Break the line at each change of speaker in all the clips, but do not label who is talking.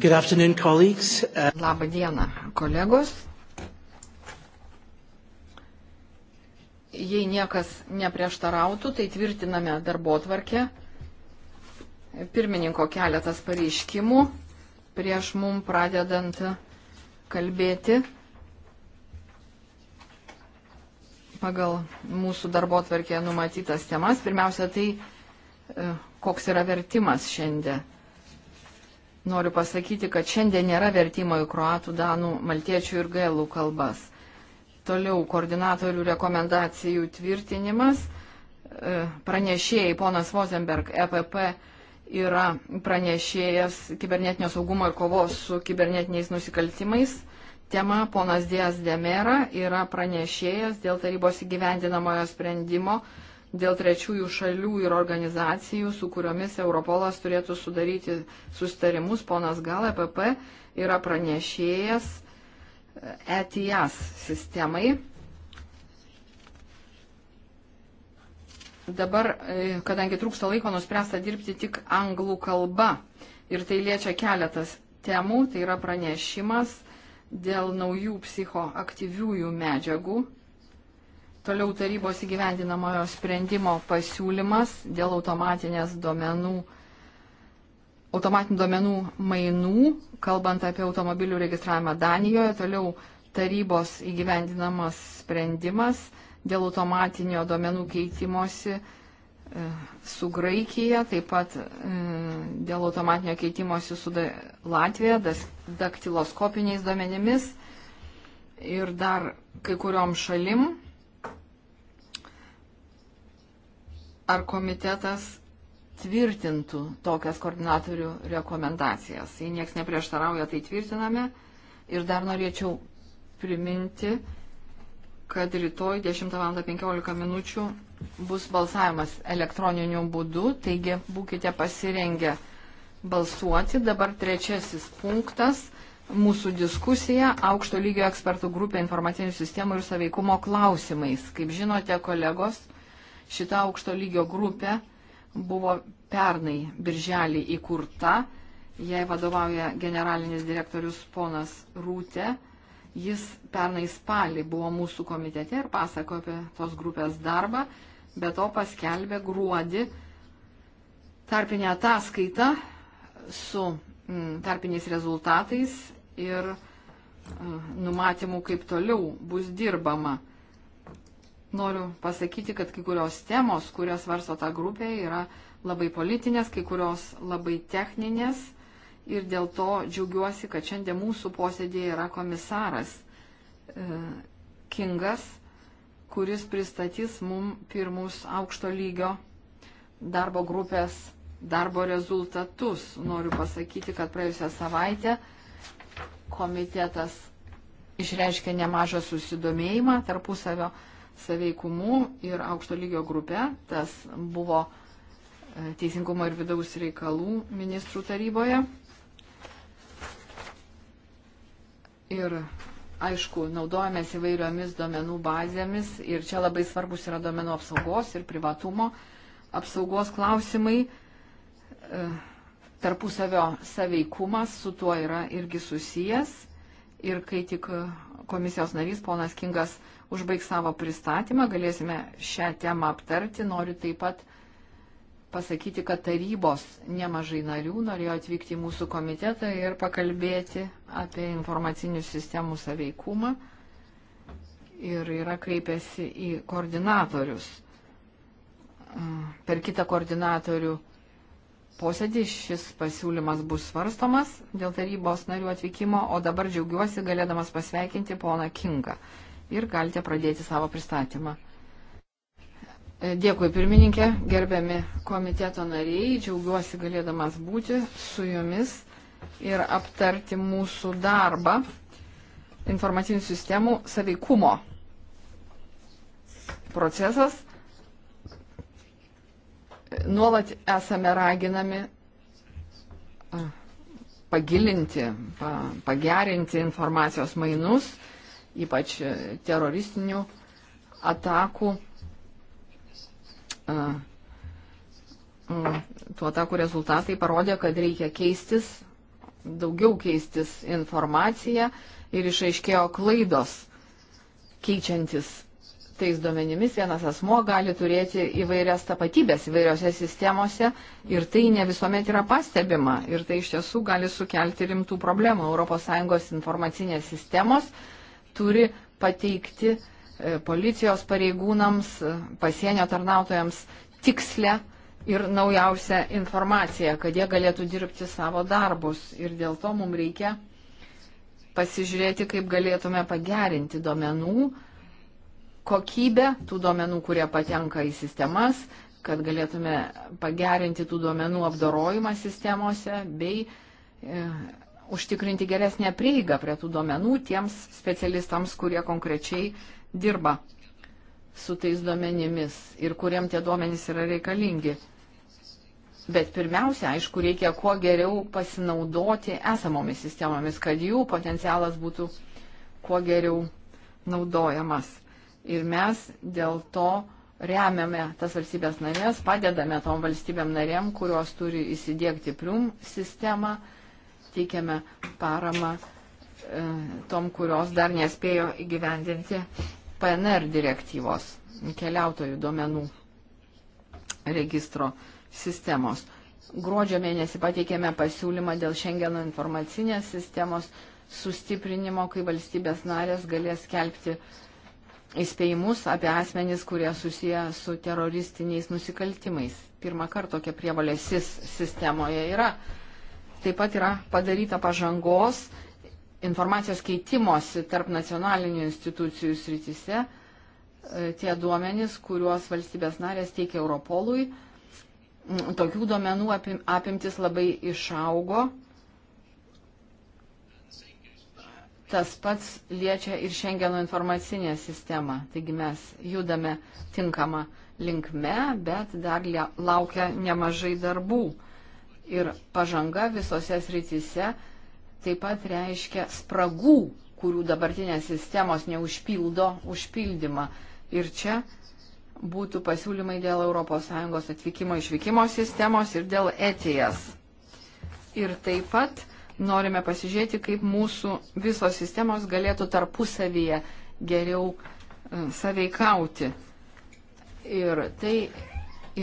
Good afternoon, colleagues. Uh, Labą dieną, kolegos. Jei niekas neprieštarautų, tai tvirtiname darbo tvarkę. Pirmininko keletas pareiškimų prieš mum pradedant kalbėti pagal mūsų darbo tvarkėje numatytas temas. Pirmiausia, tai e, koks yra vertimas šiandien Noriu pasakyti, kad šiandien nėra vertimo į kroatų, danų, maltiečių ir gailų kalbas. Toliau koordinatorių rekomendacijų tvirtinimas. E, pranešėjai ponas Vozenberg, EPP yra pranešėjas kibernetinio saugumo ir kovos su kibernetiniais nusikaltimais. Tema ponas Dijas Demera yra pranešėjas dėl tarybos įgyvendinamojo sprendimo 2021-2021 dėl trečiųjų šalių ir organizacijų, su kuriomis Europolas turėtų sudaryti sustarimus. Ponas Gal, EPP yra pranešėjas ETIAS e sistemai. Dabar, e, kadangi trūksta laiko, nuspręsta dirbti tik anglų kalba. Ir tai liečia keletas temų, tai yra pranešimas dėl naujų psichoaktyviųjų medžiagų Toliau tarybos įgyvendinamojo sprendimo pasiūlymas dėl automatinės duomenų, automatinių duomenų mainų, kalbant apie automobilių registravimą Danijoje. Toliau tarybos įgyvendinamas sprendimas dėl automatinio duomenų keitimosi e, su Graikija, taip pat e, dėl automatinio keitimosi su Latvija, daktiloskopiniais duomenimis ir dar kai kuriom šalim ar komitetas tvirtintų tokias koordinatorių rekomendacijas. Jei nieks neprieštarauja, tai tvirtiname. Ir dar norėčiau priminti, kad rytoj 10.15 minučių bus balsavimas elektroniniu būdu, taigi būkite pasirengę balsuoti. Dabar trečiasis punktas - mūsų diskusija aukšto lygio ekspertų grupė informacinių sistemų ir saveikumo klausimais. Kaip žinote, kolegos, Šita aukšto lygio grupė buvo pernai birželį įkurta. Jai vadovauja generalinis direktorius ponas Rūtė. Jis pernai spalį buvo mūsų komitete ir pasakojo apie tos grupės darbą, bet to paskelbė gruodį tarpinę ataskaitą su mm, tarpiniais rezultatais ir mm, numatymu, kaip toliau bus dirbama. Noriu pasakyti, kad kai kurios temos, kurias varso ta grupė, yra labai politinės, kai kurios labai techninės. Ir dėl to džiaugiuosi, kad šiandien mūsų posėdėje yra komisaras e, Kingas, kuris pristatys mum pirmus aukšto lygio darbo grupės darbo rezultatus. Noriu pasakyti, kad praėjusią savaitę komitetas išreiškė nemažą susidomėjimą tarpusavio saveikumu ir aukšto lygio grupe. Tas buvo e, Teisingumo ir vidaus reikalų ministrų taryboje. Ir aišku, naudojamės įvairiomis duomenų bazėmis ir čia labai svarbus yra duomenų apsaugos ir privatumo apsaugos klausimai. E, tarpusavio saveikumas su tuo yra irgi susijęs. Ir kai tik komisijos narys ponas Kingas užbaigs savo pristatymą, galėsime šią temą aptarti. Noriu taip pat pasakyti, kad tarybos nemažai narių norėjo atvykti į mūsų komitetą ir pakalbėti apie informacinių sistemų saveikumą ir yra kreipęsi į koordinatorius. Per kitą koordinatorių posėdį šis pasiūlymas bus svarstomas dėl tarybos narių atvykimo, o dabar džiaugiuosi galėdamas pasveikinti poną Kingą ir galite pradėti savo pristatymą. Dėkui pirmininkė, gerbiami komiteto nariai, džiaugiuosi galėdamas būti su jumis ir aptarti mūsų darbą informacinių sistemų saveikumo procesas. Nuolat esame raginami pagilinti, pagerinti informacijos mainus ypač e, teroristinių atakų. E, mm, Tuo atakų rezultatai parodė, kad reikia keistis, daugiau keistis informaciją ir išaiškėjo klaidos keičiantis tais duomenimis vienas asmo gali turėti įvairias tapatybės įvairiose sistemose ir tai ne visuomet yra pastebima ir tai iš tiesų gali sukelti rimtų problemų. ES informacinės sistemos turi pateikti e, policijos pareigūnams, e, pasienio tarnautojams tikslę ir naujausią informaciją, kad jie galėtų dirbti savo darbus. Ir dėl to mums reikia pasižiūrėti, kaip galėtume pagerinti duomenų kokybę, tų duomenų, kurie patenka į sistemas, kad galėtume pagerinti tų duomenų apdorojimą sistemose bei e, užtikrinti geresnę prieigą prie tų duomenų tiems specialistams, kurie konkrečiai dirba su tais duomenimis ir kuriem tie duomenys yra reikalingi. Bet pirmiausia, aišku, reikia kuo geriau pasinaudoti esamomis sistemomis, kad jų potencialas būtų kuo geriau naudojamas. Ir mes dėl to remiame tas valstybės narės, padedame tom valstybėm narėm, kurios turi įsidėkti prium sistemą teikiame paramą e, tom, kurios dar nespėjo įgyvendinti PNR direktyvos keliautojų duomenų registro sistemos. Gruodžio mėnesį pateikėme pasiūlymą dėl Schengeno informacinės sistemos sustiprinimo, kai valstybės narės galės kelbti įspėjimus apie asmenys, kurie susiję su teroristiniais nusikaltimais. Pirmą kartą tokia prievalė SIS sistemoje yra Taip pat yra padaryta pažangos informacijos keitimosi tarp nacionalinių institucijų srityse. E, tie duomenys, kuriuos valstybės narės teikia Europolui, tokių duomenų apimtis labai išaugo. Tas pats liečia ir Šengeno informacinę sistemą. Taigi mes judame tinkamą linkme, bet dar laukia nemažai darbų ir pažanga visose srityse taip pat reiškia spragų, kurių dabartinės sistemos neužpildo užpildymą. Ir čia būtų pasiūlymai dėl ES atvykimo išvykimo sistemos ir dėl etijas. Ir taip pat norime pasižiūrėti, kaip mūsų visos sistemos galėtų tarpusavyje geriau e, saveikauti. Ir tai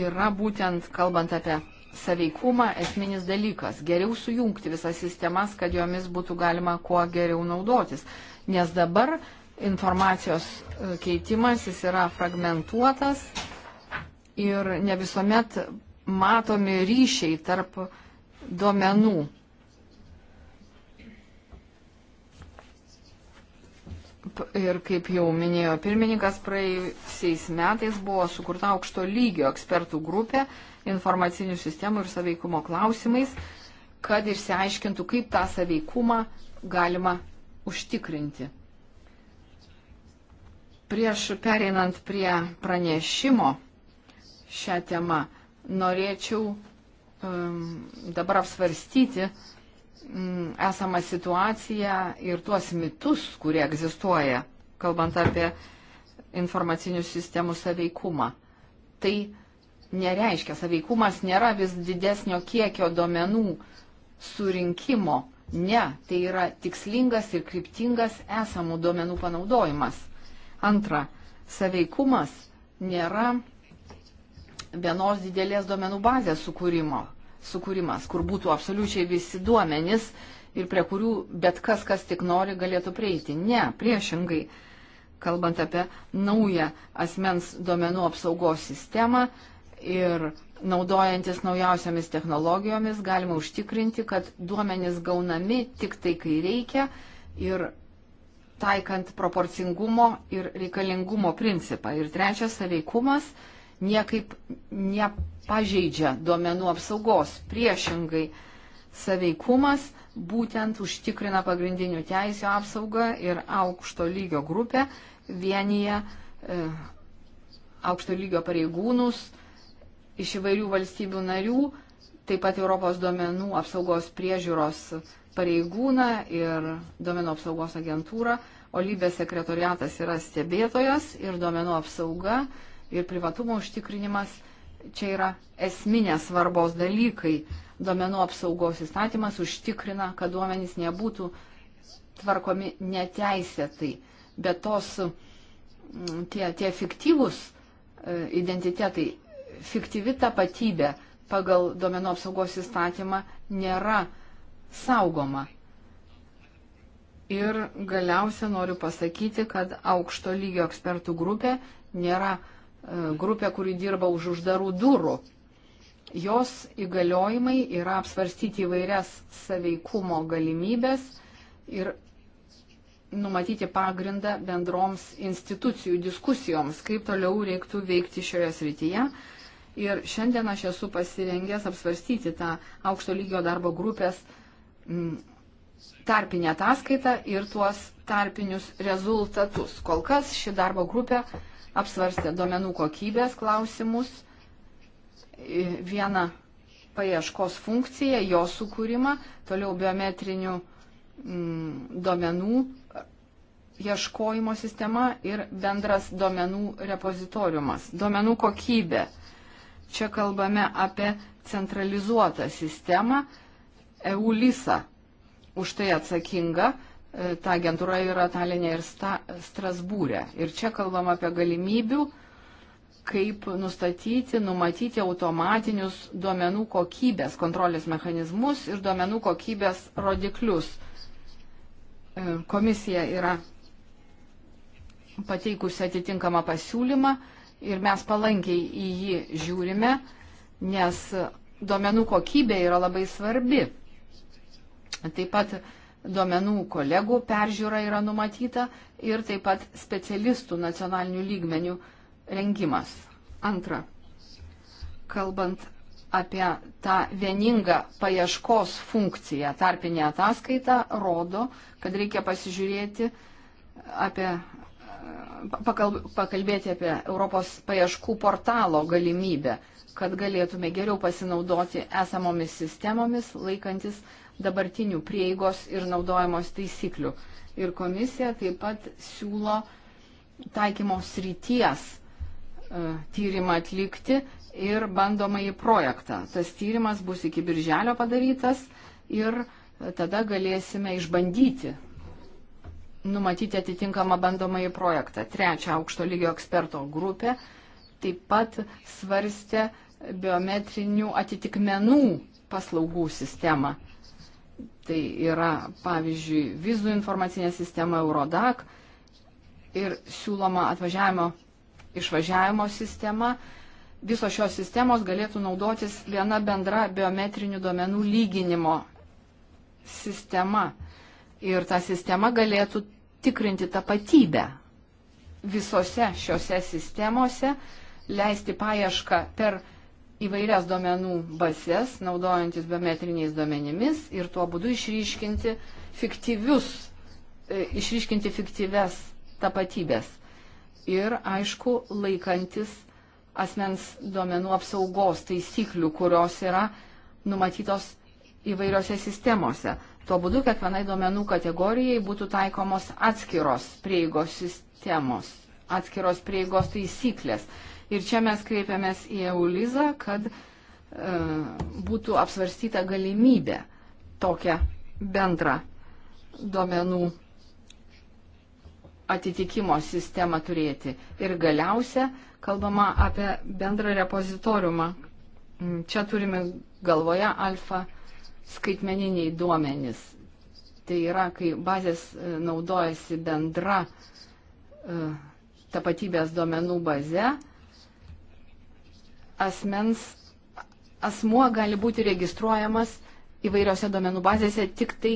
yra būtent, kalbant apie saveikumą esminis dalykas. Geriau sujungti visas sistemas, kad jomis būtų galima kuo geriau naudotis. Nes dabar informacijos e, keitimasis yra fragmentuotas ir ne visuomet matomi ryšiai tarp duomenų. ir kaip jau minėjo pirmininkas, praėjusiais metais buvo sukurta aukšto lygio ekspertų grupė informacinių sistemų ir saveikumo klausimais, kad išsiaiškintų, kaip tą saveikumą galima užtikrinti. Prieš pereinant prie pranešimo šią temą, norėčiau um, dabar apsvarstyti um, esamą situaciją ir tuos mitus, kurie egzistuoja, kalbant apie informacinių sistemų saveikumą. Tai uh, nereiškia, saveikumas nėra vis didesnio kiekio duomenų surinkimo. Ne, tai yra tikslingas ir kryptingas esamų duomenų panaudojimas. Antra, saveikumas nėra vienos didelės duomenų bazės sukūrimo, sukūrimas, kur būtų absoliučiai visi duomenys ir prie kurių bet kas, kas tik nori, galėtų prieiti. Ne, priešingai, kalbant apie naują asmens duomenų apsaugos sistemą, ir naudojantis naujausiamis technologijomis galima užtikrinti, kad duomenys gaunami tik tai, kai reikia ir taikant proporcingumo ir reikalingumo principą. Ir trečias saveikumas niekaip nepažeidžia duomenų apsaugos. Priešingai, saveikumas būtent užtikrina pagrindinių teisų apsaugą ir aukšto lygio grupę vienyje e, aukšto lygio pareigūnus, iš įvairių valstybių narių, taip pat Europos duomenų apsaugos priežiūros pareigūną ir duomenų apsaugos agentūrą. Olybės sekretoriatas yra stebėtojas ir duomenų apsauga ir privatumo užtikrinimas. Čia yra esminės svarbos dalykai. Duomenų apsaugos įstatymas užtikrina, kad duomenys nebūtų tvarkomi neteisėtai. Bet tos tie, tie fiktyvus e, identitetai fiktyvi tapatybė pagal duomenų apsaugos įstatymą nėra saugoma. Ir galiausia noriu pasakyti, kad aukšto lygio ekspertų grupė nėra e, grupė, kuri dirba už uždarų durų. Jos įgaliojimai yra apsvarstyti įvairias saveikumo galimybės ir numatyti pagrindą bendroms institucijų diskusijoms, kaip toliau reiktų veikti šioje srityje. Ir šiandien aš esu pasirengęs apsvarstyti tą aukšto lygio darbo grupės mm, tarpinę ataskaitą ir tuos tarpinius rezultatus. Kol kas ši darbo grupė apsvarstė duomenų kokybės klausimus, vieną paieškos funkciją, jo sukūrimą, toliau biometrinių mm, duomenų e, ieškojimo sistema ir bendras duomenų repozitoriumas. Duomenų kokybė. Čia kalbame apie centralizuotą sistemą EULISA. Už tai atsakinga e, ta agentūra yra Talinė ir sta, Strasbūrė. Ir čia kalbam apie galimybių, kaip nustatyti, numatyti automatinius duomenų kokybės kontrolės mechanizmus ir duomenų kokybės rodiklius. E, komisija yra pateikusi atitinkamą pasiūlymą ir mes palankiai į jį žiūrime, nes duomenų kokybė yra labai svarbi. Taip pat duomenų kolegų peržiūra yra numatyta ir taip pat specialistų nacionalinių lygmenių rengimas. Antra, kalbant apie tą vieningą paieškos funkciją, tarpinė ataskaita rodo, kad reikia pasižiūrėti apie pakalbėti apie Europos paieškų portalo galimybę, kad galėtume geriau pasinaudoti esamomis sistemomis, laikantis dabartinių prieigos ir naudojimos taisyklių. Ir komisija taip pat siūlo taikymo srities e, tyrimą atlikti ir bandomąjį projektą. Tas tyrimas bus iki birželio padarytas ir e, tada galėsime išbandyti numatyti atitinkamą bandomąjį projektą. Trečia aukšto lygio eksperto grupė taip pat svarstė biometrinių atitikmenų paslaugų sistemą. Tai yra, pavyzdžiui, vizų informacinė sistema Eurodac ir siūloma atvažiavimo, išvažiavimo sistema. Visos šios sistemos galėtų naudotis viena bendra biometrinių duomenų lyginimo sistema. Ir ta sistema galėtų tikrinti tapatybę visose šiose sistemose, leisti paiešką per įvairias duomenų bases, naudojantis biometriniais duomenimis ir tuo būdu išryškinti fiktyvius, e, išryškinti fiktyves tapatybės. Ir aišku, laikantis asmens duomenų apsaugos taisyklių, kurios yra numatytos įvairiose sistemose. Tuo būdu kiekvienai duomenų kategorijai būtų taikomos atskiros prieigos sistemos, atskiros prieigos taisyklės. Ir čia mes kreipiamės į EULIZą, kad e, būtų apsvarstyta galimybė tokią bendrą duomenų atitikimo sistemą turėti. Ir galiausia, kalbama apie bendrą repozitoriumą. Mm, čia turime galvoje alfa skaitmeniniai duomenys. Tai yra, kai bazės e, naudojasi bendra e, tapatybės duomenų baze, asmens, asmuo gali būti registruojamas įvairiose duomenų bazėse tik tai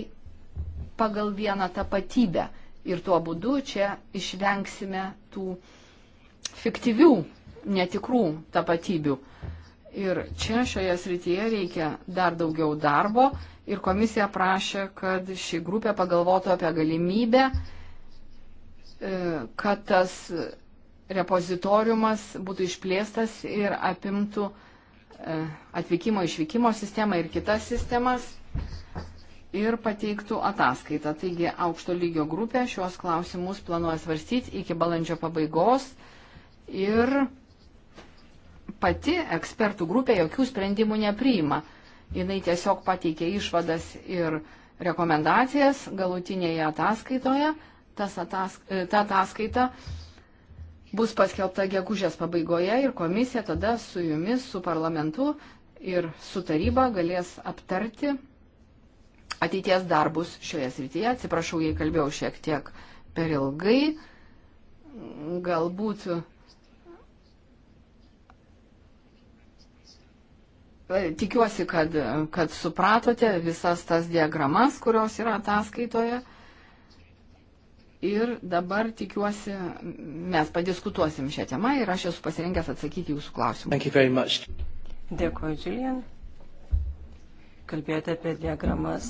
pagal vieną tapatybę. Ir tuo būdu čia išvengsime tų fiktyvių, netikrų tapatybių. Uh, Ir čia šioje srityje reikia dar daugiau darbo ir komisija prašė, kad ši grupė pagalvotų apie galimybę, e, kad tas repozitoriumas būtų išplėstas ir apimtų e, atvykimo išvykimo sistemą ir kitas sistemas ir pateiktų ataskaitą. Taigi aukšto lygio grupė šios klausimus planuoja svarstyti iki balandžio pabaigos ir pati ekspertų grupė jokių sprendimų nepriima. Jis tiesiog pateikė išvadas ir rekomendacijas galutinėje ataskaitoje. Tas atask, e, ta ataskaita bus paskelbta gegužės pabaigoje ir komisija tada su jumis, su parlamentu ir su taryba galės aptarti ateities darbus šioje srityje. Atsiprašau, jei kalbėjau šiek tiek per ilgai. Galbūt E, tikiuosi, kad, kad supratote visas tas diagramas, kurios yra ataskaitoje. Ir dabar tikiuosi, mes padiskutuosim šią temą ir aš esu pasirengęs atsakyti jūsų klausimus.
Dėkuoju, Julian. Kalbėjote apie diagramas,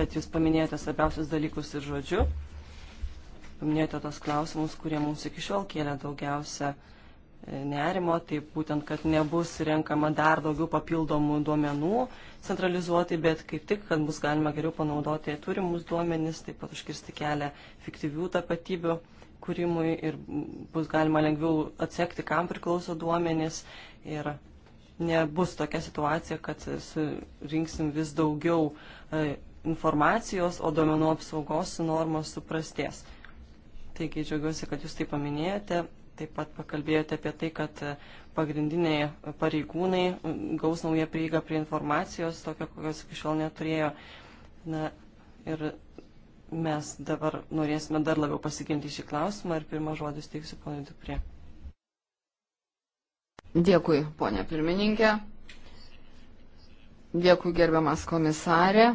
bet jūs paminėjote svarbiausius dalykus ir žodžiu. Paminėjote tos klausimus, kurie mums iki šiol kėlė daugiausia uh, nerimo, tai būtent, kad nebus renkama dar daugiau papildomų duomenų centralizuoti, bet kaip tik, kad bus galima geriau panaudoti turimus duomenis, taip pat užkirsti kelią fiktyvių tapatybių kūrimui ir bus galima lengviau atsekti, kam priklauso duomenis ir nebus tokia situacija, kad surinksim vis daugiau e, informacijos, o duomenų apsaugos normos suprastės. Taigi džiaugiuosi, kad jūs tai paminėjote Taip pat pakalbėjote apie tai, kad pagrindiniai pareigūnai gaus naują prieigą prie informacijos, tokio, kokios iki šiol neturėjo. Na, ir mes dabar norėsime dar labiau pasiginti šį klausimą ir pirmą žodį steiksiu ponui Duprie.
Dėkui, ponė pirmininkė. Dėkui, gerbiamas komisarė,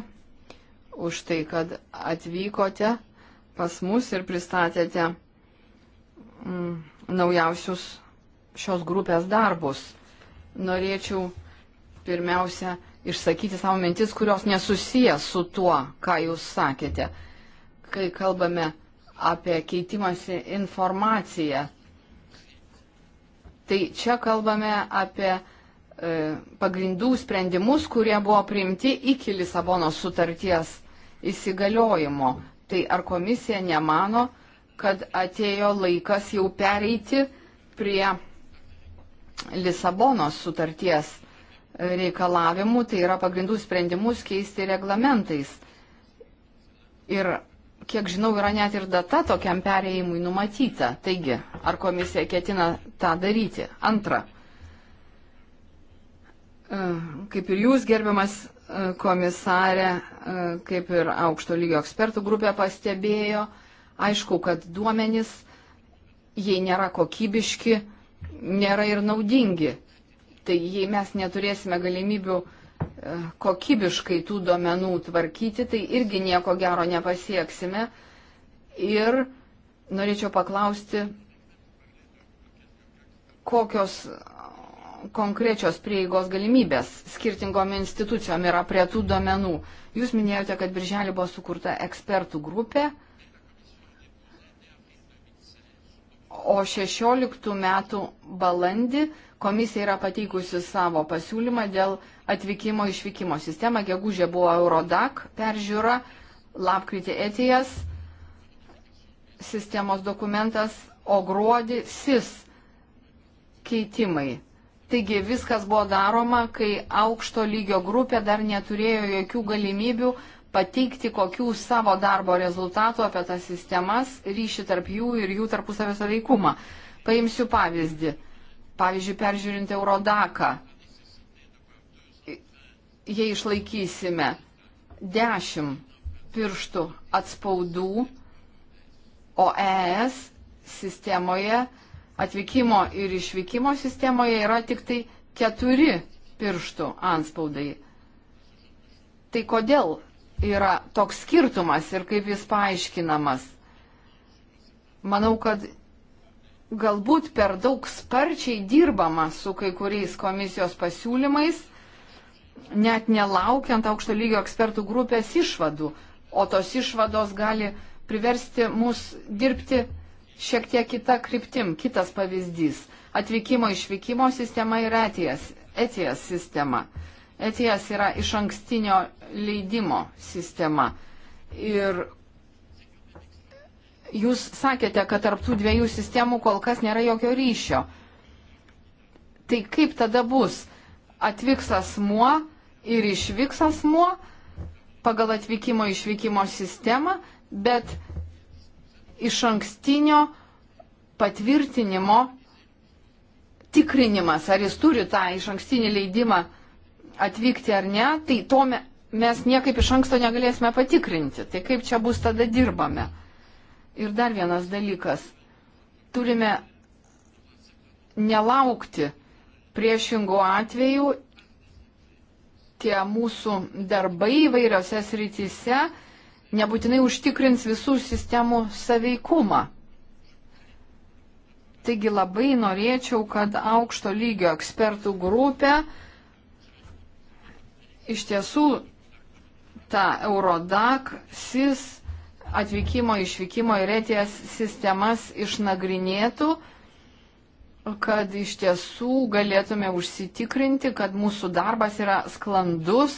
už tai, kad atvykote pas mus ir pristatėte mm, naujausius šios grupės darbus. Norėčiau pirmiausia išsakyti savo mintis, kurios nesusijęs su tuo, ką jūs sakėte. Kai kalbame apie keitimąsi informaciją, tai čia kalbame apie e, pagrindų sprendimus, kurie buvo priimti iki Lisabono sutarties įsigaliojimo. Tai ar komisija nemano, kad atėjo laikas jau pereiti prie Lisabonos sutarties reikalavimų, tai yra pagrindų sprendimus keisti reglamentais. Ir kiek žinau, yra net ir data tokiam perėjimui numatyta. Taigi, ar komisija ketina tą daryti? Antra. E, kaip ir jūs, gerbiamas e, komisarė, e, kaip ir aukšto lygio ekspertų grupė pastebėjo, Aišku, kad duomenys, jei nėra kokybiški, nėra ir naudingi. Tai jei mes neturėsime galimybių e, kokybiškai tų duomenų tvarkyti, tai irgi nieko gero nepasieksime. Ir norėčiau paklausti, kokios konkrečios prieigos galimybės skirtingom institucijom yra prie tų duomenų. Jūs minėjote, kad Birželį buvo sukurta ekspertų grupė. o 16 metų balandį komisija yra pateikusi savo pasiūlymą dėl atvykimo išvykimo sistemą. Gegužė buvo Eurodac peržiūra, lapkritį ETIAS sistemos dokumentas, o gruodį SIS keitimai. Taigi viskas buvo daroma, kai aukšto lygio grupė dar neturėjo jokių galimybių pateikti kokių savo darbo rezultatų apie tas sistemas, ryšį tarp jų ir jų tarpusavio saveikumą. Paimsiu pavyzdį. Pavyzdžiui, peržiūrint Eurodaką, jei išlaikysime 10 pirštų atspaudų, o ES sistemoje, atvykimo ir išvykimo sistemoje yra tik tai keturi pirštų anspaudai. Tai kodėl yra toks skirtumas ir kaip jis paaiškinamas. Manau, kad galbūt per daug sparčiai dirbama su kai kuriais komisijos pasiūlymais, net nelaukiant aukšto lygio ekspertų grupės išvadų, o tos išvados gali priversti mus dirbti šiek tiek kitą kryptim. Kitas pavyzdys - atvykimo išvykimo sistema ir etijas, etijas sistema. ETS yra iš ankstinio leidimo sistema. Ir jūs sakėte, kad tarptų dviejų sistemų kol kas nėra jokio ryšio. Tai kaip tada bus? Atvyks asmuo ir išvyks asmuo pagal atvykimo išvykimo sistemą, bet iš ankstinio patvirtinimo tikrinimas, ar jis turi tą iš ankstinį leidimą atvykti ar ne, tai to mes niekaip iš anksto negalėsime patikrinti. Tai kaip čia bus tada dirbame. Ir dar vienas dalykas. Turime nelaukti priešingų atvejų. Tie mūsų darbai įvairiose srityse nebūtinai užtikrins visų sistemų saveikumą. Taigi labai norėčiau, kad aukšto lygio ekspertų grupė uh, iš tiesų ta Eurodak, SIS atvykimo, išvykimo ir etijas sistemas išnagrinėtų, kad iš tiesų galėtume užsitikrinti, kad mūsų darbas yra sklandus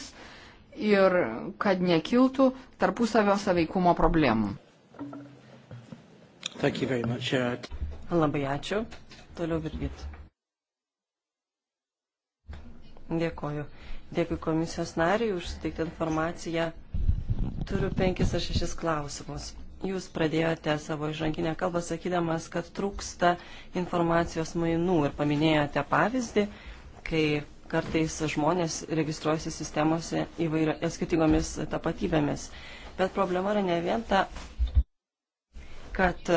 ir kad nekiltų tarpusavio saveikumo problemų.
Much, uh, Labai ačiū. Toliau Virgit. Dėkoju. Dėkui komisijos nariui už suteiktą informaciją. Turiu penkis ar šešis klausimus. Jūs pradėjote savo įžanginę kalbą sakydamas, kad trūksta informacijos mainų ir paminėjote pavyzdį, kai kartais žmonės registruojasi sistemose įvairio, skirtingomis tapatybėmis. Bet problema yra ne vien ta, kad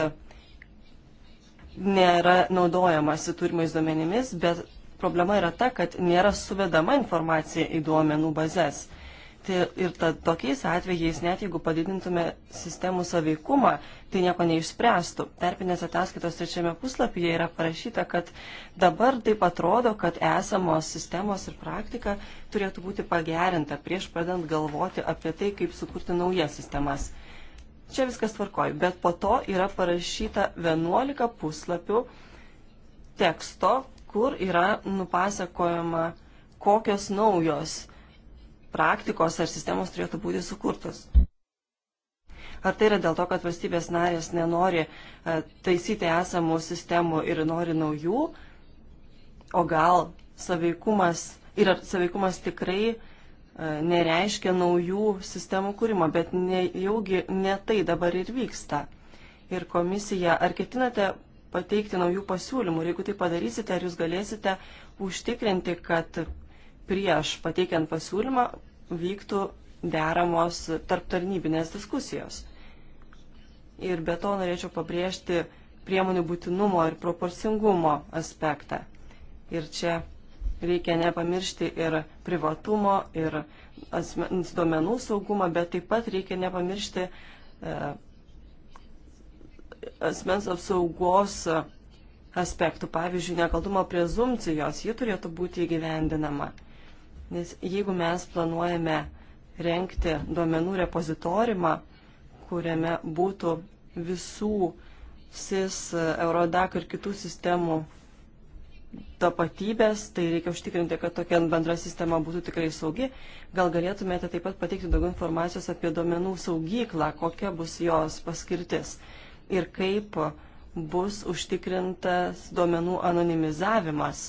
nėra naudojamasi turimais duomenimis, bet problema yra ta, kad nėra suvedama informacija į duomenų bazės. Tai ir ta, tokiais atvejais, net jeigu padidintume sistemų saveikumą, tai nieko neišspręstų. Tarpinės ataskaitos trečiame puslapyje yra parašyta, kad dabar taip atrodo, kad esamos sistemos ir praktika turėtų būti pagerinta prieš pradant galvoti apie tai, kaip sukurti naujas sistemas. Čia viskas tvarkoj, bet po to yra parašyta 11 puslapių teksto, kur yra nupasakojama, kokios naujos praktikos ar sistemos turėtų būti sukurtos. Ar tai yra dėl to, kad valstybės narės nenori e, taisyti esamų sistemų ir nori naujų, o gal saveikumas ir ar saveikumas tikrai e, nereiškia naujų sistemų kūrimo, bet nejaugi ne tai dabar ir vyksta. Ir komisija, ar ketinate pateikti naujų pasiūlymų. Ir jeigu tai padarysite, ar jūs galėsite užtikrinti, kad prieš pateikiant pasiūlymą vyktų deramos tarptarnybinės diskusijos. Ir be to norėčiau pabrėžti priemonių būtinumo ir proporcingumo aspektą. Ir čia reikia nepamiršti ir privatumo, ir asmens duomenų saugumą, bet taip pat reikia nepamiršti e, asmens apsaugos aspektų, pavyzdžiui, nekaltumo prezumcijos, ji turėtų būti įgyvendinama. Nes jeigu mes planuojame renkti duomenų repozitorimą, kuriame būtų visų SIS, Eurodac ir kitų sistemų tapatybės, tai reikia užtikrinti, kad tokia bendra sistema būtų tikrai saugi. Gal galėtumėte taip pat pateikti daugiau informacijos apie duomenų saugyklą, kokia bus jos paskirtis. Uh, ir kaip bus užtikrintas duomenų anonimizavimas,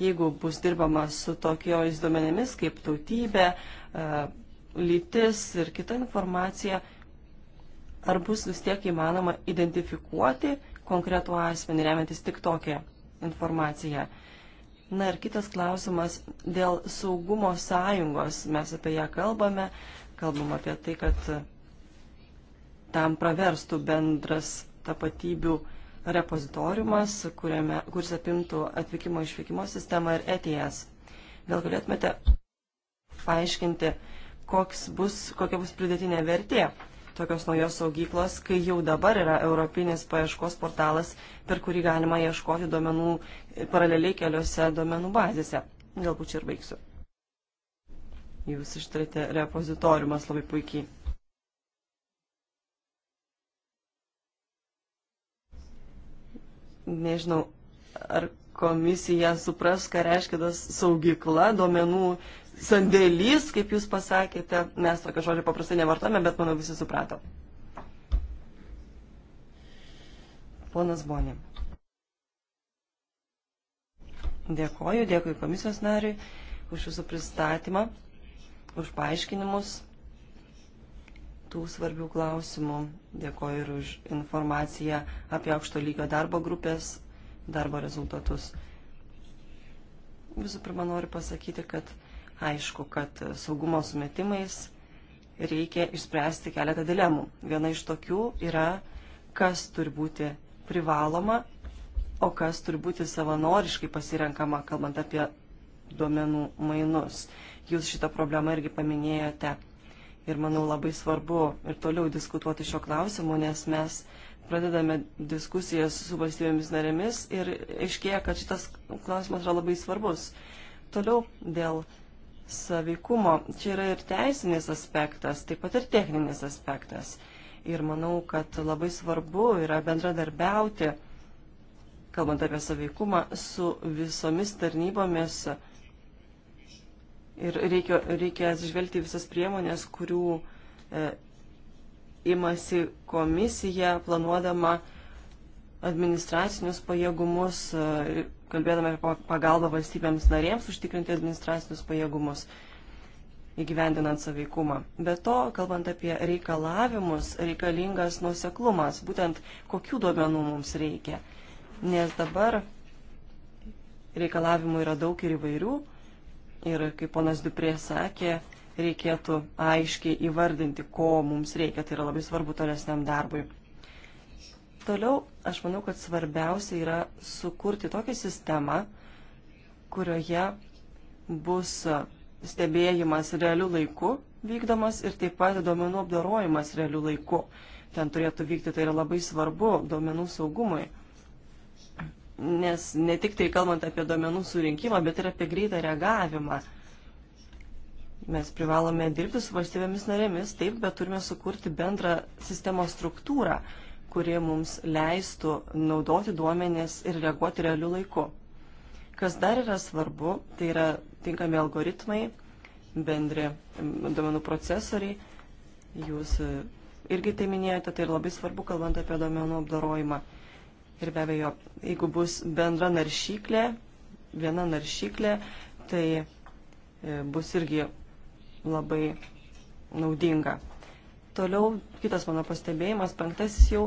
jeigu bus dirbama su tokiojais duomenimis kaip tautybė, e, lytis ir kita informacija, ar bus vis tiek įmanoma identifikuoti konkretų asmenį, remiantis tik tokią informaciją. Na ir kitas klausimas dėl saugumo sąjungos. Mes apie ją kalbame, kalbam apie tai, kad tam praverstų bendras tapatybių repozitoriumas, kuriame, kuris apimtų atvykimo išvykimo sistemą ir ETS. Gal galėtumėte paaiškinti, bus, kokia bus pridėtinė vertė tokios naujos saugyklos, kai jau dabar yra europinis paieškos portalas, per kurį galima ieškoti duomenų paraleliai keliose duomenų bazėse. Galbūt čia ir baigsiu. Jūs ištarėte repozitoriumas labai puikiai. Nežinau, ar komisija supras, ką reiškia tas saugykla, duomenų sandėlys, kaip jūs pasakėte. Mes tokio žodžio paprastai nevartame, bet manau visi suprato. Ponas Bonė. Dėkoju, dėkui komisijos nariui už jūsų pristatymą, už paaiškinimus tų svarbių klausimų. Dėkoju ir už informaciją apie aukšto lygio darbo grupės darbo rezultatus. Visų pirma, noriu pasakyti, kad aišku, kad saugumo sumetimais reikia išspręsti keletą dilemų. Viena iš tokių yra, kas turi būti privaloma, o kas turi būti savanoriškai pasirenkama, kalbant apie duomenų mainus. Jūs šitą problemą irgi paminėjote Ir manau labai svarbu ir toliau diskutuoti šio klausimu, nes mes pradedame diskusijas su valstybėmis narėmis ir aiškėja, kad šitas klausimas yra labai svarbus. Toliau dėl savykumo. Čia yra ir teisinis aspektas, taip pat ir techninis aspektas. Ir manau, kad labai svarbu yra bendradarbiauti, kalbant apie savykumą, su visomis tarnybomis Ir reikia, reikia atsižvelgti visas priemonės, kurių e, imasi komisija, planuodama administracinius pajėgumus, e, kalbėdama apie pagalbą valstybėms narėms užtikrinti administracinius pajėgumus įgyvendinant saveikumą. Be to, kalbant apie reikalavimus, reikalingas nuoseklumas, būtent kokių duomenų mums reikia. Nes dabar reikalavimų yra daug ir įvairių Ir kaip ponas Duprė sakė, reikėtų aiškiai įvardinti, ko mums reikia. Tai yra labai svarbu tolesniam darbui. Toliau aš manau, kad svarbiausia yra sukurti tokią sistemą, kurioje bus stebėjimas realių laikų vykdomas ir taip pat duomenų apdorojimas realių laikų. Ten turėtų vykti, tai yra labai svarbu duomenų saugumui nes ne tik tai kalbant apie duomenų surinkimą, bet ir apie greitą reagavimą. Mes privalome dirbti su valstybėmis narėmis, taip, bet turime sukurti bendrą sistemos struktūrą, kuri mums leistų naudoti duomenės ir reaguoti realiu laiku. Kas dar yra svarbu, tai yra tinkami algoritmai, bendri duomenų procesoriai. Jūs e, irgi tai minėjote, tai yra labai svarbu, kalbant apie duomenų apdarojimą. Ir be abejo, jeigu bus bendra naršyklė, viena naršyklė, tai e, bus irgi labai naudinga. Toliau kitas mano pastebėjimas, penktasis jau,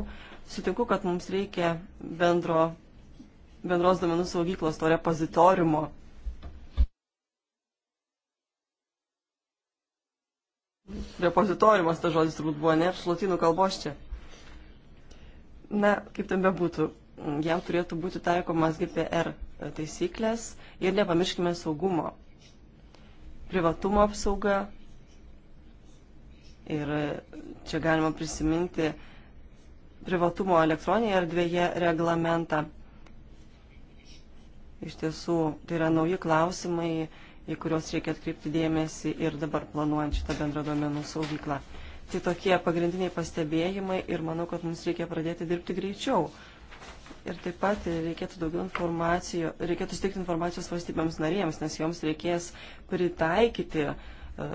sutinku, kad mums reikia bendro, bendros domenų saugyklos, to repozitoriumo. Repozitoriumas tas žodis turbūt buvo, ne, iš latinų kalbos čia. Na, kaip ten bebūtų, jam turėtų būti taikomas GPR taisyklės ir nepamirškime saugumo. Privatumo apsauga ir čia galima prisiminti privatumo elektroninėje erdvėje reglamentą. Iš tiesų, tai yra nauji klausimai, į kuriuos reikia atkreipti dėmesį ir dabar planuojant šitą bendrą duomenų saugyklą. Tai tokie pagrindiniai pastebėjimai ir manau, kad mums reikia pradėti dirbti greičiau Ir taip pat reikėtų daugiau informacijos, reikėtų stikti informacijos valstybėms narėms, nes joms reikės pritaikyti, e,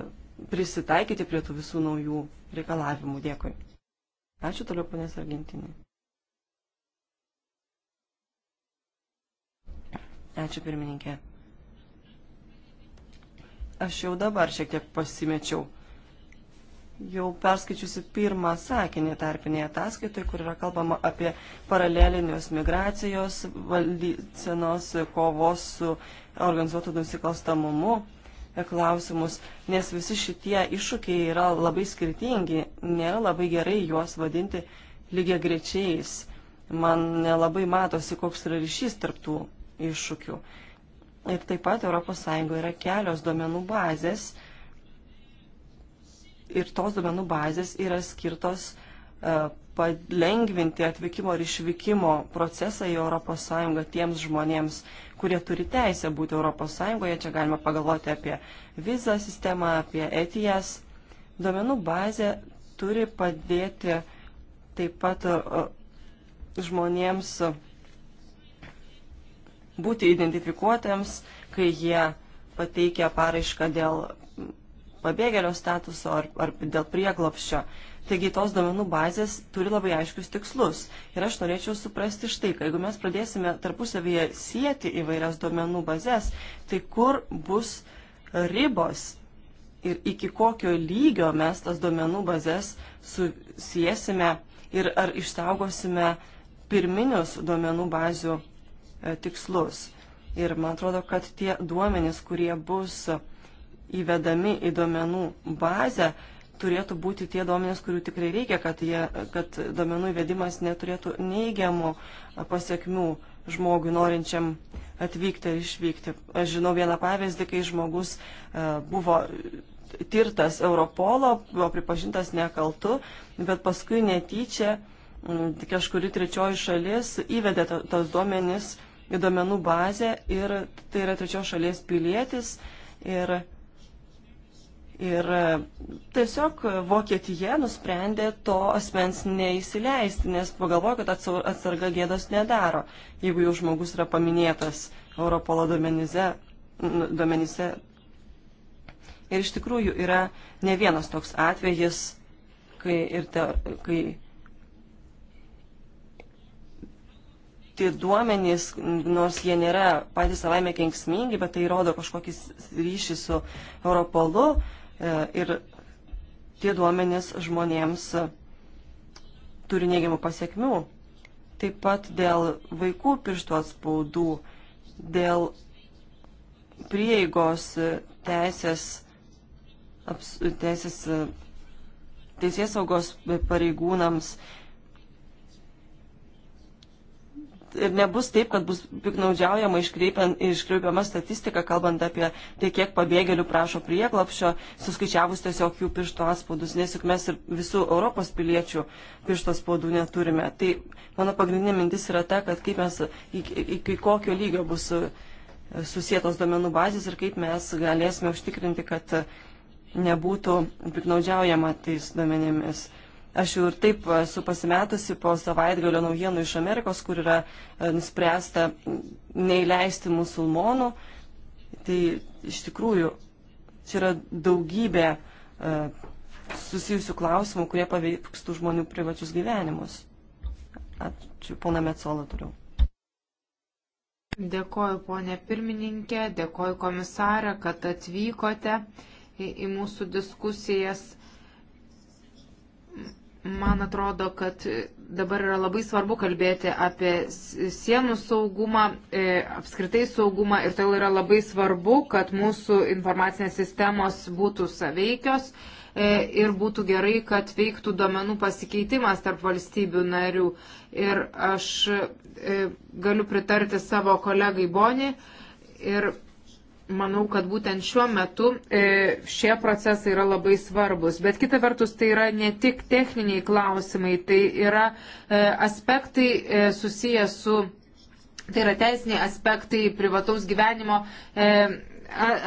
prisitaikyti prie tų visų naujų reikalavimų. Dėkui. Ačiū toliau, ponės Argentinai. Ačiū pirmininkė. Aš jau dabar šiek tiek pasimečiau jau perskaičiusi pirmą sakinį tarpinėje ataskaitoje, kur yra kalbama apie paralelinius migracijos valdysenos kovos su organizuotų nusikalstamumu e, klausimus, nes visi šitie iššūkiai yra labai skirtingi, nėra labai gerai juos vadinti lygiai grečiais. Man nelabai matosi, koks yra ryšys tarptų iššūkių. Ir taip pat ES yra kelios duomenų bazės, ir tos duomenų bazės yra skirtos e, palengvinti atvykimo ir išvykimo procesą į ES tiems žmonėms, kurie turi teisę būti ES. Čia galima pagalvoti apie vizą sistemą, apie etijas. Duomenų bazė turi padėti taip pat e, žmonėms būti identifikuotėms, kai jie pateikia paraišką dėl pabėgėlio statuso ar, ar dėl prieglopščio. Taigi tos domenų bazės turi labai aiškius tikslus. Ir aš norėčiau suprasti štai, kad jeigu mes pradėsime tarpusavyje sieti įvairias domenų bazės, tai kur bus ribos ir iki kokio lygio mes tas domenų bazės susiesime ir ar išsaugosime pirminius duomenų bazių e, tikslus. Ir man atrodo, kad tie duomenys, kurie bus įvedami į duomenų bazę, turėtų būti tie duomenys, kurių tikrai reikia, kad, jie, kad duomenų įvedimas neturėtų neigiamų pasiekmių žmogui norinčiam atvykti ar išvykti. Aš žinau vieną pavyzdį, kai žmogus e, buvo tirtas Europolo, buvo pripažintas nekaltu, bet paskui netyčia kažkuri trečioji šalis įvedė tos duomenys į duomenų bazę ir tai yra trečios šalies pilietis ir Ir e, tiesiog Vokietija nusprendė to asmens neįsileisti, nes pagalvojo, kad atsarga gėdos nedaro. Jeigu jau žmogus yra paminėtas Europolo duomenize, duomenyse. Ir iš tikrųjų yra ne vienas toks atvejis, kai, ir te, kai tie duomenys, nors jie nėra patys savaime kenksmingi, bet tai rodo kažkokį ryšį su Europolu, E, ir tie duomenys žmonėms turi neigiamų pasiekmių. Taip pat dėl vaikų pirštų atspaudų, dėl prieigos teisės, aps, teisės, teisės saugos pareigūnams nebus taip, kad bus piknaudžiaujama iškreipiama statistika, kalbant apie tai, kiek pabėgėlių prašo prieglapšio, suskaičiavus tiesiog jų piršto atspaudus, nes juk mes ir visų Europos piliečių piršto spaudų neturime. Tai mano pagrindinė mintis yra ta, kad kaip mes, iki, iki kokio lygio bus e, susietos domenų bazės ir kaip mes galėsime užtikrinti, kad nebūtų piknaudžiaujama tais domenėmis. Aš jau ir taip esu pasimetusi po savaitgalio naujienų iš Amerikos, kur yra e, nuspręsta neįleisti musulmonų. Tai iš tikrųjų čia yra daugybė e, susijusių klausimų, kurie paveiks tų žmonių privačius gyvenimus. Ačiū, pona Metsola, turiu.
Dėkoju, ponė pirmininkė, dėkoju komisarė, kad atvykote į, į mūsų diskusijas. Man atrodo, kad dabar yra labai svarbu kalbėti apie sienų saugumą, e, apskritai saugumą ir todėl yra labai svarbu, kad mūsų informacinės sistemos būtų saveikios e, ir būtų gerai, kad veiktų duomenų pasikeitimas tarp valstybių narių. Ir aš e, galiu pritarti savo kolegai Boni ir manau, kad būtent šiuo metu e, šie procesai yra labai svarbus. Bet kita vertus, tai yra ne tik techniniai klausimai, tai yra e, aspektai e, susiję su, tai yra teisiniai aspektai privataus gyvenimo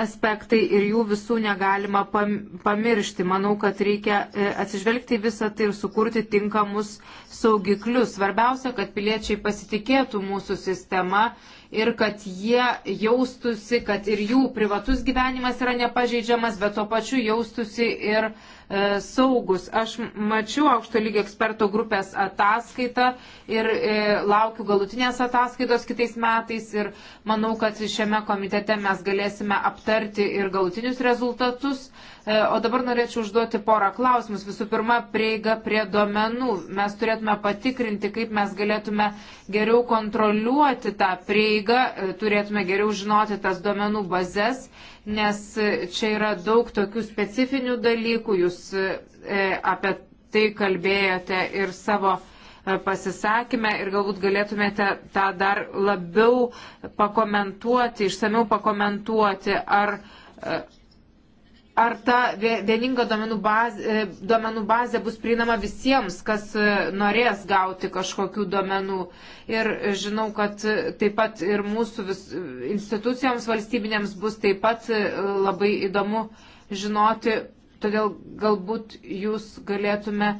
aspektai ir jų visų negalima pamiršti. Manau, kad reikia atsižvelgti visą tai ir sukurti tinkamus saugiklius. Svarbiausia, kad piliečiai pasitikėtų mūsų sistema ir kad jie jaustusi, kad ir jų privatus gyvenimas yra nepažeidžiamas, bet tuo pačiu jaustusi ir e, saugus. Aš mačiau aukšto lygio ekspertų grupės ataskaitą ir e, laukiu galutinės ataskaitos kitais metais ir manau, kad šiame komitete mes galėsime aptarti ir galutinius rezultatus. E, E, o dabar norėčiau užduoti porą klausimus. Visų pirma, prieiga prie duomenų. Mes turėtume patikrinti, kaip mes galėtume geriau kontroliuoti tą prieigą, e, turėtume geriau žinoti tas duomenų bazės, nes e, čia yra daug tokių specifinių dalykų. Jūs apie tai kalbėjote ir savo pasisakymę ir galbūt galėtumėte tą dar labiau pakomentuoti, išsamiau pakomentuoti, ar ar ta vieninga duomenų bazė, e, duomenų bazė bus prieinama visiems, kas e, norės gauti kažkokių duomenų. Ir žinau, kad e, taip pat ir mūsų vis, institucijoms valstybinėms bus taip pat labai įdomu žinoti, todėl galbūt jūs galėtume,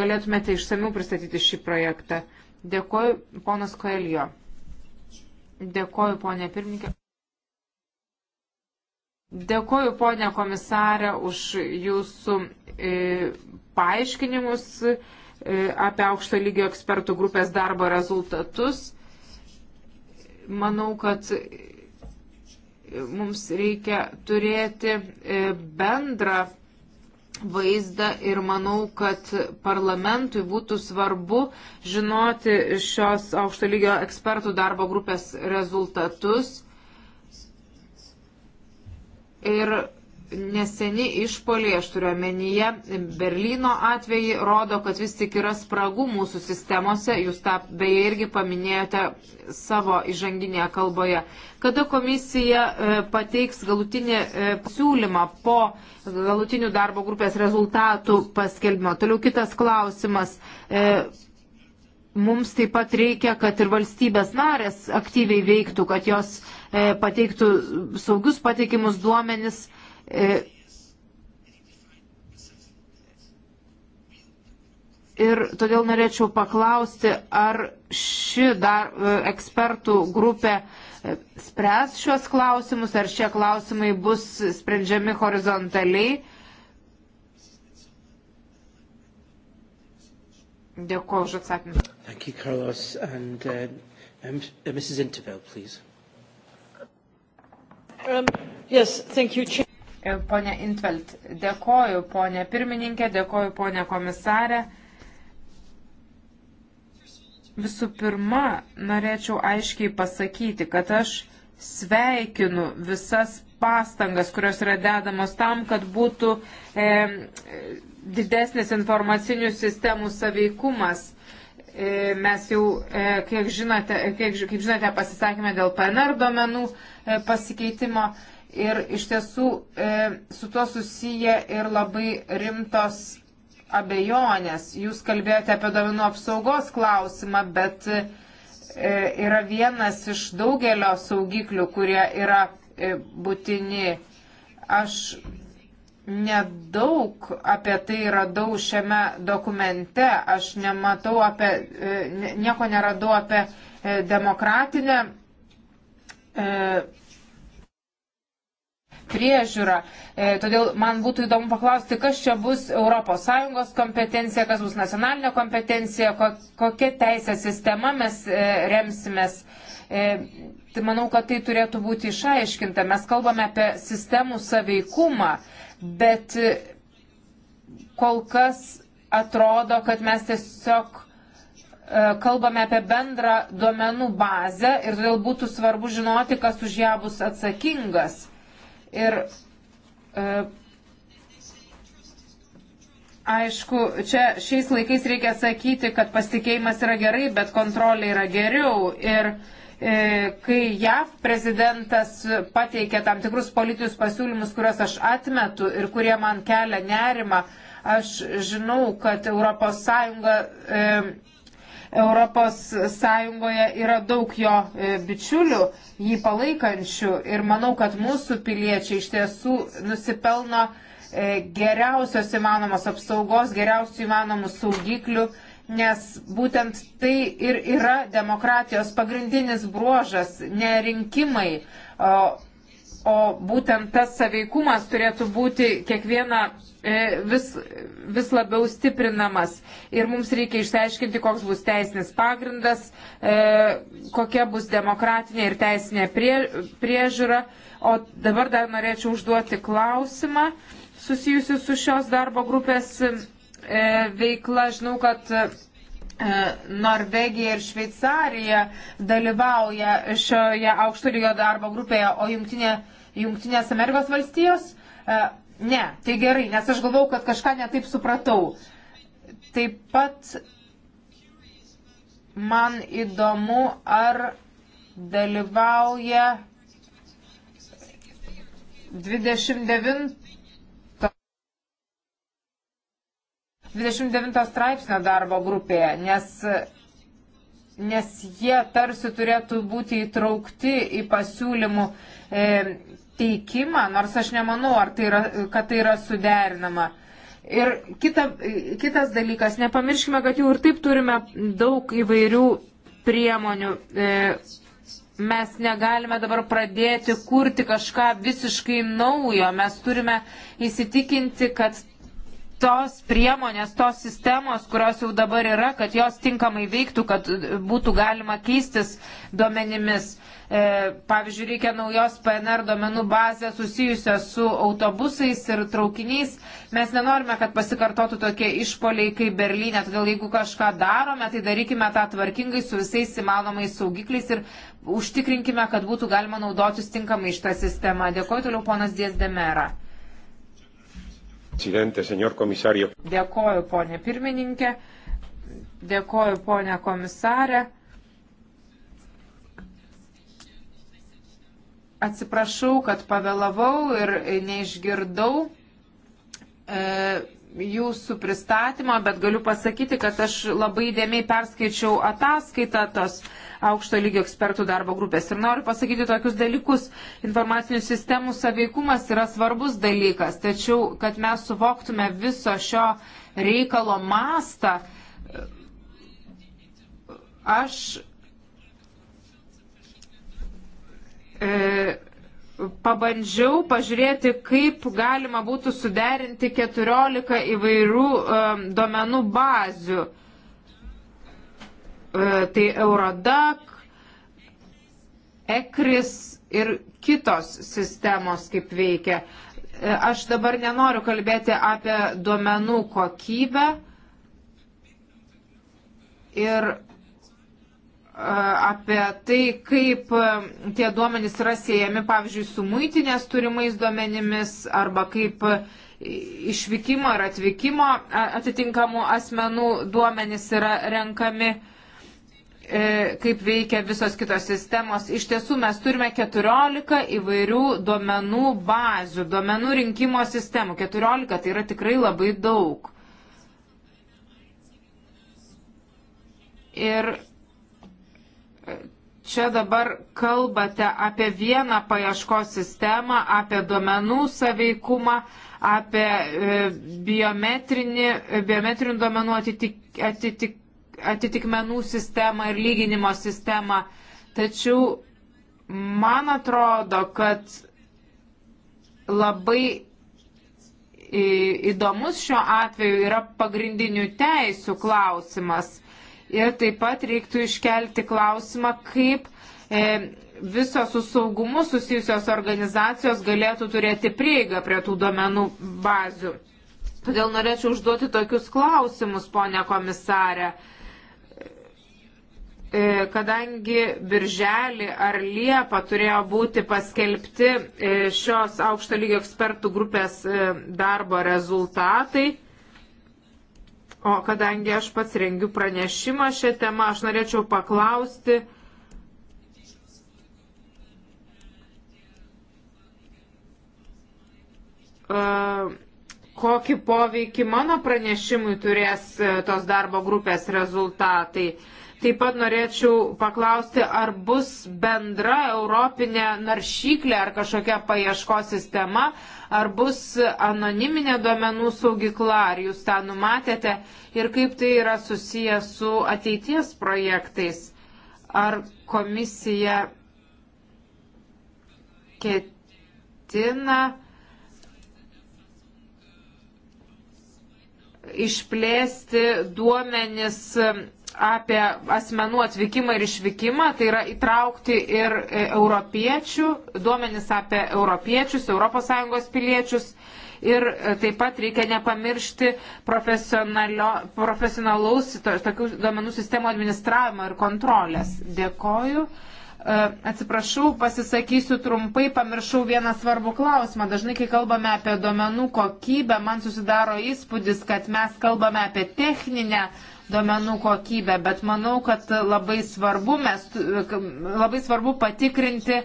galėtumėte išsamiau pristatyti šį projektą. Dėkoju, ponas Koelio. Dėkoju, ponė pirmininkė. Dėkuoju, ponė komisarė, už jūsų e, paaiškinimus e, apie aukšto lygio ekspertų grupės darbo rezultatus. Manau, kad e, mums reikia turėti e, bendrą vaizdą ir manau, kad parlamentui būtų svarbu žinoti šios aukšto lygio ekspertų darbo grupės rezultatus. Ir neseni išpoliai, aš turiu omenyje, Berlyno atvejai rodo, kad vis tik yra spragų mūsų sistemose, jūs tą beje irgi paminėjote savo įžanginėje kalboje. Kada komisija e, pateiks galutinį e, siūlymą po galutinių darbo grupės rezultatų paskelbimo? Toliau kitas klausimas. E, mums taip pat reikia, kad ir valstybės narės aktyviai veiktų, kad jos e, pateiktų saugius pateikimus duomenis. E, ir todėl norėčiau paklausti, ar ši dar e, ekspertų grupė e, spręs šios klausimus, ar šie klausimai bus sprendžiami horizontaliai. E, Dėkuoju už atsakymą. Thank you, Carlos. And uh, um, uh, Mrs. Interville, please. Um, yes, thank you, Chair. E, Pone Intvelt, dėkoju, ponė pirmininkė, dėkoju, ponė komisarė. Visų pirma, norėčiau aiškiai pasakyti, kad aš sveikinu visas pastangas, kurios yra dedamos tam, kad būtų e, didesnis informacinių sistemų saveikumas. E, mes jau, e, kiek žinote, e, kiek, kaip žinote, pasisakėme dėl PNR duomenų pasikeitimo ir iš tiesų su tuo susiję ir labai rimtos abejonės. Jūs kalbėjote apie duomenų apsaugos klausimą, bet yra vienas iš daugelio saugiklių, kurie yra būtini. Aš nedaug apie tai radau šiame dokumente. Aš nematau apie, e, nieko neradau apie e, demokratinę e, priežiūrą. E, todėl man būtų įdomu paklausti, kas čia bus ES kompetencija, kas bus nacionalinė kompetencija, ko, kokia teisė sistema mes e, remsimės. E, tai manau, kad tai turėtų būti išaiškinta. Mes kalbame apie sistemų saveikumą bet e, kol kas atrodo, kad mes tiesiog e, kalbame apie bendrą duomenų bazę ir todėl būtų svarbu žinoti, kas už ją bus atsakingas. Ir e, aišku, čia šiais laikais reikia sakyti, kad pasitikėjimas yra gerai, bet kontrolė yra geriau. Ir E, kai JAV prezidentas pateikė tam tikrus politinius pasiūlymus, kuriuos aš atmetu ir kurie man kelia nerimą, aš žinau, kad ES e, Europos Sąjungoje yra daug jo e, bičiulių, jį palaikančių ir manau, kad mūsų piliečiai iš tiesų nusipelno geriausios įmanomos apsaugos, geriausių įmanomų saugiklių nes būtent tai ir yra demokratijos pagrindinis bruožas, ne rinkimai, o, o būtent tas saveikumas turėtų būti kiekvieną e, vis, vis labiau stiprinamas. Ir mums reikia išsiaiškinti, koks bus teisinis pagrindas, e, kokia bus demokratinė ir teisinė prie, priežiūra. O dabar dar norėčiau užduoti klausimą susijusiu su šios darbo grupės E, veikla. Žinau, kad e, Norvegija ir Šveicarija dalyvauja šioje aukšto lygio darbo grupėje, o jungtinė, Jungtinės Amerikos valstijos? E, ne, tai gerai, nes aš galvau, kad kažką netaip supratau. Taip pat man įdomu, ar dalyvauja 29 29 straipsnio darbo grupėje, nes, nes jie tarsi turėtų būti įtraukti į pasiūlymų e, teikimą, nors aš nemanau, tai yra, kad tai yra suderinama. Ir kita, kitas dalykas, nepamirškime, kad jau ir taip turime daug įvairių priemonių. E, mes negalime dabar pradėti kurti kažką visiškai naujo. Mes turime įsitikinti, kad tos priemonės, tos sistemos, kurios jau dabar yra, kad jos tinkamai veiktų, kad būtų galima keistis duomenimis. E, pavyzdžiui, reikia naujos PNR duomenų bazės susijusios su autobusais ir traukiniais. Mes nenorime, kad pasikartotų tokie išpoliai kaip Berlyne, todėl jeigu kažką darome, tai darykime tą tvarkingai su visais įmanomais saugikliais ir užtikrinkime, kad būtų galima naudotis tinkamai šitą sistemą. Dėkuoju toliau, ponas Diezdemera.
Dėkoju,
ponė pirmininkė. Dėkoju, ponė komisarė. Atsiprašau, kad pavėlavau ir neišgirdau e, jūsų pristatymą, bet galiu pasakyti, kad aš labai dėmiai perskaičiau ataskaitą tos aukšto lygio ekspertų darbo grupės. Ir noriu pasakyti tokius dalykus. Informacinių sistemų saveikumas yra svarbus dalykas, tačiau, kad mes suvoktume viso šio reikalo mastą, aš. E, pabandžiau pažiūrėti, kaip galima būtų suderinti 14 įvairių um, duomenų bazių. Uh, E, tai Eurodak, ECRIS ir kitos sistemos kaip veikia. E, aš dabar nenoriu kalbėti apie duomenų kokybę ir e, apie tai, kaip tie duomenys yra siejami, pavyzdžiui, su muitinės turimais duomenimis arba kaip išvykimo ir atvykimo atitinkamų asmenų duomenys yra renkami. E, kaip veikia visos kitos sistemos. Iš tiesų mes turime 14 įvairių duomenų bazių, duomenų rinkimo sistemų. 14 tai yra tikrai labai daug. Ir e, čia dabar kalbate apie vieną paieškos sistemą, apie duomenų saveikumą, apie e, biometrinių duomenų atitik, atitik, atitikmenų sistemą ir lyginimo sistemą. Tačiau man atrodo, kad labai įdomus šiuo atveju yra pagrindinių teisų klausimas. Ir taip pat reiktų iškelti klausimą, kaip e, visos su saugumu susijusios organizacijos galėtų turėti prieigą prie tų duomenų bazių. Todėl norėčiau užduoti tokius klausimus, ponė komisarė. E, E, kadangi birželį ar liepą turėjo būti paskelbti e, šios aukšto lygio ekspertų grupės e, darbo rezultatai, o kadangi aš pats rengiu pranešimą šią temą, aš norėčiau paklausti, kokį poveikį mano pranešimui turės tos darbo grupės rezultatai Taip pat norėčiau paklausti, ar bus bendra europinė naršyklė ar kažkokia paieško sistema, ar bus anoniminė duomenų saugykla, ar jūs tą numatėte ir kaip tai yra susiję su ateities projektais. Ar komisija ketina išplėsti duomenis apie asmenų atvykimą ir išvykimą, tai yra įtraukti ir e, europiečių, duomenis apie europiečius, ES piliečius. Ir e, taip pat reikia nepamiršti profesionalaus tokių duomenų sistemų administravimo ir kontrolės. Dėkoju. E, atsiprašau, pasisakysiu trumpai, pamiršau vieną svarbų klausimą. Dažnai, kai kalbame apie duomenų kokybę, man susidaro įspūdis, kad mes kalbame apie techninę duomenų kokybę, bet manau, kad labai svarbu, mes, labai svarbu patikrinti e,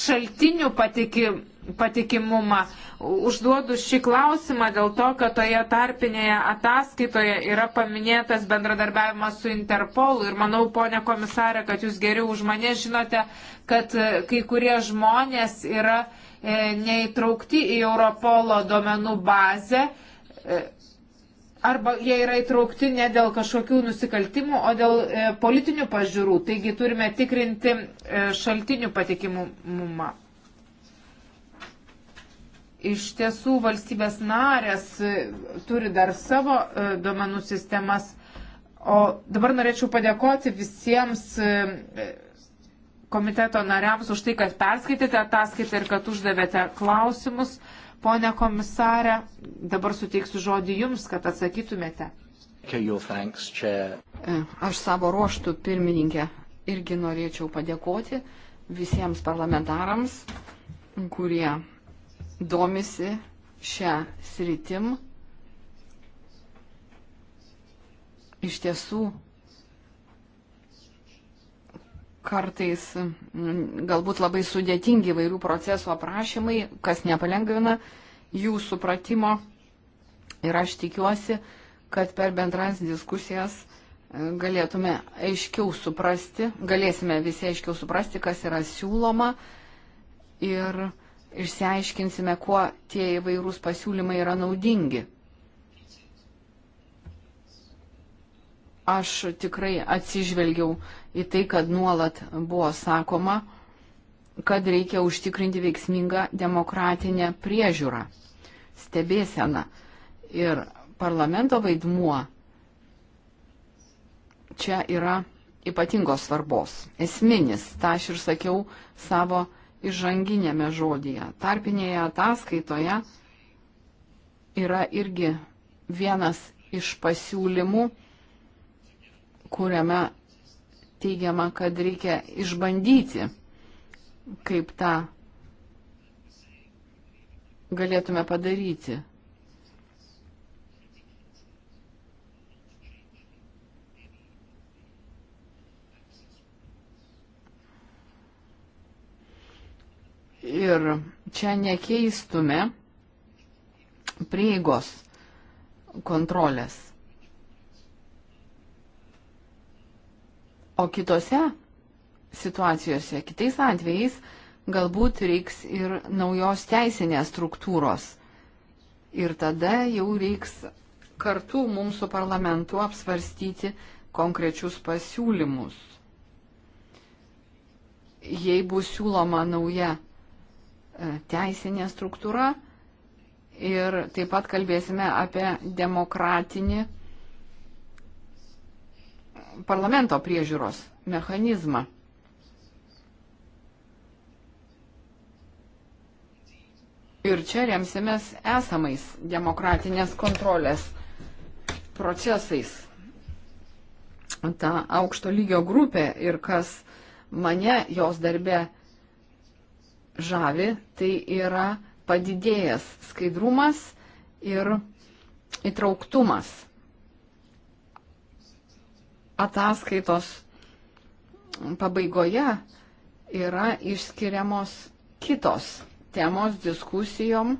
šaltinių patikimą patikimumą. Užduodu šį klausimą dėl to, kad toje tarpinėje ataskaitoje yra paminėtas bendradarbiavimas su Interpolu ir manau, ponė komisarė, kad jūs geriau už mane žinote, kad e, kai kurie žmonės yra e, neįtraukti į Europolo duomenų bazę arba jie yra įtraukti ne dėl kažkokių nusikaltimų, o dėl e, politinių pažiūrų. Taigi turime tikrinti e, šaltinių patikimumą. Iš tiesų valstybės narės e, turi dar savo e, duomenų sistemas. O dabar norėčiau padėkoti visiems e, e komiteto nariams už tai, kad perskaitėte ataskaitą ir kad uždavėte klausimus. E, Pone komisarė, dabar suteiksiu žodį Jums, kad atsakytumėte. E,
aš savo ruoštų pirmininkė irgi norėčiau padėkoti visiems parlamentarams, kurie domisi šią sritim. Iš tiesų, kartais mm, galbūt labai sudėtingi vairių procesų aprašymai, kas nepalengvina jų supratimo. Ir aš tikiuosi, kad per bendras diskusijas e, galėtume aiškiau suprasti, galėsime visi aiškiau suprasti, kas yra siūloma ir išsiaiškinsime, kuo tie įvairūs pasiūlymai yra naudingi. Aš tikrai atsižvelgiau į tai, kad nuolat buvo sakoma, kad reikia užtikrinti veiksmingą demokratinę priežiūrą, stebėseną. Ir parlamento vaidmuo čia yra ypatingos svarbos, esminis, tą aš ir sakiau savo įžanginėme žodyje. Tarpinėje ataskaitoje yra irgi vienas iš pasiūlymų kuriame teigiama, kad reikia išbandyti, kaip tą galėtume padaryti. Ir čia nekeistume prieigos kontrolės. O kitose situacijose, kitais atvejais, galbūt reiks ir naujos teisinės struktūros. Ir tada jau reiks kartu mums su parlamentu apsvarstyti konkrečius pasiūlymus. Jei bus siūloma nauja e, teisinė struktūra ir taip pat kalbėsime apie demokratinį parlamento priežiūros mechanizmą. Ir čia remsimės esamais demokratinės kontrolės procesais. Ta aukšto lygio grupė ir kas mane jos darbė žavi, tai yra padidėjęs skaidrumas ir įtrauktumas ataskaitos pabaigoje yra išskiriamos kitos temos diskusijom.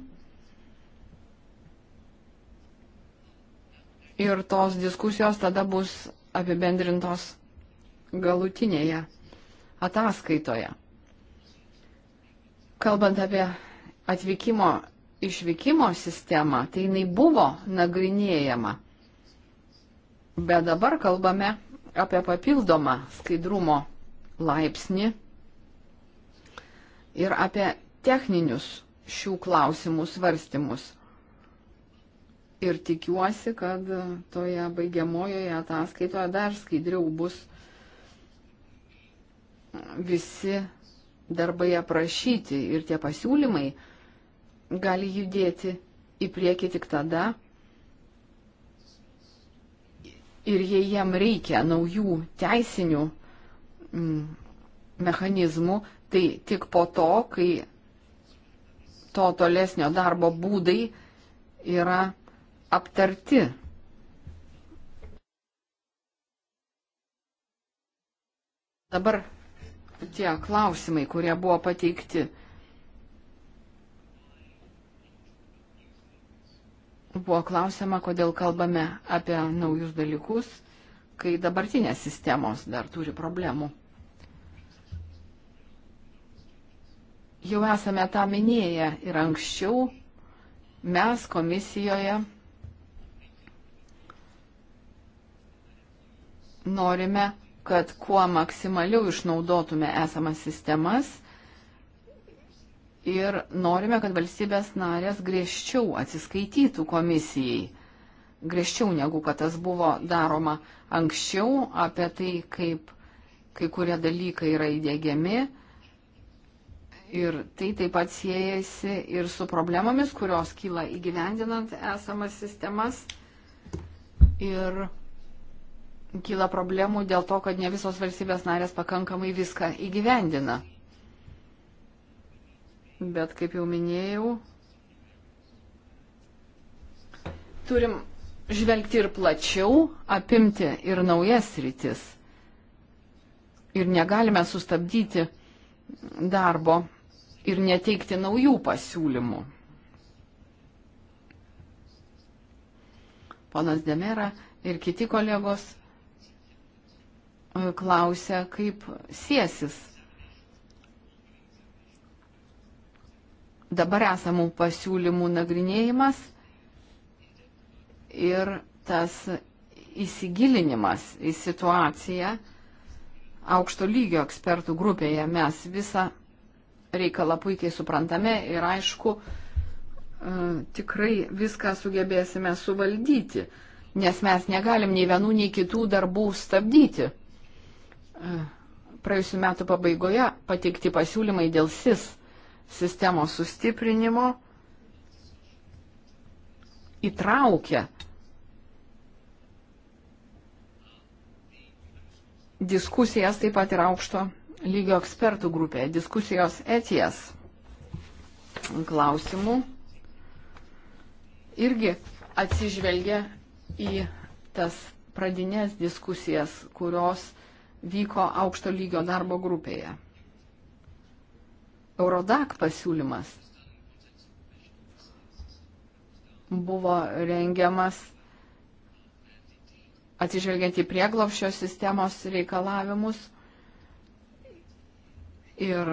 Ir tos diskusijos tada bus apibendrintos galutinėje ataskaitoje. Kalbant apie atvykimo išvykimo sistemą, tai jinai buvo nagrinėjama. Bet dabar kalbame apie papildomą skaidrumo laipsnį ir apie techninius šių klausimų svarstymus. Ir tikiuosi, kad toje baigiamojoje ataskaitoje dar skaidriau bus visi darbai aprašyti ir tie pasiūlymai gali judėti į priekį tik tada, ir jei jam reikia naujų teisinių mm, mechanizmų, tai tik po to, kai to tolesnio darbo būdai yra aptarti. Dabar tie klausimai, kurie buvo pateikti Buvo klausima, kodėl kalbame apie naujus dalykus, kai dabartinės sistemos dar turi problemų. Jau esame tą minėję ir anksčiau mes komisijoje norime, kad kuo maksimaliau išnaudotume esamas sistemas ir norime, kad valstybės narės griežčiau atsiskaitytų komisijai. Griežčiau negu kad tas buvo daroma anksčiau apie tai, kaip kai kurie dalykai yra įdėgiami. Ir tai taip pat siejasi ir su problemomis, kurios kyla įgyvendinant esamas sistemas. Ir kyla problemų dėl to, kad ne visos valstybės narės pakankamai viską įgyvendina bet kaip jau minėjau, turim žvelgti ir plačiau, apimti ir naujas rytis. Ir negalime sustabdyti darbo ir neteikti naujų pasiūlymų. Ponas Demera ir kiti kolegos e, klausia, kaip siesis dabar esamų pasiūlymų nagrinėjimas ir tas įsigilinimas į situaciją aukšto lygio ekspertų grupėje mes visą reikalą puikiai suprantame ir aišku, e, tikrai viską sugebėsime suvaldyti, nes mes negalim nei vienų, nei kitų darbų stabdyti. E, Praėjusiu metu pabaigoje pateikti pasiūlymai dėl SIS sistemos sustiprinimo įtraukia diskusijas taip pat ir aukšto lygio ekspertų grupėje, diskusijos eties klausimų irgi atsižvelgia į tas pradinės diskusijas, kurios vyko aukšto lygio darbo grupėje. Eurodak pasiūlymas buvo rengiamas atsižvelgiant į prieglopščio sistemos reikalavimus ir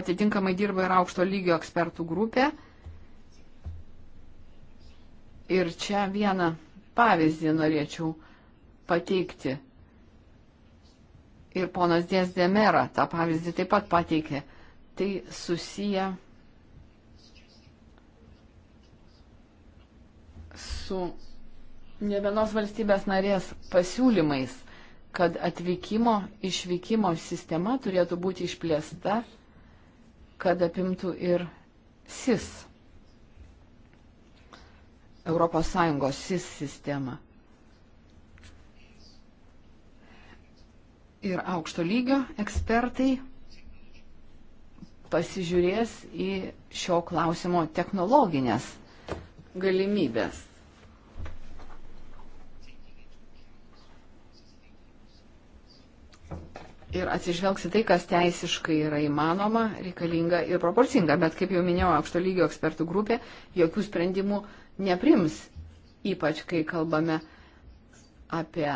atitinkamai dirba ir aukšto lygio ekspertų grupė. Ir čia vieną pavyzdį norėčiau pateikti. Ir ponas Dės Demera tą pavyzdį taip pat pateikė. Tai susiję su ne vienos valstybės narės pasiūlymais, kad atvykimo, išvykimo sistema turėtų būti išplėsta, kad apimtų ir SIS, ES SIS sistemą. Ir aukšto lygio ekspertai pasižiūrės į šio klausimo technologinės galimybės. Ir atsižvelgsi tai, kas teisiškai yra įmanoma, reikalinga ir proporcinga. Bet, kaip jau minėjau, aukšto lygio ekspertų grupė jokių sprendimų neprims, ypač kai kalbame apie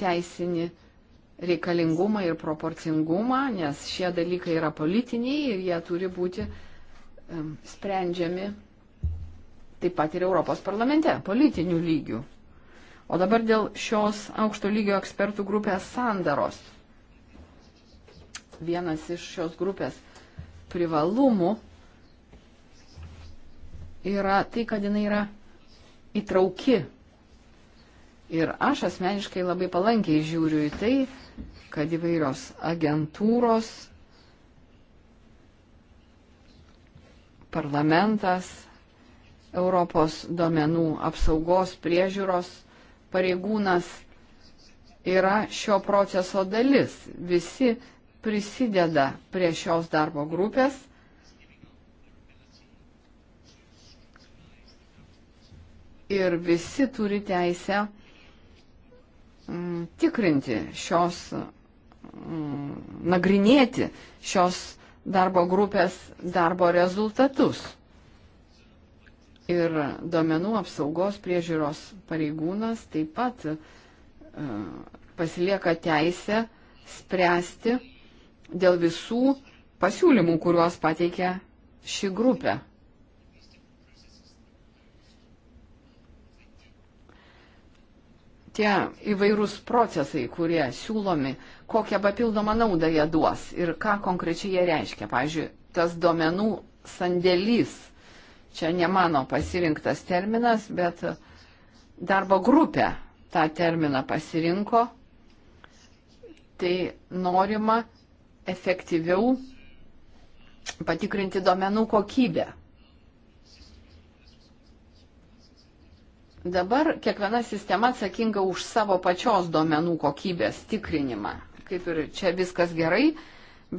teisinį uh, reikalingumą ir proporcingumą, nes šie dalykai yra politiniai ir jie turi būti sprendžiami taip pat ir Europos parlamente, politinių lygių. O dabar dėl šios aukšto lygio ekspertų grupės sandaros. Vienas iš šios grupės privalumų yra tai, kad jinai yra įtrauki. Ir aš asmeniškai labai palankiai žiūriu į tai, kad įvairios agentūros, parlamentas, Europos duomenų apsaugos priežiūros pareigūnas yra šio proceso dalis. Visi prisideda prie šios darbo grupės. Ir visi turi teisę Mm, tikrinti šios, mm, nagrinėti šios darbo grupės darbo rezultatus. Ir duomenų apsaugos priežiūros pareigūnas taip pat e, pasilieka teisę spręsti dėl visų pasiūlymų, kuriuos pateikia ši grupė. tie įvairūs procesai, kurie siūlomi, kokią papildomą naudą jie duos ir ką konkrečiai jie reiškia. Pavyzdžiui, tas duomenų sandėlys, čia ne mano pasirinktas terminas, bet darbo grupė tą terminą pasirinko, tai norima efektyviau patikrinti duomenų kokybę. Dabar kiekviena sistema atsakinga už savo pačios duomenų kokybės tikrinimą. Kaip ir čia viskas gerai,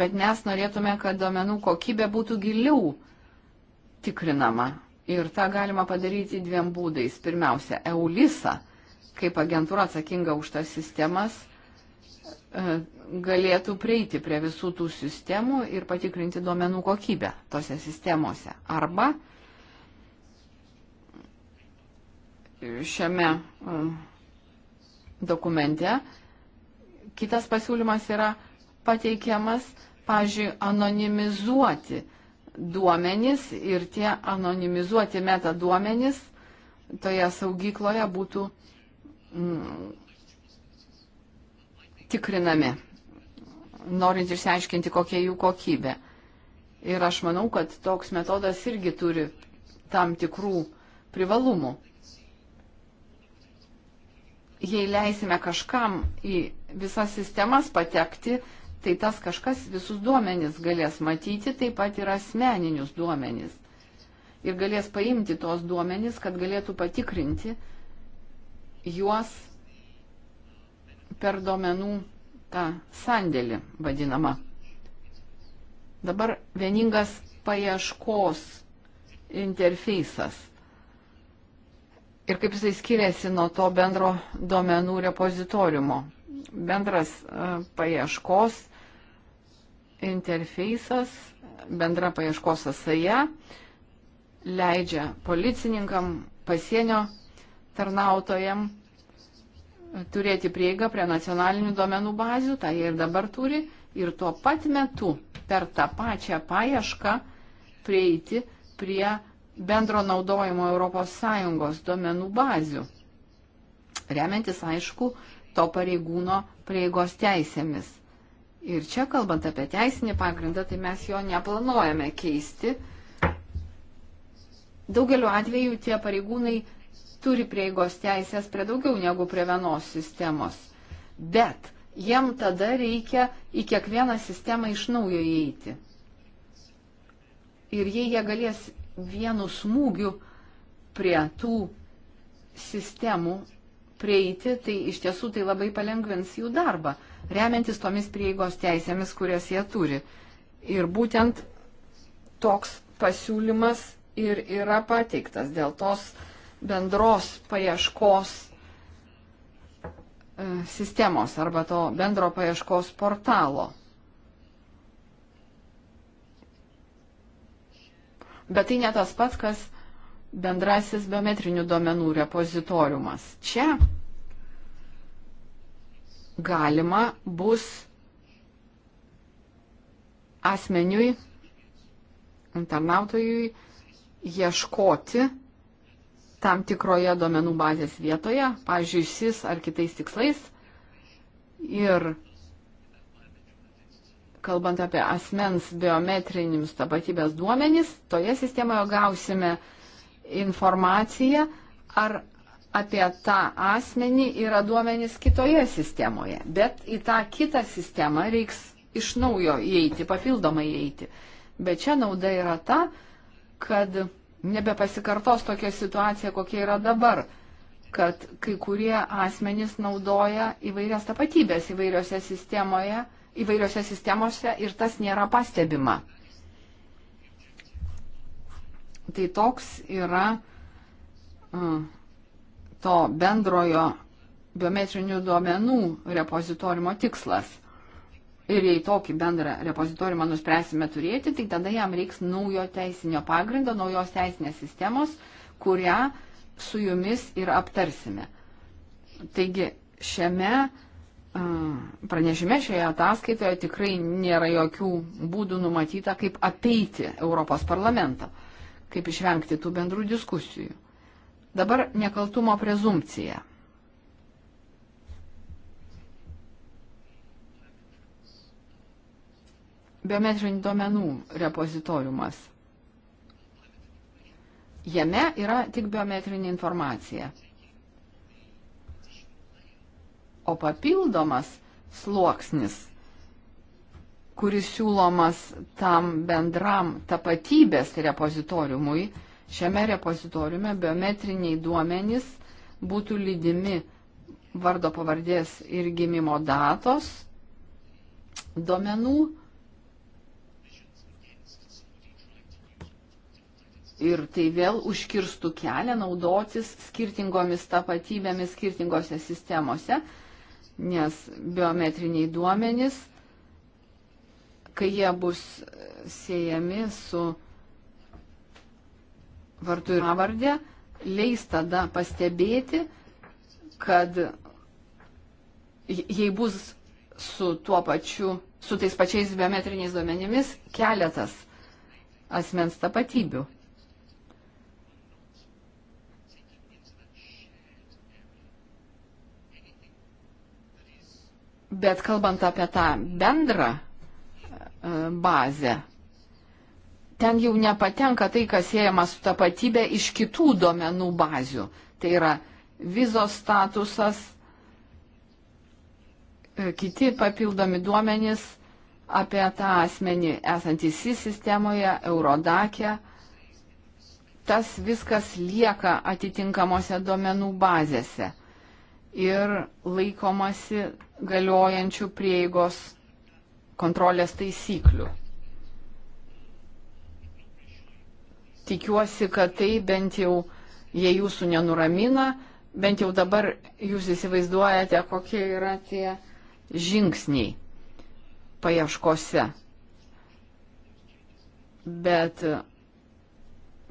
bet mes norėtume, kad duomenų kokybė būtų giliau tikrinama. Ir tą galima padaryti dviem būdais. Pirmiausia, EULISA, kaip agentūra atsakinga už tas sistemas, e, galėtų prieiti prie visų tų sistemų ir patikrinti duomenų kokybę tose sistemose. Arba šiame e, dokumente. Kitas pasiūlymas yra pateikiamas, pažiūrėjau, anonimizuoti duomenys ir tie anonimizuoti metaduomenys toje saugykloje būtų mm, tikrinami, norint išsiaiškinti, kokia jų kokybė. Ir aš manau, kad toks metodas irgi turi tam tikrų privalumų jei leisime kažkam į visas sistemas patekti, tai tas kažkas visus duomenys galės matyti, taip pat ir asmeninius duomenys. Ir galės paimti tos duomenys, kad galėtų patikrinti juos per duomenų tą sandėlį vadinamą. Dabar vieningas paieškos interfejsas ir kaip jisai skiriasi nuo to bendro duomenų repozitoriumo. Bendras e, paieškos interfejsas, bendra paieškos sąsaja leidžia policininkam, pasienio tarnautojam e, turėti prieigą prie nacionalinių duomenų bazių, tai jie ir dabar turi, ir tuo pat metu per tą pačią paiešką prieiti prie bendro naudojimo ES duomenų bazių, remiantis aišku to pareigūno prieigos teisėmis. Ir čia kalbant apie teisinį pagrindą, tai mes jo neplanuojame keisti. Daugeliu atveju tie pareigūnai turi prieigos teisės prie daugiau negu prie vienos sistemos. Bet jiem tada reikia į kiekvieną sistemą iš naujo įeiti. Ir jei jie galės vienu smūgiu prie tų sistemų prieiti, tai iš tiesų tai labai palengvins jų darbą, remiantis tomis prieigos teisėmis, kurias jie turi. Ir būtent toks pasiūlymas ir yra pateiktas dėl tos bendros paieškos e, sistemos arba to bendro paieškos portalo. Bet tai ne tas pats, kas bendrasis biometrinių duomenų repozitoriumas. Čia galima bus asmeniui, internautojui ieškoti tam tikroje duomenų bazės vietoje, pavyzdžiui, SIS ar kitais tikslais. Ir kalbant apie asmens biometrinius tapatybės duomenys, toje sistemoje gausime informaciją, ar apie tą asmenį yra duomenys kitoje sistemoje. Bet į tą kitą sistemą reiks iš naujo įeiti, papildomai įeiti. Bet čia nauda yra ta, kad nebepasikartos tokia situacija, kokia yra dabar, kad kai kurie asmenys naudoja įvairias tapatybės įvairiose sistemoje įvairiose sistemose ir tas nėra pastebima. Tai toks yra e, to bendrojo biometrinių duomenų repozitorimo tikslas. Ir jei tokį bendrą repozitorimą nuspręsime turėti, tai tada jam reiks naujo teisinio pagrindo, naujos teisinės sistemos, kurią su jumis ir aptarsime. Taigi šiame pranešime šioje ataskaitoje tikrai nėra jokių būdų numatyta, kaip apeiti Europos parlamentą, kaip išvengti tų bendrų diskusijų. Dabar nekaltumo prezumcija. Biometrinių duomenų repozitoriumas. Jame yra tik biometrinė informacija. O papildomas sluoksnis, kuris siūlomas tam bendram tapatybės repozitoriumui, šiame repozitoriume biometriniai duomenys būtų lydimi vardo pavardės ir gimimo datos duomenų ir tai vėl užkirstų kelią naudotis skirtingomis tapatybėmis skirtingose sistemose, nes biometriniai duomenys, kai jie bus siejami su vardu ir pavardė, leis tada pastebėti, kad jei bus su tuo pačiu, su tais pačiais biometriniais duomenimis keletas asmens tapatybių. Bet kalbant apie tą bendrą e, bazę, ten jau nepatenka tai, kas siejama su tapatybė iš kitų duomenų bazių. Tai yra vizos statusas, e, kiti papildomi duomenys apie tą asmenį esantį SI sistemoje, Eurodakė. Tas viskas lieka atitinkamose duomenų bazėse ir laikomasi galiojančių prieigos kontrolės taisyklių. Tikiuosi, kad tai bent jau, jei jūsų nenuramina, bent jau dabar jūs įsivaizduojate, kokie yra tie žingsniai paieškose. Bet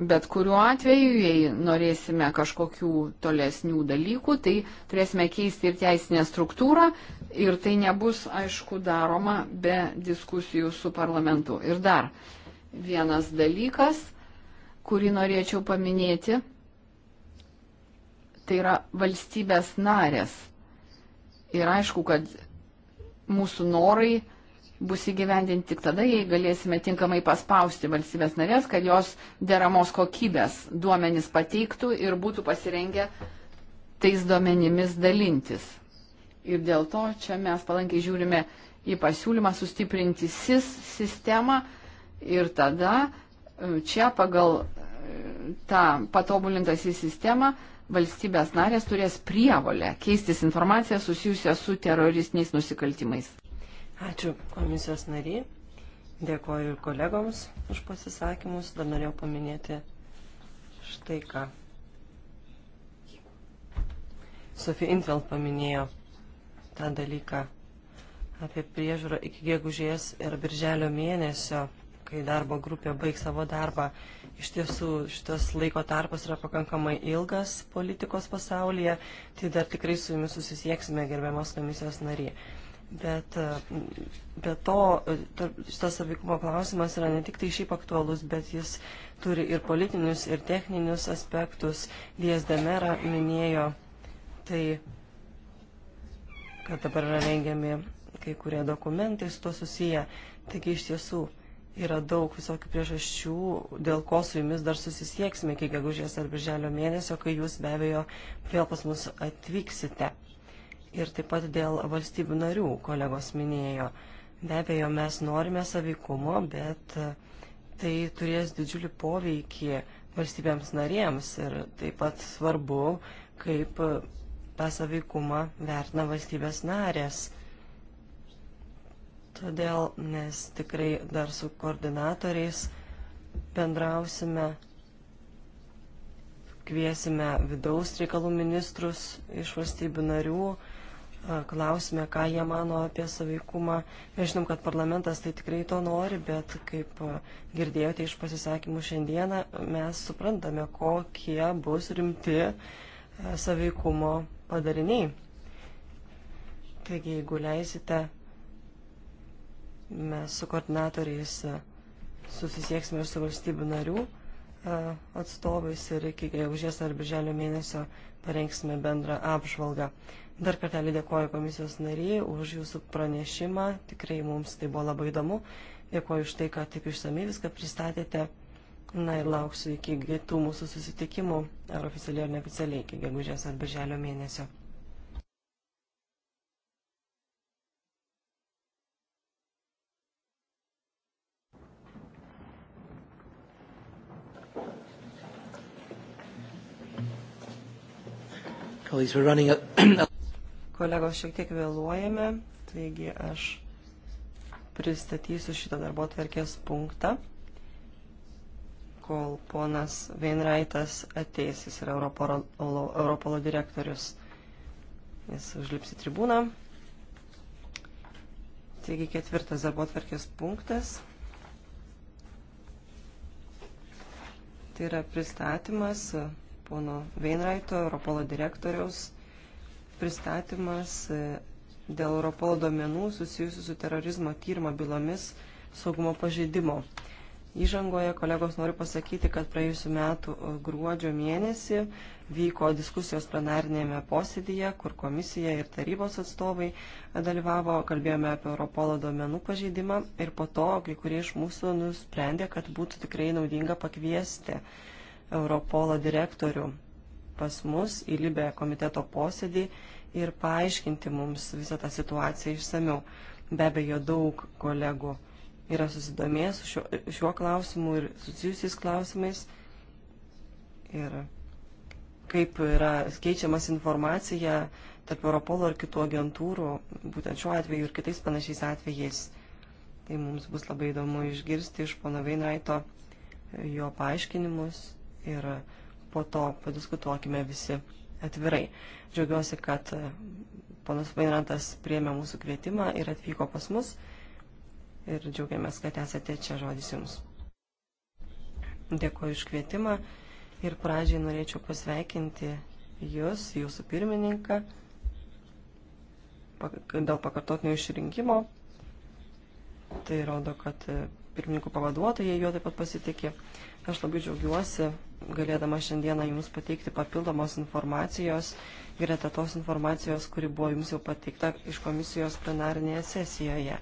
Bet kuriuo atveju, jei norėsime kažkokių tolesnių dalykų, tai turėsime keisti ir teisinę struktūrą ir tai nebus, aišku, daroma be diskusijų su parlamentu. Ir dar vienas dalykas, kurį norėčiau paminėti, tai yra valstybės narės. Ir aišku, kad mūsų norai bus įgyvendinti tik tada, jei galėsime tinkamai paspausti valstybės narės, kad jos deramos kokybės duomenys pateiktų ir būtų pasirengę tais duomenimis dalintis. Ir dėl to čia mes palankiai žiūrime į pasiūlymą sustiprinti SIS sistemą ir tada e, čia pagal e, tą patobulintą SIS sistemą valstybės narės turės prievolę
keistis informaciją susijusią su teroristiniais nusikaltimais. Ačiū komisijos nariai. Dėkuoju ir kolegoms už pasisakymus. Dar norėjau paminėti štai ką. Sofija Intveld paminėjo tą dalyką apie priežiūrą iki gegužės ir birželio mėnesio, kai darbo grupė baig savo darbą. Iš tiesų, šitas laiko tarpas yra pakankamai ilgas politikos pasaulyje, tai dar tikrai su jumis susisieksime, gerbiamas komisijos nariai. Bet e, be to, e, šitas savykumo klausimas yra ne tik tai šiaip aktualus, bet jis turi ir politinius, ir techninius aspektus. Dijas Demera minėjo tai, kad dabar yra rengiami kai kurie dokumentai su to susiję. Taigi iš tiesų yra daug visokių priežasčių, dėl ko su jumis dar susisieksime iki gegužės ar birželio mėnesio, kai jūs be abejo vėl pas mus atvyksite ir taip pat dėl valstybių narių kolegos minėjo. Be abejo, mes norime savykumo, bet e, tai turės didžiulį poveikį valstybėms narėms ir taip pat svarbu, kaip e, tą savykumą vertina valstybės narės. Todėl mes tikrai dar su koordinatoriais bendrausime, kviesime vidaus reikalų ministrus iš valstybių narių klausime, ką jie mano apie saveikumą. Mes žinom, kad parlamentas tai tikrai to nori, bet kaip girdėjote iš pasisakymų šiandieną, mes suprantame, kokie bus rimti saveikumo padariniai. Taigi, jeigu leisite, mes su koordinatoriais susisieksime ir su valstybių narių atstovais ir iki gegužės ar birželio mėnesio parengsime bendrą apžvalgą. Dar kartelį dėkoju komisijos nariai už jūsų pranešimą. Tikrai mums tai buvo labai įdomu. Dėkoju už tai, kad taip išsamei viską pristatėte. Na ir lauksiu iki kitų mūsų susitikimų, ar oficialiai ar neoficialiai, iki gegužės ar birželio mėnesio. Colleagues, we're running up. Kolegos, šiek tiek vėluojame, taigi aš pristatysiu šitą darbo tvarkės punktą, kol ponas Veinraitas ateis, jis yra Europolo, Europolo direktorius. Jis užlips į tribūną. Taigi ketvirtas darbo tvarkės punktas. Tai yra pristatymas pono Veinraito, Europolo direktoriaus pristatymas e, dėl Europol duomenų susijusių su terorizmo tyrimo bylomis saugumo pažeidimo. Įžangoje kolegos noriu pasakyti, kad praėjusiu metu e, gruodžio mėnesį vyko diskusijos plenarinėme posėdėje, kur komisija ir tarybos atstovai dalyvavo, kalbėjome apie Europolo duomenų pažeidimą ir po to kai kurie iš mūsų nusprendė, kad būtų tikrai naudinga pakviesti Europolo direktorių pas mus į Libę komiteto posėdį ir paaiškinti mums visą tą situaciją išsamiau. Be abejo, daug kolegų yra susidomėję su šiuo, šiuo klausimu ir susijusiais klausimais. Ir kaip yra keičiamas informacija tarp Europolo ir kitų agentūrų, būtent šiuo atveju ir kitais panašiais atvejais. Tai mums bus labai įdomu išgirsti iš pono Veinraito jo paaiškinimus ir uh, po to padiskutuokime visi atvirai. Džiaugiuosi, kad e, ponas Vainrantas priemė mūsų kvietimą ir atvyko pas mus. Ir džiaugiamės, kad esate čia žodis jums. Dėkuoju iš kvietimą ir pradžiai norėčiau pasveikinti jūs, jūsų pirmininką, dėl pakartotinio išrinkimo. Tai rodo, kad e, pirmininkų pavaduotojai juo taip pat pasitikė. Aš labai džiaugiuosi galėdama šiandieną Jums pateikti papildomos informacijos, greta tos informacijos, kuri buvo Jums jau pateikta iš komisijos plenarinėje sesijoje.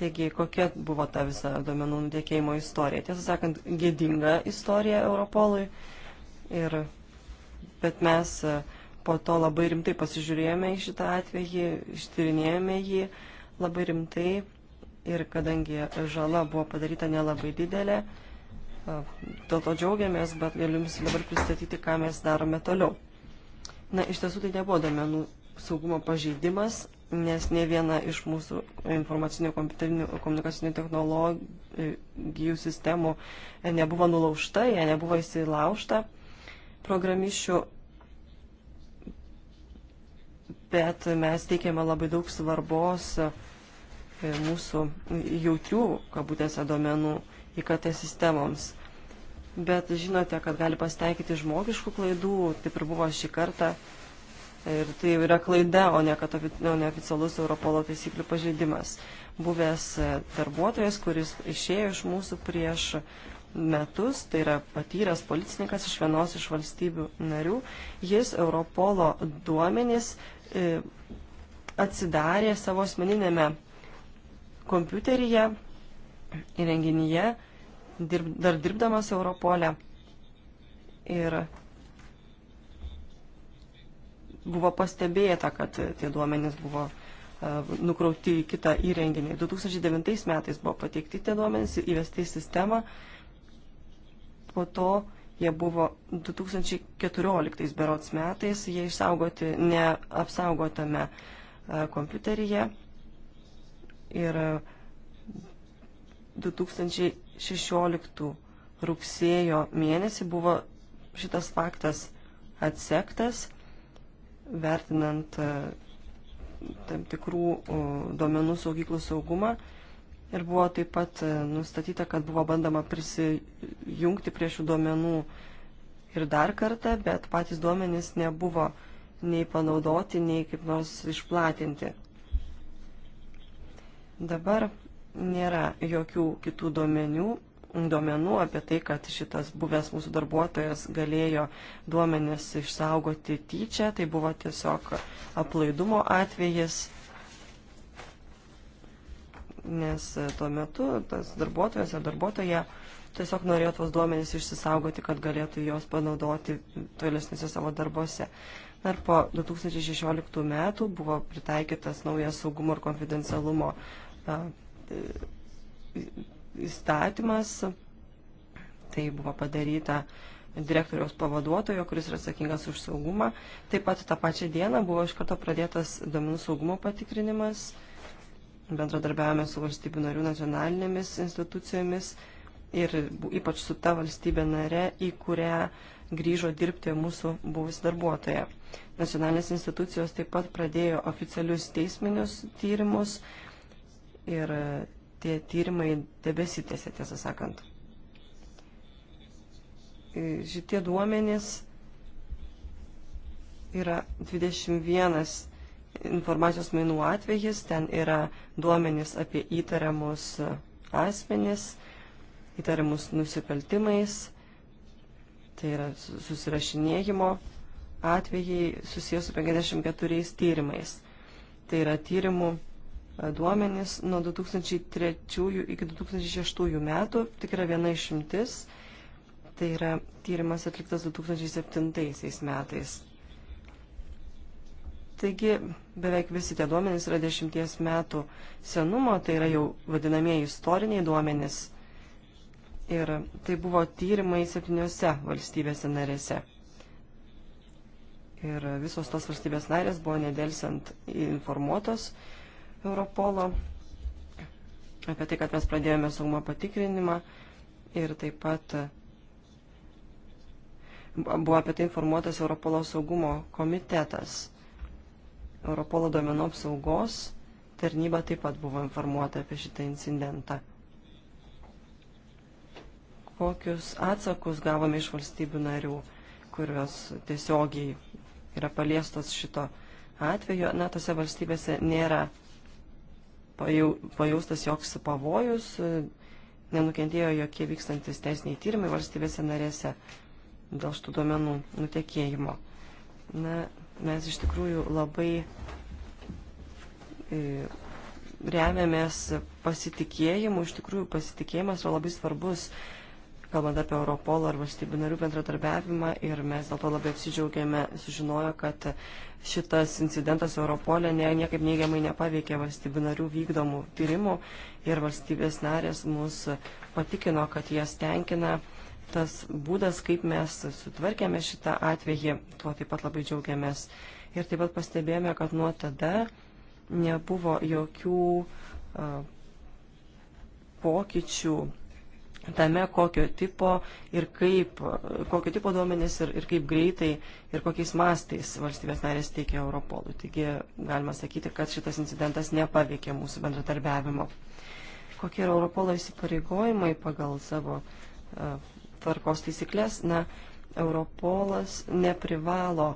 Taigi, kokia buvo ta visa duomenų nutiekėjimo istorija? Tiesą sakant, gėdinga istorija Europolui. Ir, bet mes e, po to labai rimtai pasižiūrėjome į šitą atvejį, ištyrinėjome jį labai rimtai ir kadangi žala buvo padaryta nelabai didelė, dėl to džiaugiamės, bet galiu jums dabar pristatyti, ką mes darome toliau. Na, iš tiesų tai nebuvo domenų saugumo pažeidimas, nes ne viena iš mūsų informacinių kompiuterinių komunikacinių technologijų sistemų e, nebuvo nulaužta, jie nebuvo įsilaužta programišių, bet mes teikiame labai daug svarbos e, mūsų jautrių, kabutėse, domenų IKT sistemoms bet žinote, kad gali pasitaikyti žmogiškų klaidų, taip ir buvo šį kartą. Ir tai yra klaida, o ne, kad, o ne oficialus Europolo taisyklių pažeidimas. Buvęs e, darbuotojas, kuris išėjo iš mūsų prieš metus, tai yra patyręs policininkas iš vienos iš valstybių narių, jis Europolo duomenys e, atsidarė savo asmeninėme kompiuteryje įrenginyje dirb, dar dirbdamas Europolė. Ir buvo pastebėta, kad tie duomenys buvo e, nukrauti į kitą įrenginį. 2009 metais buvo pateikti tie duomenys, įvesti į sistemą. Po to jie buvo 2014 berots metais, jie išsaugoti neapsaugotame e, kompiuteryje. Ir 2000 e, 16 rugsėjo mėnesį buvo šitas faktas atsektas, vertinant e, tam tikrų duomenų saugyklų saugumą. Ir buvo taip pat e, nustatyta, kad buvo bandama prisijungti prie šių duomenų ir dar kartą, bet patys duomenys nebuvo nei panaudoti, nei kaip nors išplatinti. Dabar nėra jokių kitų duomenių, duomenų apie tai, kad šitas buvęs mūsų darbuotojas galėjo duomenis išsaugoti tyčia, tai buvo tiesiog aplaidumo atvejis, nes tuo metu tas darbuotojas ar darbuotoja tiesiog norėjo tuos duomenis išsisaugoti, kad galėtų juos panaudoti tolesnėse savo darbose. Dar po 2016 metų buvo pritaikytas naujas saugumo ir konfidencialumo įstatymas. Tai buvo padaryta direktoriaus pavaduotojo, kuris yra atsakingas už saugumą. Taip pat tą pačią dieną buvo iš karto pradėtas duomenų saugumo patikrinimas, bendradarbiavome su valstybių narių nacionalinėmis institucijomis ir ypač su ta valstybė nare, į kurią grįžo dirbti mūsų buvusi darbuotoja. Nacionalinės institucijos taip pat pradėjo oficialius teisminius tyrimus ir e, tie tyrimai tebesitėse, tiesą sakant. E, šitie duomenys yra 21 informacijos mainų atvejis, ten yra duomenys apie įtariamus e, asmenis, įtariamus nusikaltimais, tai yra susirašinėjimo atvejai susijęs su 54 tyrimais. Tai yra tyrimų duomenys nuo 2003 iki 2006 metų, tik yra viena išimtis, tai yra tyrimas atliktas 2007 metais. Taigi beveik visi tie duomenys yra dešimties metų senumo, tai yra jau vadinamieji istoriniai duomenys. Ir tai buvo tyrimai septyniose valstybėse narėse. Ir visos tos valstybės narės buvo nedelsiant informuotos, Europolo, apie tai, kad mes pradėjome saugumo patikrinimą ir taip pat buvo apie tai informuotas Europolo saugumo komitetas. Europolo duomenų apsaugos tarnyba taip pat buvo informuota apie šitą incidentą. Kokius atsakus gavome iš valstybių narių, kurios tiesiogiai yra paliestos šito atveju, na, tose valstybėse nėra pajaustas joks pavojus, nenukentėjo jokie vykstantis teisiniai tyrimai valstybėse narėse dėl šitų duomenų nutekėjimo. Na, mes iš tikrųjų labai e, remiamės pasitikėjimu, iš tikrųjų pasitikėjimas yra labai svarbus kalbant apie Europolą ar valstybių narių bendradarbiavimą ir mes dėl to labai apsidžiaugėme, sužinojo, kad šitas incidentas Europolė ne, niekaip neigiamai nepaveikė valstybių narių vykdomų tyrimų ir valstybės narės mus patikino, kad jas tenkina tas būdas, kaip mes sutvarkėme šitą atvejį, tuo taip pat labai džiaugiamės. Ir taip pat pastebėjome, kad nuo tada nebuvo jokių uh, pokyčių tame, kokio tipo ir kaip, kokio tipo duomenys ir, ir kaip greitai ir kokiais mastais valstybės narės teikia Europolui. Taigi galima sakyti, kad šitas incidentas nepaveikė mūsų bendradarbiavimo. Kokie yra Europolo įsipareigojimai pagal savo uh, tvarkos taisyklės? Na, Europolas neprivalo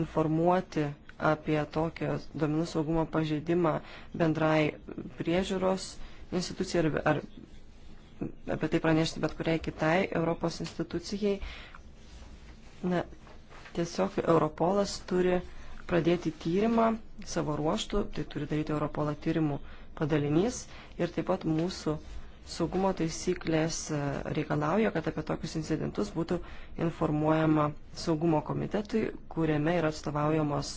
informuoti apie tokią duomenų saugumo pažeidimą bendrai priežiūros institucijai ar, ar apie tai pranešti bet kuriai kitai Europos institucijai. Na, tiesiog Europolas turi pradėti tyrimą savo ruoštų, tai turi daryti Europolo tyrimų padalinys ir taip pat mūsų saugumo taisyklės e, reikalauja, kad apie tokius incidentus būtų informuojama saugumo komitetui, kuriame yra atstovaujamos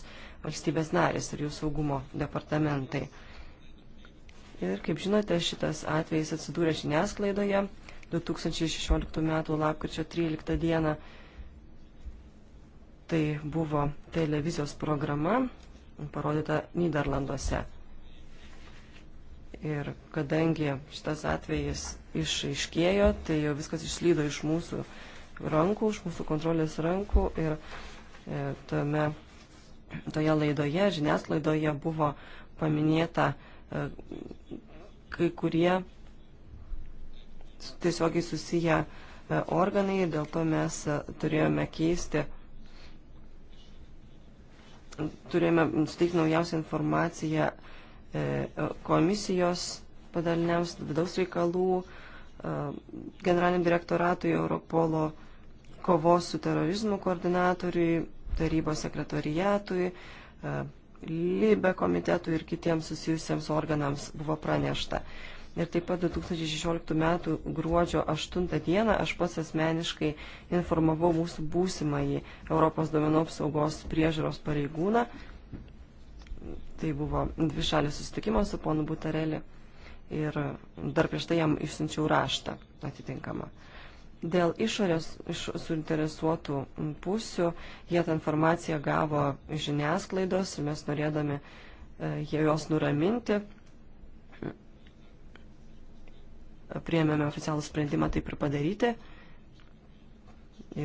valstybės narės ir jų saugumo departamentai. Ir kaip žinote, šitas atvejis atsidūrė žiniasklaidoje 2016 m. lapkričio 13 d. Tai buvo televizijos programa parodyta Niderlanduose. Ir kadangi šitas atvejis išaiškėjo, tai jau viskas išlydo iš mūsų rankų, iš mūsų kontrolės rankų ir e, tame, toje laidoje, žiniasklaidoje buvo paminėta kai kurie tiesiogiai susiję e, organai ir dėl to mes e, turėjome keisti, turėjome suteikti naujausią informaciją e, komisijos padaliniams vidaus reikalų, generaliniam direktoratui Europolo kovos su terorizmu koordinatoriui, tarybos sekretorijatui, Lybe komitetui ir kitiems susijusiems organams buvo pranešta. Ir taip pat 2016 m. gruodžio 8 d. aš pats asmeniškai informavau mūsų būsimąjį Europos duomenų apsaugos priežiūros pareigūną. Tai buvo dvi šalis susitikimas su ponu Butareli ir dar prieš tai jam išsiunčiau raštą atitinkamą. Dėl išorės iš suinteresuotų pusių jie tą informaciją gavo žiniasklaidos ir mes norėdami e, jie jos nuraminti. Priemėme oficialų sprendimą taip ir padaryti.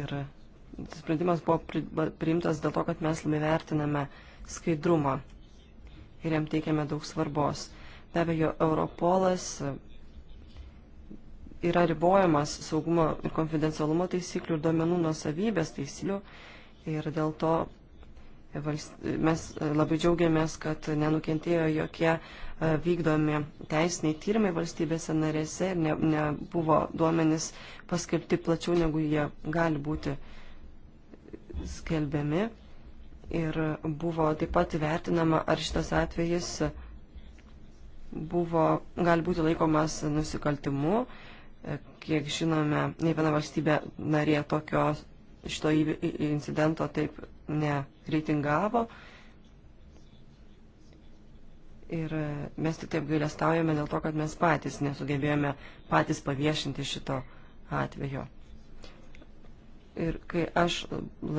Ir sprendimas buvo priimtas dėl to, kad mes labai vertiname skaidrumą ir jam teikiame daug svarbos. Be abejo, Europolas yra ribojamas saugumo ir konfidencialumo taisyklių ir duomenų nuosavybės taisyklių. Ir dėl to mes e, labai džiaugiamės, kad nenukentėjo jokie e, vykdomi teisiniai tyrimai valstybėse narėse ir ne, nebuvo duomenys paskirti plačiau, negu jie gali būti skelbiami. Ir buvo taip pat vertinama, ar šitas atvejis buvo, gali būti laikomas nusikaltimu Kiek žinome, nei viena valstybė narė tokio šito incidento taip nereitingavo. Ir mes tik taip gailestaujame dėl to, kad mes patys nesugebėjome patys paviešinti šito atvejo. Ir kai aš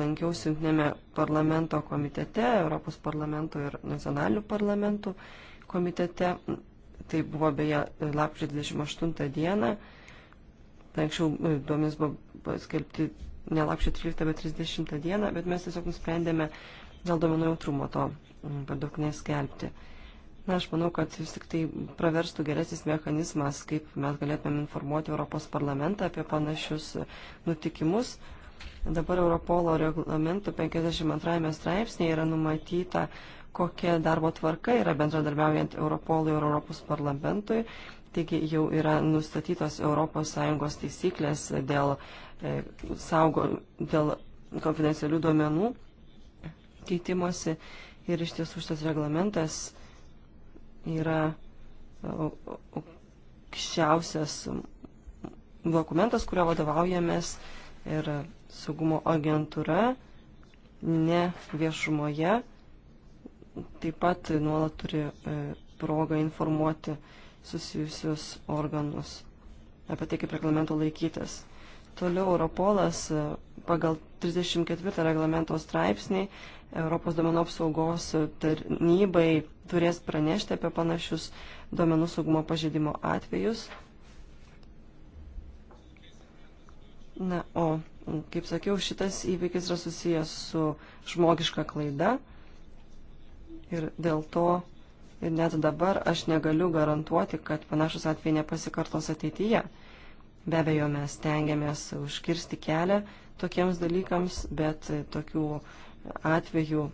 lankiausi jungtinėme parlamento komitete, Europos parlamento ir nacionalinių parlamentų komitete, tai buvo beje lapkričio 28 dieną, Tai anksčiau e, duomenys buvo paskelbti ne lapšio 13, bet 30 dieną, bet mes tiesiog nusprendėme dėl duomenų jautrumo to mm, per daug neskelbti. Na, aš manau, kad vis tik tai praverstų geresnis mechanizmas, kaip mes galėtumėm informuoti Europos parlamentą apie panašius e, nutikimus. Dabar Europolo reglamento 52 straipsnėje yra numatyta, kokia darbo tvarka yra bendradarbiaujant Europolui ir Europos parlamentui. Taigi jau yra nustatytos ES taisyklės dėl, e, saugo, dėl konfidencialių duomenų keitimosi ir iš tiesų šitas reglamentas yra e, aukščiausias dokumentas, kurio vadovaujamės ir saugumo agentūra ne viešumoje taip pat nuolat turi e, progą informuoti uh, susijusius organus, apie tai, kaip reglamento laikytas. Toliau Europolas e, pagal 34 reglamento straipsnį Europos duomenų apsaugos tarnybai turės pranešti apie panašius duomenų saugumo pažeidimo atvejus. Na, o, kaip sakiau, šitas įvykis yra susijęs su žmogiška klaida ir dėl to Ir net dabar aš negaliu garantuoti, kad panašus atvejai nepasikartos ateityje. Be abejo, mes tengiamės užkirsti kelią tokiems dalykams, bet tokių atvejų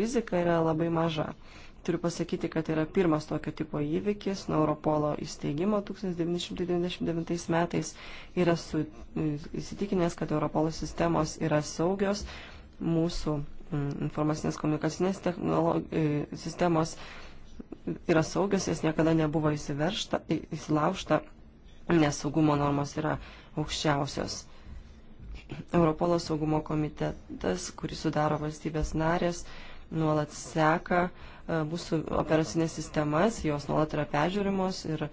rizika yra labai maža. Turiu pasakyti, kad yra pirmas tokio tipo įvykis nuo Europolo įsteigimo 1999 metais. Yra su, įsitikinęs, kad Europolo sistemos yra saugios, mūsų mm, informacinės komunikacinės e, sistemos yra saugios, jas niekada nebuvo įsiveršta, įsilaužta, nes saugumo normos yra aukščiausios. Europolo saugumo komitetas, kurį sudaro valstybės narės, nuolat seka e, mūsų operacinės sistemas, jos nuolat yra peržiūrimos ir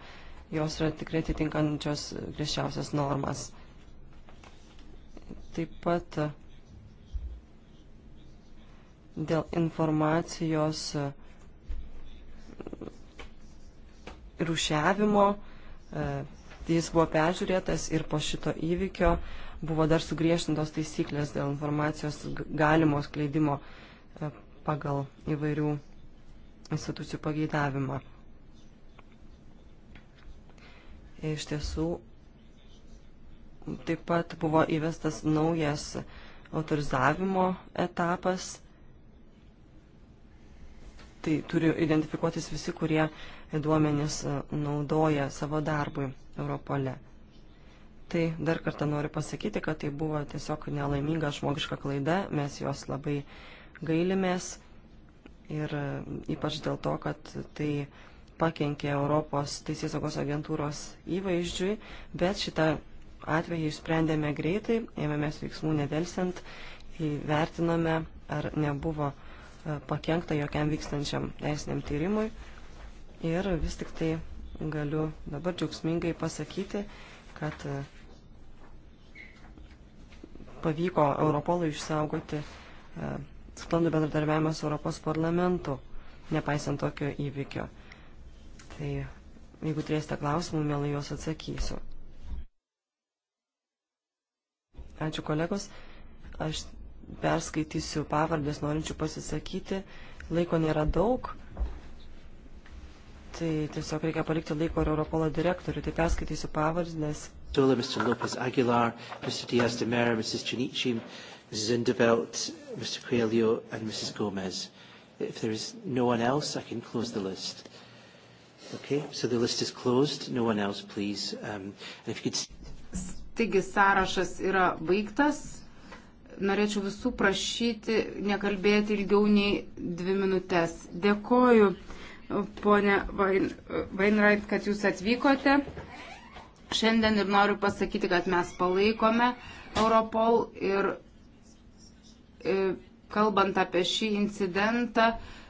jos yra tikrai atitinkančios griežčiausias normas. Taip pat e, dėl informacijos uh, rušiavimo. E, jis buvo peržiūrėtas ir po šito įvykio buvo dar sugriešintos taisyklės dėl informacijos galimo skleidimo e, pagal įvairių institucijų pageidavimą. Iš tiesų, taip pat buvo įvestas naujas autorizavimo etapas. Tai turi identifikuotis visi, kurie duomenis e, naudoja savo darbui Europole. Tai dar kartą noriu pasakyti, kad tai buvo tiesiog nelaiminga žmogiška klaida, mes jos labai gailimės ir e, ypač dėl to, kad tai pakenkė Europos teisėsaugos agentūros įvaizdžiui, bet šitą atvejį išsprendėme greitai, ėmėmės veiksmų nedelsiant, įvertinome, ar nebuvo e, pakenkta jokiam vykstančiam teisiniam tyrimui. Ir vis tik tai galiu dabar džiaugsmingai pasakyti, kad e, pavyko Europolui išsaugoti e, sklandų bendradarbiavimą su Europos parlamentu, nepaisant tokio įvykio. Tai jeigu turėsite klausimų, mielai juos atsakysiu. Ačiū kolegos. Aš perskaitysiu pavardės norinčių pasisakyti. Laiko nėra daug tai tiesiog reikia palikti laiko ir Europolo direktoriui, tai perskaitysiu pavardės. Dola, Mr. Lopez Aguilar, Mr. Diaz de Mera, Mrs. Chinichim,
Mrs. Indevelt, Mr. Coelho and Mrs. Gomez. If there is no one
else, I can close the list. Okay, so the list is closed. No one else, please. Um, and if you could...
Taigi sąrašas yra baigtas. Norėčiau visų prašyti nekalbėti ilgiau nei dvi minutės. Dėkoju ponė Vainrait, kad jūs atvykote šiandien ir noriu pasakyti, kad mes palaikome Europol ir e, kalbant apie šį incidentą,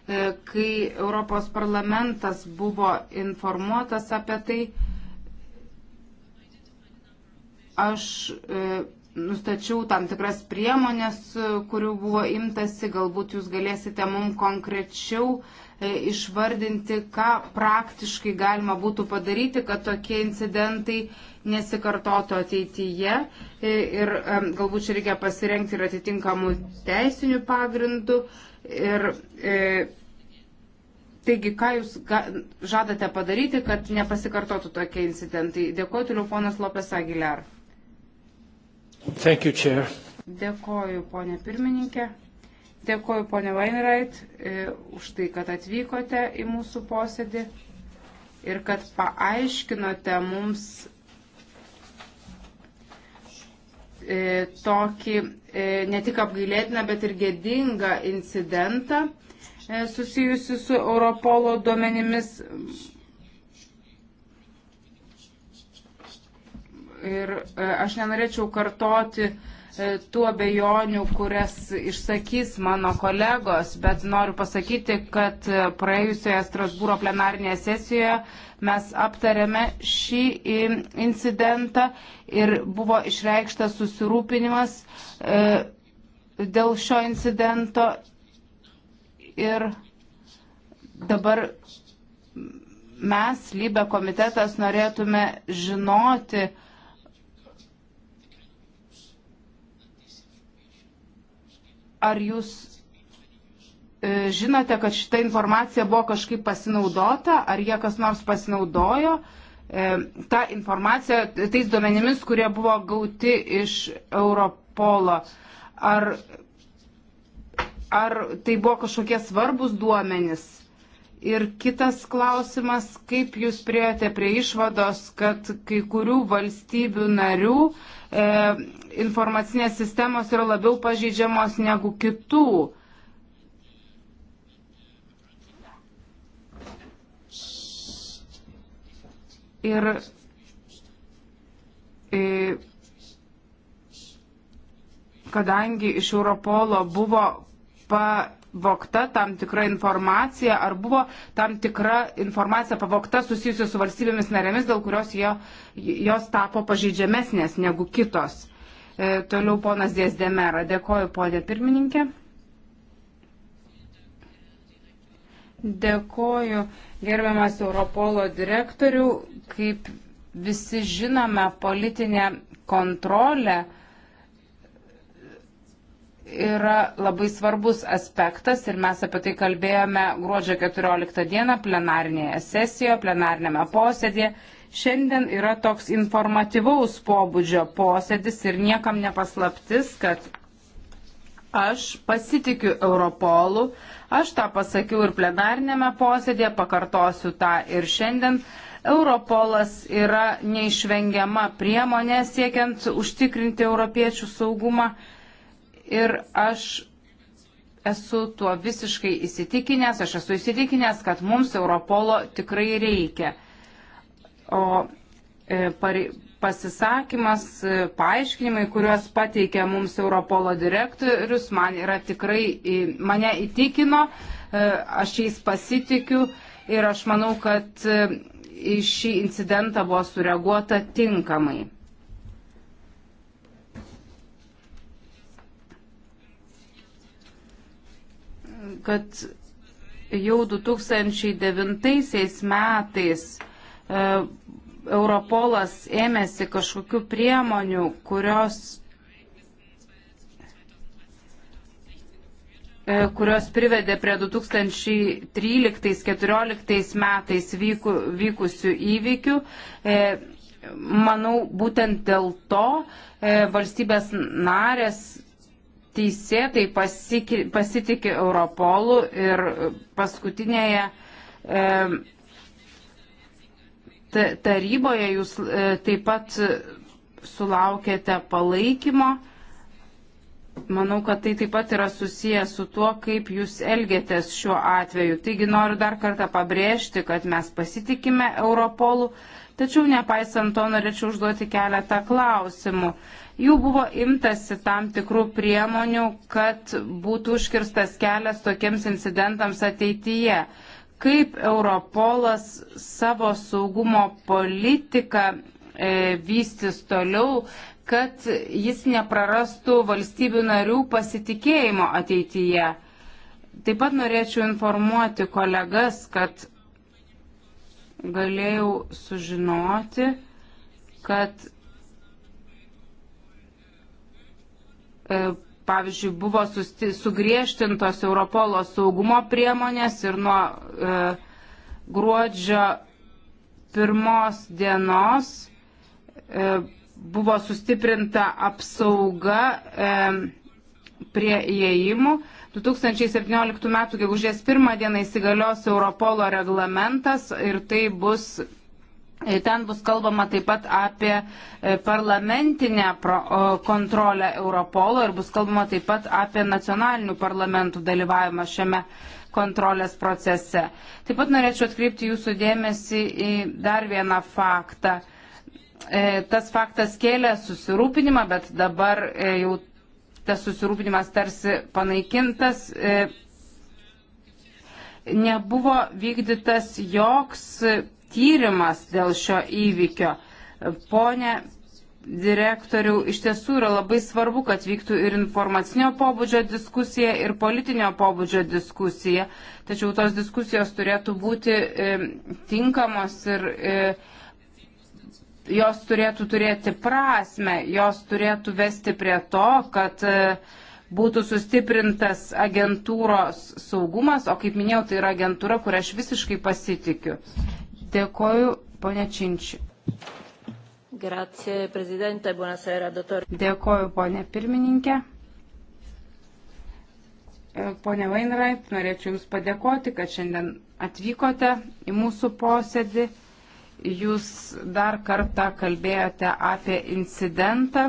e, kai Europos parlamentas buvo informuotas apie tai, aš e, nustačiau tam tikras priemonės, kurių buvo imtasi, galbūt jūs galėsite mums konkrečiau uh, E, išvardinti, ką praktiškai galima būtų padaryti, kad tokie incidentai nesikartotų ateityje. E, ir e, galbūt čia reikia pasirenkti ir atitinkamų teisinių pagrindų. Ir, e, Taigi, ką jūs ga, žadate padaryti, kad nepasikartotų tokie incidentai? Dėkuoju, toliau ponas Lopes Aguilar.
Thank you, Chair.
Dėkuoju, ponė pirmininkė. Dėkoju, ponė Vainrait, e, už tai, kad atvykote į mūsų posėdį ir kad paaiškinote mums e, tokį e, ne tik apgailėtiną, bet ir gėdingą incidentą susijusi su Europolo duomenimis. Ir aš nenorėčiau kartoti uh, E, tų abejonių, kurias išsakys mano kolegos, bet noriu pasakyti, kad e, praėjusioje Strasbūro plenarnėje sesijoje mes aptarėme šį incidentą ir buvo išreikštas susirūpinimas e, dėl šio incidento ir dabar mes, lybė komitetas, norėtume žinoti, ar jūs e, žinote, kad šita informacija buvo kažkaip pasinaudota, ar jie kas nors pasinaudojo e, tą informaciją, tais duomenimis, kurie buvo gauti iš Europolo. Ar, ar tai buvo kažkokie svarbus duomenys? Ir kitas klausimas, kaip jūs priejote prie išvados, kad kai kurių valstybių narių e, informacinės sistemos yra labiau pažeidžiamos negu kitų. Ir e, kadangi iš Europolo buvo pavokta tam tikra informacija, ar buvo tam tikra informacija pavokta susijusi su valstybėmis narėmis, dėl kurios jo, jos tapo pažeidžiamesnės negu kitos. E, toliau ponas Dėsdemera. Dėkoju, ponė pirmininkė. Dėkoju, gerbiamas Europolo direktorių. Kaip visi žinome, politinė kontrolė yra labai svarbus aspektas ir mes apie tai kalbėjome gruodžio 14 dieną plenarinėje sesijoje, plenarinėme posėdėje Šiandien yra toks informatyvaus pobūdžio posėdis ir niekam nepaslaptis, kad aš pasitikiu Europolu. Aš tą pasakiau ir plenarnėme posėdėje, pakartosiu tą ir šiandien. Europolas yra neišvengiama priemonė siekiant užtikrinti europiečių saugumą ir aš esu tuo visiškai įsitikinęs, aš esu įsitikinęs, kad mums Europolo tikrai reikia. O e, pasisakymas, e, paaiškinimai, kuriuos pateikė mums Europolo direktorius, man yra tikrai, mane įtikino, e, aš jais pasitikiu ir aš manau, kad į šį incidentą buvo sureaguota tinkamai. Kad jau 2009 metais E, Europolas ėmėsi kažkokių priemonių, kurios e, kurios privedė prie 2013-2014 metais vyku, vykusių įvykių. E, manau, būtent dėl to valstybės narės teisėtai pasitikė Europolų ir paskutinėje taryboje jūs e, taip pat sulaukėte palaikymo. Manau, kad tai taip pat yra susijęs su tuo, kaip jūs elgėtės šiuo atveju. Taigi noriu dar kartą pabrėžti, kad mes pasitikime Europolų, tačiau nepaisant to norėčiau užduoti keletą klausimų. Jų buvo imtasi tam tikrų priemonių, kad būtų užkirstas kelias tokiems incidentams ateityje. Uh, kaip Europolas savo saugumo politiką e, vystys toliau, kad jis neprarastų valstybių narių pasitikėjimo ateityje. Taip pat norėčiau informuoti kolegas, kad galėjau sužinoti, kad e, Pavyzdžiui, buvo susti, sugriežtintos Europolo saugumo priemonės ir nuo e, gruodžio pirmos dienos e, buvo sustiprinta apsauga e, prie įėjimų. 2017 m. gegužės 1 dieną įsigalios Europolo reglamentas ir tai bus Ten bus kalbama taip pat apie e, parlamentinę kontrolę Europolo ir bus kalbama taip pat apie nacionalinių parlamentų dalyvavimą šiame kontrolės procese. Taip pat norėčiau atkreipti jūsų dėmesį į dar vieną faktą. E, tas faktas kėlė susirūpinimą, bet dabar e, jau tas susirūpinimas tarsi panaikintas nebuvo vykdytas joks tyrimas dėl šio įvykio. Pone direktoriau, iš tiesų yra labai svarbu, kad vyktų ir informacinio pobūdžio diskusija, ir politinio pobūdžio diskusija. Tačiau tos diskusijos turėtų būti e, tinkamos ir e, jos turėtų turėti prasme, jos turėtų vesti prie to, kad e, būtų sustiprintas agentūros saugumas, o kaip minėjau, tai yra agentūra, kurią aš visiškai pasitikiu. Dėkoju, ponia Činčiu.
Grazie, prezidente, buonasera, dottor.
Dėkoju, ponia pirmininkė. E, Pone Vainrait, norėčiau Jums padėkoti, kad šiandien atvykote į mūsų posėdį. Jūs dar kartą kalbėjote apie incidentą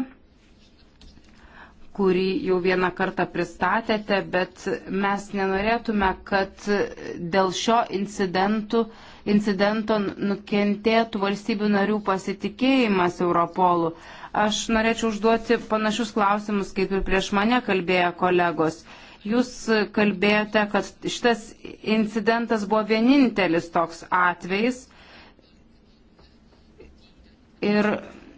kurį jau vieną kartą pristatėte, bet mes nenorėtume, kad dėl šio incidento nukentėtų valstybių narių pasitikėjimas Europolu. Aš norėčiau užduoti panašius klausimus, kaip ir prieš mane kalbėjo kolegos. Jūs kalbėjote, kad šitas incidentas buvo vienintelis toks atvejis. Ir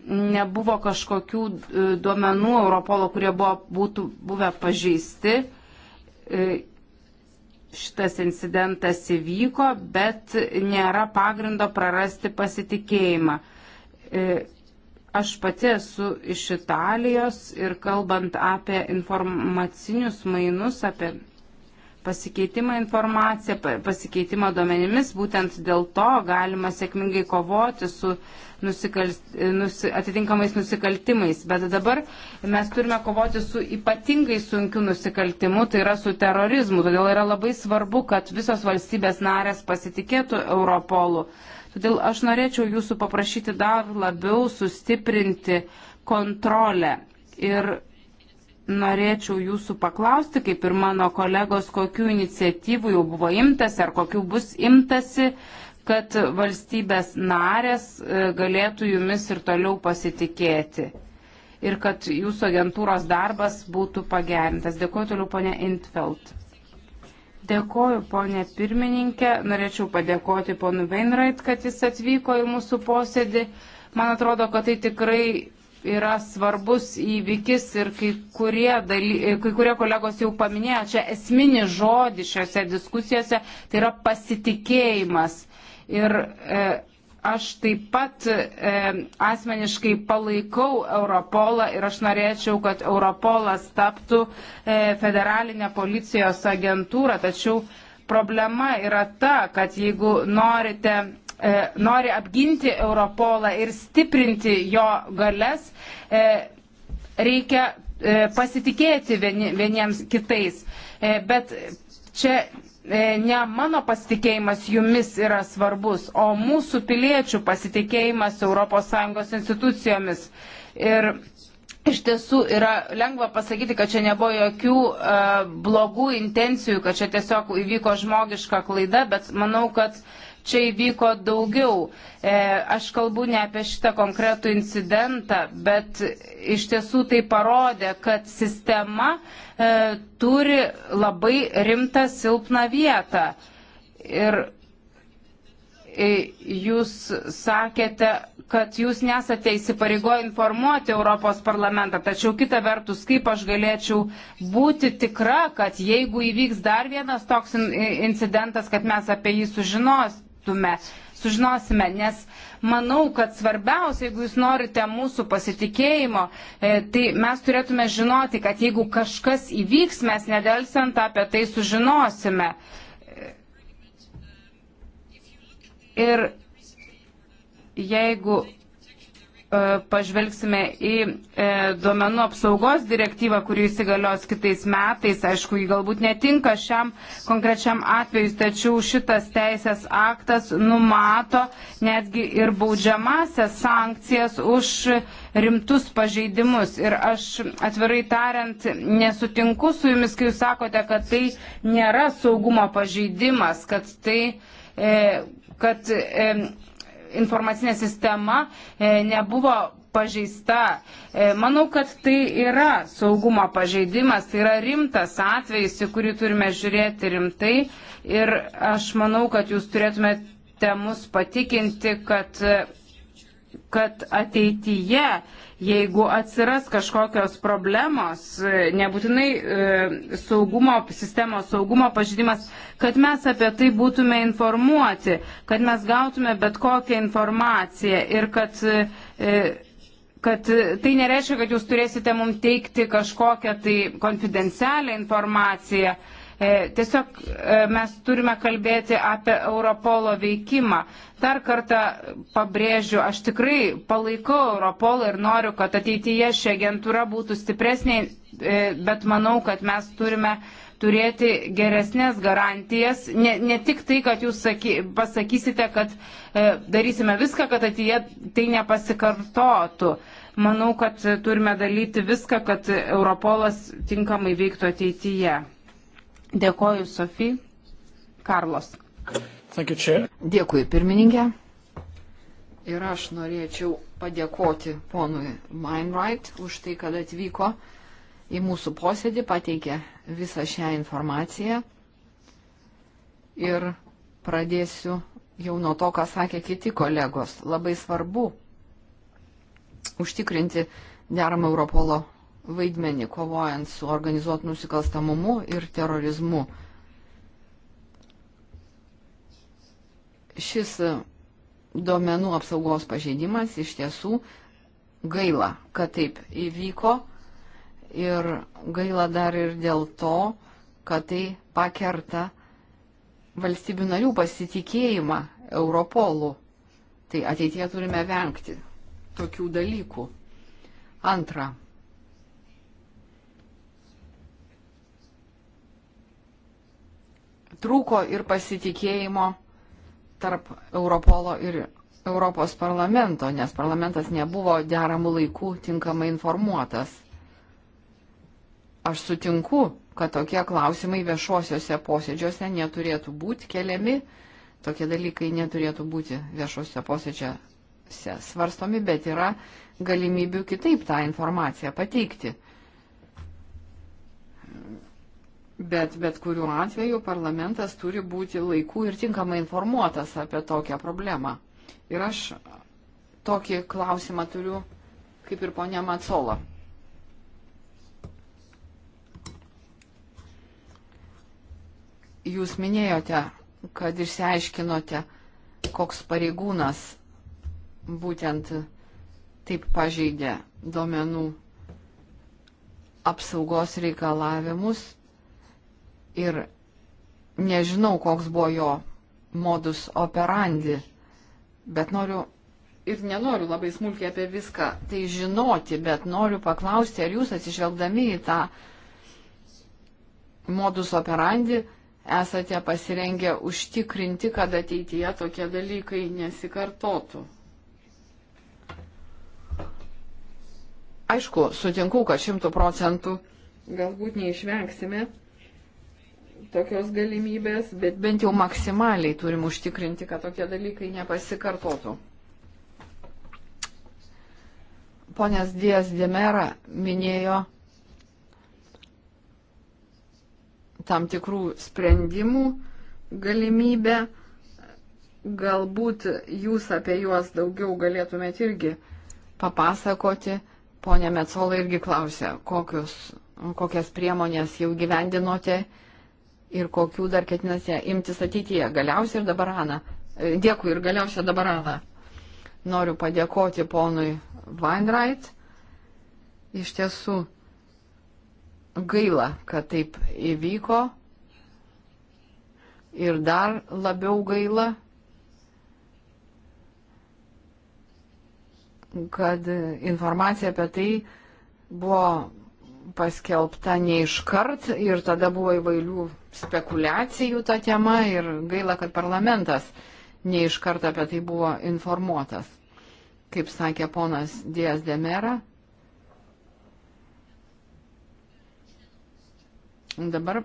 nebuvo kažkokių e, duomenų Europolo, kurie buvo, būtų buvę pažeisti. E, šitas incidentas įvyko, bet nėra pagrindo prarasti pasitikėjimą. E, aš pati esu iš Italijos ir kalbant apie informacinius mainus, apie pasikeitimą informaciją, pasikeitimą duomenimis, būtent dėl to galima sėkmingai kovoti su nusikalst, nusi, atitinkamais nusikaltimais. Bet dabar mes turime kovoti su ypatingai sunkiu nusikaltimu, tai yra su terorizmu. Todėl yra labai svarbu, kad visos valstybės narės pasitikėtų Europolu. Todėl aš norėčiau jūsų paprašyti dar labiau sustiprinti kontrolę. Ir norėčiau jūsų paklausti, kaip ir mano kolegos, kokiu iniciatyvu jau buvo imtasi ar kokiu bus imtasi, kad valstybės narės e, galėtų jumis ir toliau pasitikėti ir kad jūsų agentūros darbas būtų pagerintas. Dėkuoju toliau, ponė Intfeld. Dėkuoju, ponė pirmininkė. Norėčiau padėkoti ponu Veinrait, kad jis atvyko į mūsų posėdį. Man atrodo, kad tai tikrai yra svarbus įvykis ir kai kurie, daly, kai kurie kolegos jau paminėjo čia esminį žodį šiuose diskusijose, tai yra pasitikėjimas. Ir e, aš taip pat e, asmeniškai palaikau Europolą ir aš norėčiau, kad Europolas taptų e, federalinę policijos agentūrą, tačiau problema yra ta, kad jeigu norite E, nori apginti Europolą ir stiprinti jo galės, e, reikia e, pasitikėti vieni, vieniems kitais. Bet čia ne mano pasitikėjimas jumis yra svarbus, o mūsų piliečių pasitikėjimas ES institucijomis. Ir iš tiesų yra lengva pasakyti, kad čia nebuvo jokių uh, blogų intencijų, kad čia tiesiog įvyko žmogiška klaida, bet manau, kad uh, čia įvyko daugiau. E, aš kalbu ne apie šitą konkretų incidentą, bet iš tiesų tai parodė, kad sistema e, turi labai rimtą silpną vietą. Ir e, jūs sakėte, kad jūs nesate įsipareigoję informuoti Europos parlamentą, tačiau kita vertus, kaip aš galėčiau būti tikra, kad jeigu įvyks dar vienas toks incidentas, kad mes apie jį sužinos, sužinotume, sužinosime, nes manau, kad svarbiausia, jeigu jūs norite mūsų pasitikėjimo, e, tai mes turėtume žinoti, kad jeigu kažkas įvyks, mes nedelsiant apie tai sužinosime. E, ir jeigu E, pažvelgsime į e, duomenų apsaugos direktyvą, kuri įsigalios kitais metais, aišku, jį galbūt netinka šiam konkrečiam atveju, tačiau šitas teisės aktas numato netgi ir baudžiamasias sankcijas už rimtus pažeidimus. Ir aš atvirai tariant nesutinku su jumis, kai jūs sakote, kad tai nėra saugumo pažeidimas, kad tai. E, kad e, informacinė sistema e, nebuvo pažeista. E, manau, kad tai yra saugumo pažeidimas, tai yra rimtas atvejis, į kurį turime žiūrėti rimtai ir aš manau, kad jūs turėtumėte mus patikinti, kad kad ateityje, jeigu atsiras kažkokios problemos, e, nebūtinai e, saugumo, sistemos saugumo pažydimas, kad mes apie tai būtume informuoti, kad mes gautume bet kokią informaciją ir kad e, e kad tai nereiškia, kad jūs turėsite mums teikti kažkokią tai konfidencialią informaciją, E, tiesiog e, mes turime kalbėti apie Europolo veikimą. Dar kartą pabrėžiu, aš tikrai palaikau Europolą ir noriu, kad ateityje ši agentūra būtų stipresnė, e, bet manau, kad mes turime turėti geresnės garantijas, ne, ne tik tai, kad jūs saky, pasakysite, kad e, darysime viską, kad ateitie tai nepasikartotų. Manau, kad turime daryti viską, kad Europolas tinkamai veiktų ateityje. Dėkoju, Sofija. Karlos. Dėkui, pirmininkė.
Ir aš norėčiau padėkoti ponui Mainwright už tai, kad atvyko į mūsų posėdį, pateikė visą šią informaciją. Ir pradėsiu jau nuo to, ką sakė kiti kolegos. Labai svarbu užtikrinti deramą Europolo vaidmenį kovojant su organizuotų nusikalstamumu ir terorizmu. Šis duomenų apsaugos pažeidimas iš tiesų gaila, kad taip įvyko ir gaila dar ir dėl to, kad tai pakerta valstybių narių pasitikėjimą Europolų. Tai ateitie turime vengti tokių dalykų. Antra. trūko ir pasitikėjimo tarp Europolo ir Europos parlamento, nes parlamentas nebuvo deramų laikų tinkamai informuotas. Aš sutinku, kad tokie klausimai viešuosiuose posėdžiuose neturėtų būti keliami, tokie dalykai neturėtų būti viešuose posėdžiuose svarstomi, bet yra galimybių kitaip tą informaciją pateikti. Bet bet kuriuo atveju parlamentas turi būti laiku ir tinkamai informuotas apie tokią problemą. Ir aš tokį klausimą turiu, kaip ir ponia Matsola. Jūs minėjote, kad išsiaiškinote, koks pareigūnas būtent taip pažeidė duomenų apsaugos reikalavimus ir nežinau, koks buvo jo modus operandi, bet noriu ir nenoriu labai smulkiai apie viską tai žinoti, bet noriu paklausti, ar jūs atsižvelgdami į tą modus operandi esate pasirengę užtikrinti, kad ateityje tokie dalykai nesikartotų. Aišku, sutinku, kad šimtų procentų galbūt neišvengsime tokios galimybės, bet bent jau maksimaliai turim užtikrinti, kad tokie dalykai nepasikartotų. Ponės Dijas Demera minėjo tam tikrų sprendimų galimybę. Galbūt jūs apie juos daugiau galėtumėte irgi papasakoti. Pone Metzola irgi klausė, kokius, kokias priemonės jau gyvendinote ir kokių dar ketinate imtis ateityje. Galiausiai ir dabar Ana. E, dėkui ir galiausiai dabar Ana. Noriu padėkoti ponui Weinreit. Iš tiesų gaila, kad taip įvyko. Ir dar labiau gaila, kad informacija apie tai buvo paskelbta ne iškart ir tada buvo įvairių spekulacijų tą temą ir gaila, kad parlamentas ne iškart apie tai buvo informuotas. Kaip sakė ponas Dijas Demera, dabar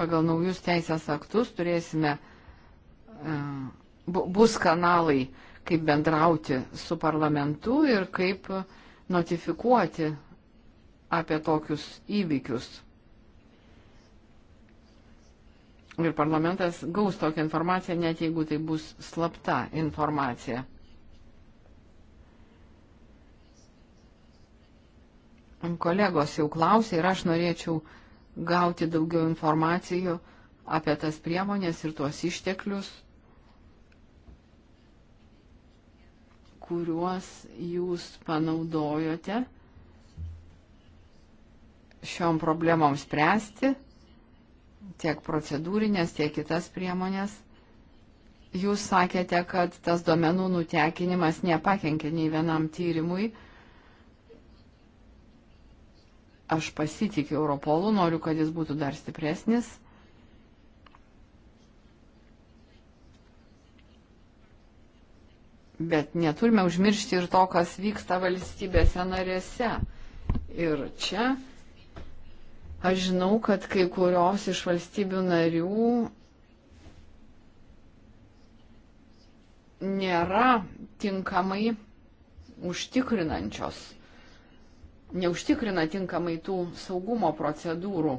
pagal naujus teisės aktus turėsime, e, bus kanalai, kaip bendrauti su parlamentu ir kaip notifikuoti apie tokius įvykius. Ir parlamentas gaus tokią informaciją, net jeigu tai bus slapta informacija. Kolegos jau klausė ir aš norėčiau gauti daugiau informacijų apie tas priemonės ir tuos išteklius, kuriuos jūs panaudojote šiom problemom spręsti, tiek procedūrinės, tiek kitas priemonės. Jūs sakėte, kad tas duomenų nutekinimas nepakenkė nei vienam tyrimui. Aš pasitikiu Europolu, noriu, kad jis būtų dar stipresnis. Bet neturime užmiršti ir to, kas vyksta valstybėse narėse. Ir čia Aš žinau, kad kai kurios iš valstybių narių nėra tinkamai užtikrinančios, neužtikrina tinkamai tų saugumo procedūrų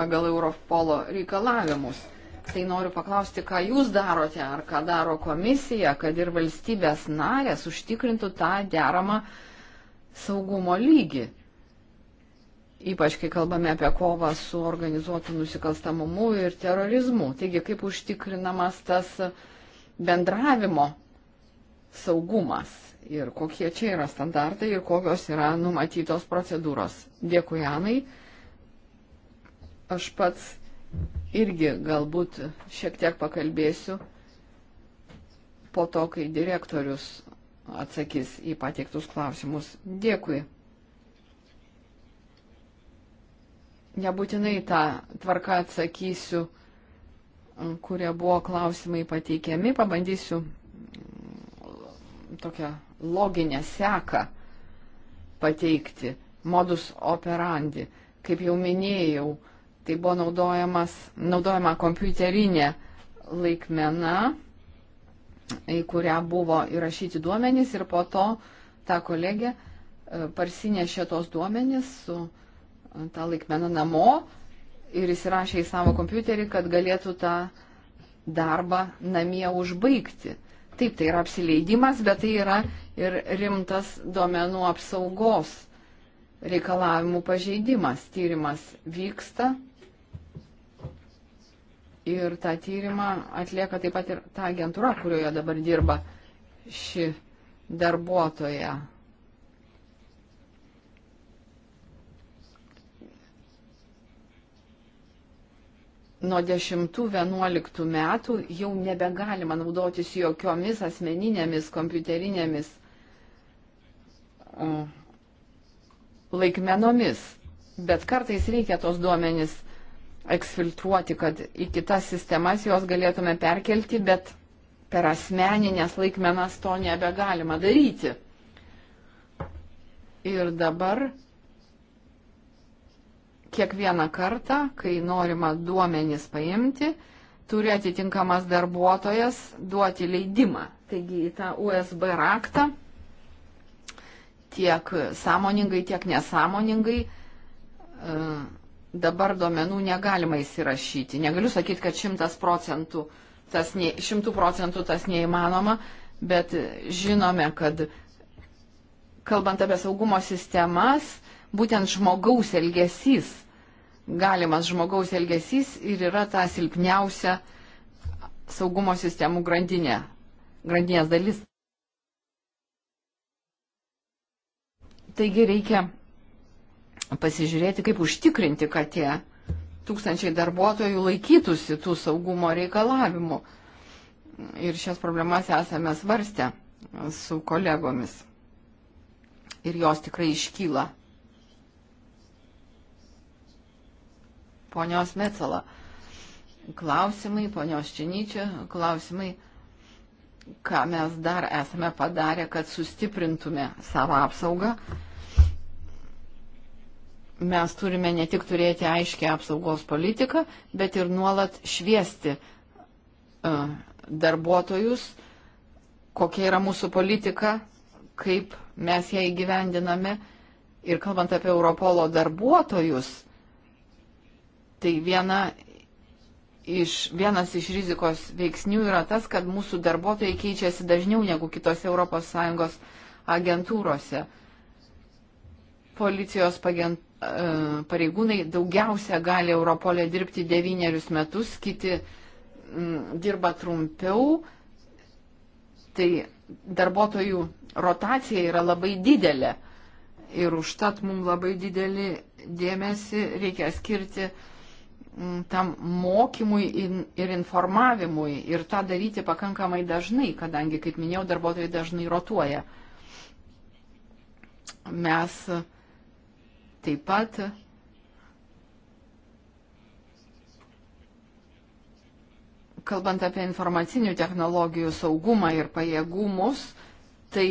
pagal Europolo reikalavimus. Tai noriu paklausti, ką jūs darote, ar ką daro komisija, kad ir valstybės narės užtikrintų tą deramą saugumo lygį ypač kai kalbame apie kovą su organizuotu nusikalstamumu ir terorizmu. Taigi, kaip užtikrinamas tas bendravimo saugumas ir kokie čia yra standartai ir kokios yra numatytos procedūros. Dėkui, Anai. Aš pats irgi galbūt šiek tiek pakalbėsiu po to, kai direktorius atsakys į pateiktus klausimus. Dėkui. Nebūtinai tą tvarką atsakysiu, kurie buvo klausimai pateikiami, pabandysiu tokią loginę seką pateikti, modus operandi. Kaip jau minėjau, tai buvo naudojama kompiuterinė laikmena, į kurią buvo įrašyti duomenys ir po to ta kolegė e, parsinešė tos duomenys su uh, tą laikmeną namo ir įsirašė į savo kompiuterį, kad galėtų tą darbą namie užbaigti. Taip, tai yra apsileidimas, bet tai yra ir rimtas duomenų apsaugos reikalavimų pažeidimas. Tyrimas vyksta ir tą tyrimą atlieka taip pat ir ta agentūra, kurioje dabar dirba ši darbuotoja. nuo 10-11 metų jau nebegalima naudotis jokiomis asmeninėmis kompiuterinėmis laikmenomis. Bet kartais reikia tos duomenys eksfiltruoti, kad į kitas sistemas juos galėtume perkelti, bet per asmeninės laikmenas to nebegalima daryti. Ir dabar kiekvieną kartą, kai norima duomenys paimti, turi atitinkamas darbuotojas duoti leidimą. Taigi į tą USB raktą tiek sąmoningai, tiek nesąmoningai e, dabar duomenų negalima įsirašyti. Negaliu sakyti, kad šimtas procentų tas, ne, šimtų procentų tas neįmanoma, bet žinome, kad kalbant apie saugumo sistemas, būtent žmogaus elgesys, galimas žmogaus elgesys ir yra ta silpniausia saugumo sistemų grandinė, grandinės dalis. Taigi reikia pasižiūrėti, kaip užtikrinti, kad tie tūkstančiai darbuotojų laikytųsi tų saugumo reikalavimų. Ir šias problemas esame svarstę su kolegomis. Ir jos tikrai iškyla. ponios Mecala. Klausimai, ponios Činyčia, klausimai, ką mes dar esame padarę, kad sustiprintume savo apsaugą. Mes turime ne tik turėti aiškę apsaugos politiką, bet ir nuolat šviesti uh, darbuotojus, kokia yra mūsų politika, kaip mes ją įgyvendiname. Ir kalbant apie Europolo darbuotojus, Tai viena iš, vienas iš rizikos veiksnių yra tas, kad mūsų darbuotojai keičiasi dažniau negu kitose ES agentūrose. Policijos pagent, e, pareigūnai daugiausia gali Europolė dirbti devynerius metus, kiti m, mm, dirba trumpiau. Tai darbuotojų rotacija yra labai didelė ir užtat mums labai didelį dėmesį reikia skirti uh, tam mokymui ir informavimui ir tą daryti pakankamai dažnai, kadangi, kaip minėjau, darbuotojai dažnai rotuoja. Mes taip pat kalbant apie informacinių technologijų saugumą ir pajėgumus, tai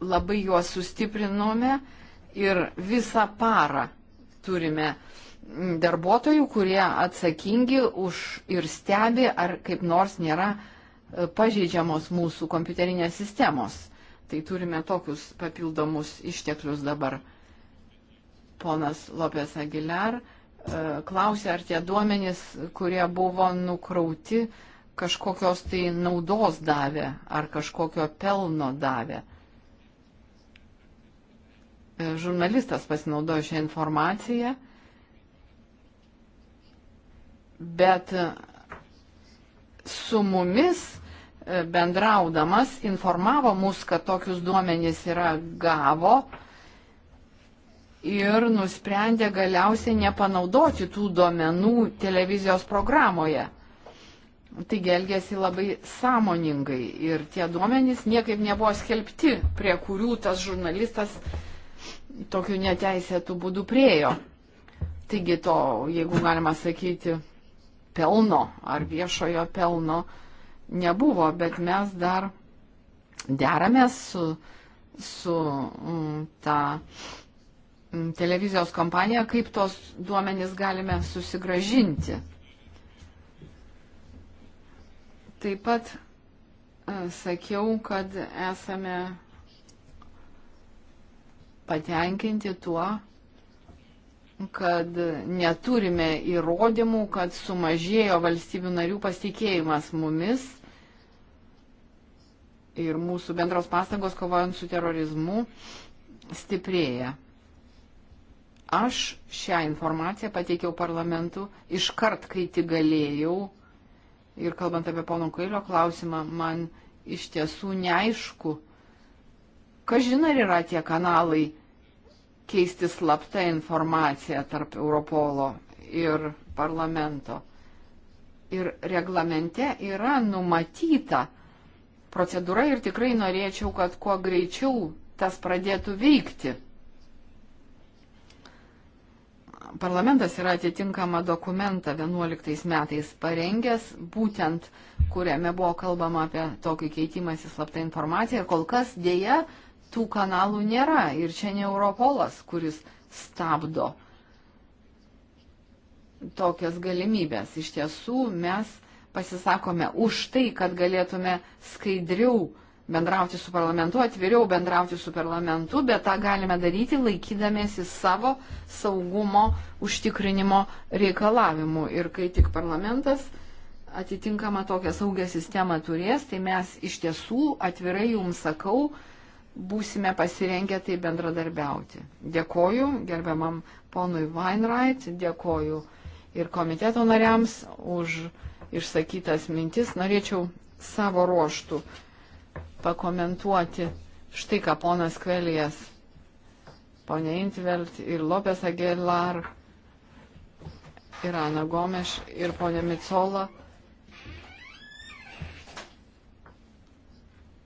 labai juos sustiprinome ir visą parą turime uh, darbuotojų, kurie atsakingi už ir stebi, ar kaip nors nėra e, pažeidžiamos mūsų kompiuterinės sistemos. Tai turime tokius papildomus išteklius dabar. Ponas Lopės Aguilar e, klausė, ar tie duomenys, kurie buvo nukrauti, kažkokios tai naudos davė, ar kažkokio pelno davė. E, žurnalistas pasinaudojo šią informaciją bet su mumis e, bendraudamas informavo mus, kad tokius duomenys yra gavo ir nusprendė galiausiai nepanaudoti tų duomenų televizijos programoje. Taigi elgėsi labai sąmoningai ir tie duomenys niekaip nebuvo skelbti, prie kurių tas žurnalistas tokiu neteisėtų būdu priejo. Taigi to, jeigu galima sakyti, pelno ar viešojo pelno nebuvo, bet mes dar deramės su, su mm, ta mm, televizijos kompanija, kaip tos duomenys galime susigražinti. Taip pat e, sakiau, kad esame patenkinti tuo, kad neturime įrodymų, kad sumažėjo valstybių narių pasitikėjimas mumis ir mūsų bendros pastangos kovojant su terorizmu stiprėja. Aš šią informaciją pateikiau parlamentu iškart, kai tik galėjau. Ir kalbant apie pono Kailio klausimą, man iš tiesų neaišku, kas žinai, ar yra tie kanalai keisti slaptą informaciją tarp Europolo ir parlamento. Ir reglamente yra numatyta procedūra ir tikrai norėčiau, kad kuo greičiau tas pradėtų veikti. Parlamentas yra atitinkama dokumentą 11 metais parengęs, būtent kuriame buvo kalbama apie tokį keitimąsi slaptą informaciją ir kol kas dėja tų kanalų nėra ir čia ne Europolas, kuris stabdo tokias galimybės. Iš tiesų mes pasisakome už tai, kad galėtume skaidriau bendrauti su parlamentu, atviriau bendrauti su parlamentu, bet tą galime daryti laikydamėsi savo saugumo užtikrinimo reikalavimų. Ir kai tik parlamentas atitinkamą tokią saugę sistemą turės, tai mes iš tiesų atvirai jums sakau, būsime pasirengę tai bendradarbiauti. Dėkoju gerbiamam ponui Weinreit, dėkoju ir komiteto nariams už išsakytas mintis. Norėčiau savo ruoštų pakomentuoti štai ką ponas Kvelijas, ponė Intvelt ir Lopes Agelar ir Ana Gomeš ir ponė Micola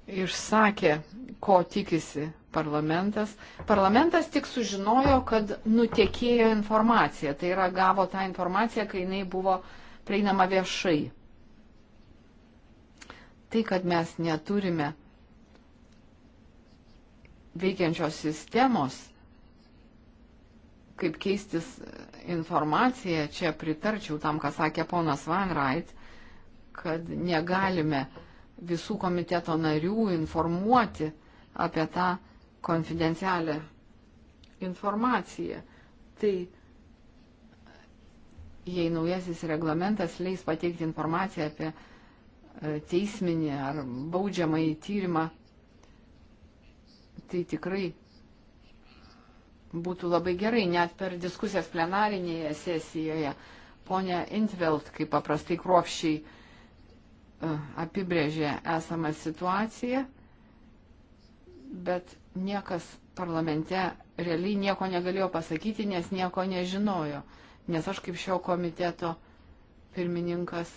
išsakė, ko tikisi parlamentas. Parlamentas tik sužinojo, kad nutekėjo informacija. Tai yra gavo tą informaciją, kai jinai buvo prieinama viešai. Tai, kad mes neturime veikiančios sistemos, kaip keistis informacija, čia pritarčiau tam, ką sakė ponas Van Rait, kad negalime uh, visų komiteto narių informuoti apie tą konfidencialią informaciją. Tai jei naujasis reglamentas leis pateikti informaciją apie e, teisminį ar baudžiamąjį tyrimą, tai tikrai būtų labai gerai, net per diskusijas plenarinėje sesijoje. Pone Intveld, kaip paprastai kruopščiai apibrėžė esamą situaciją, bet niekas parlamente realiai nieko negalėjo pasakyti, nes nieko nežinojo. Nes aš kaip šio komiteto pirmininkas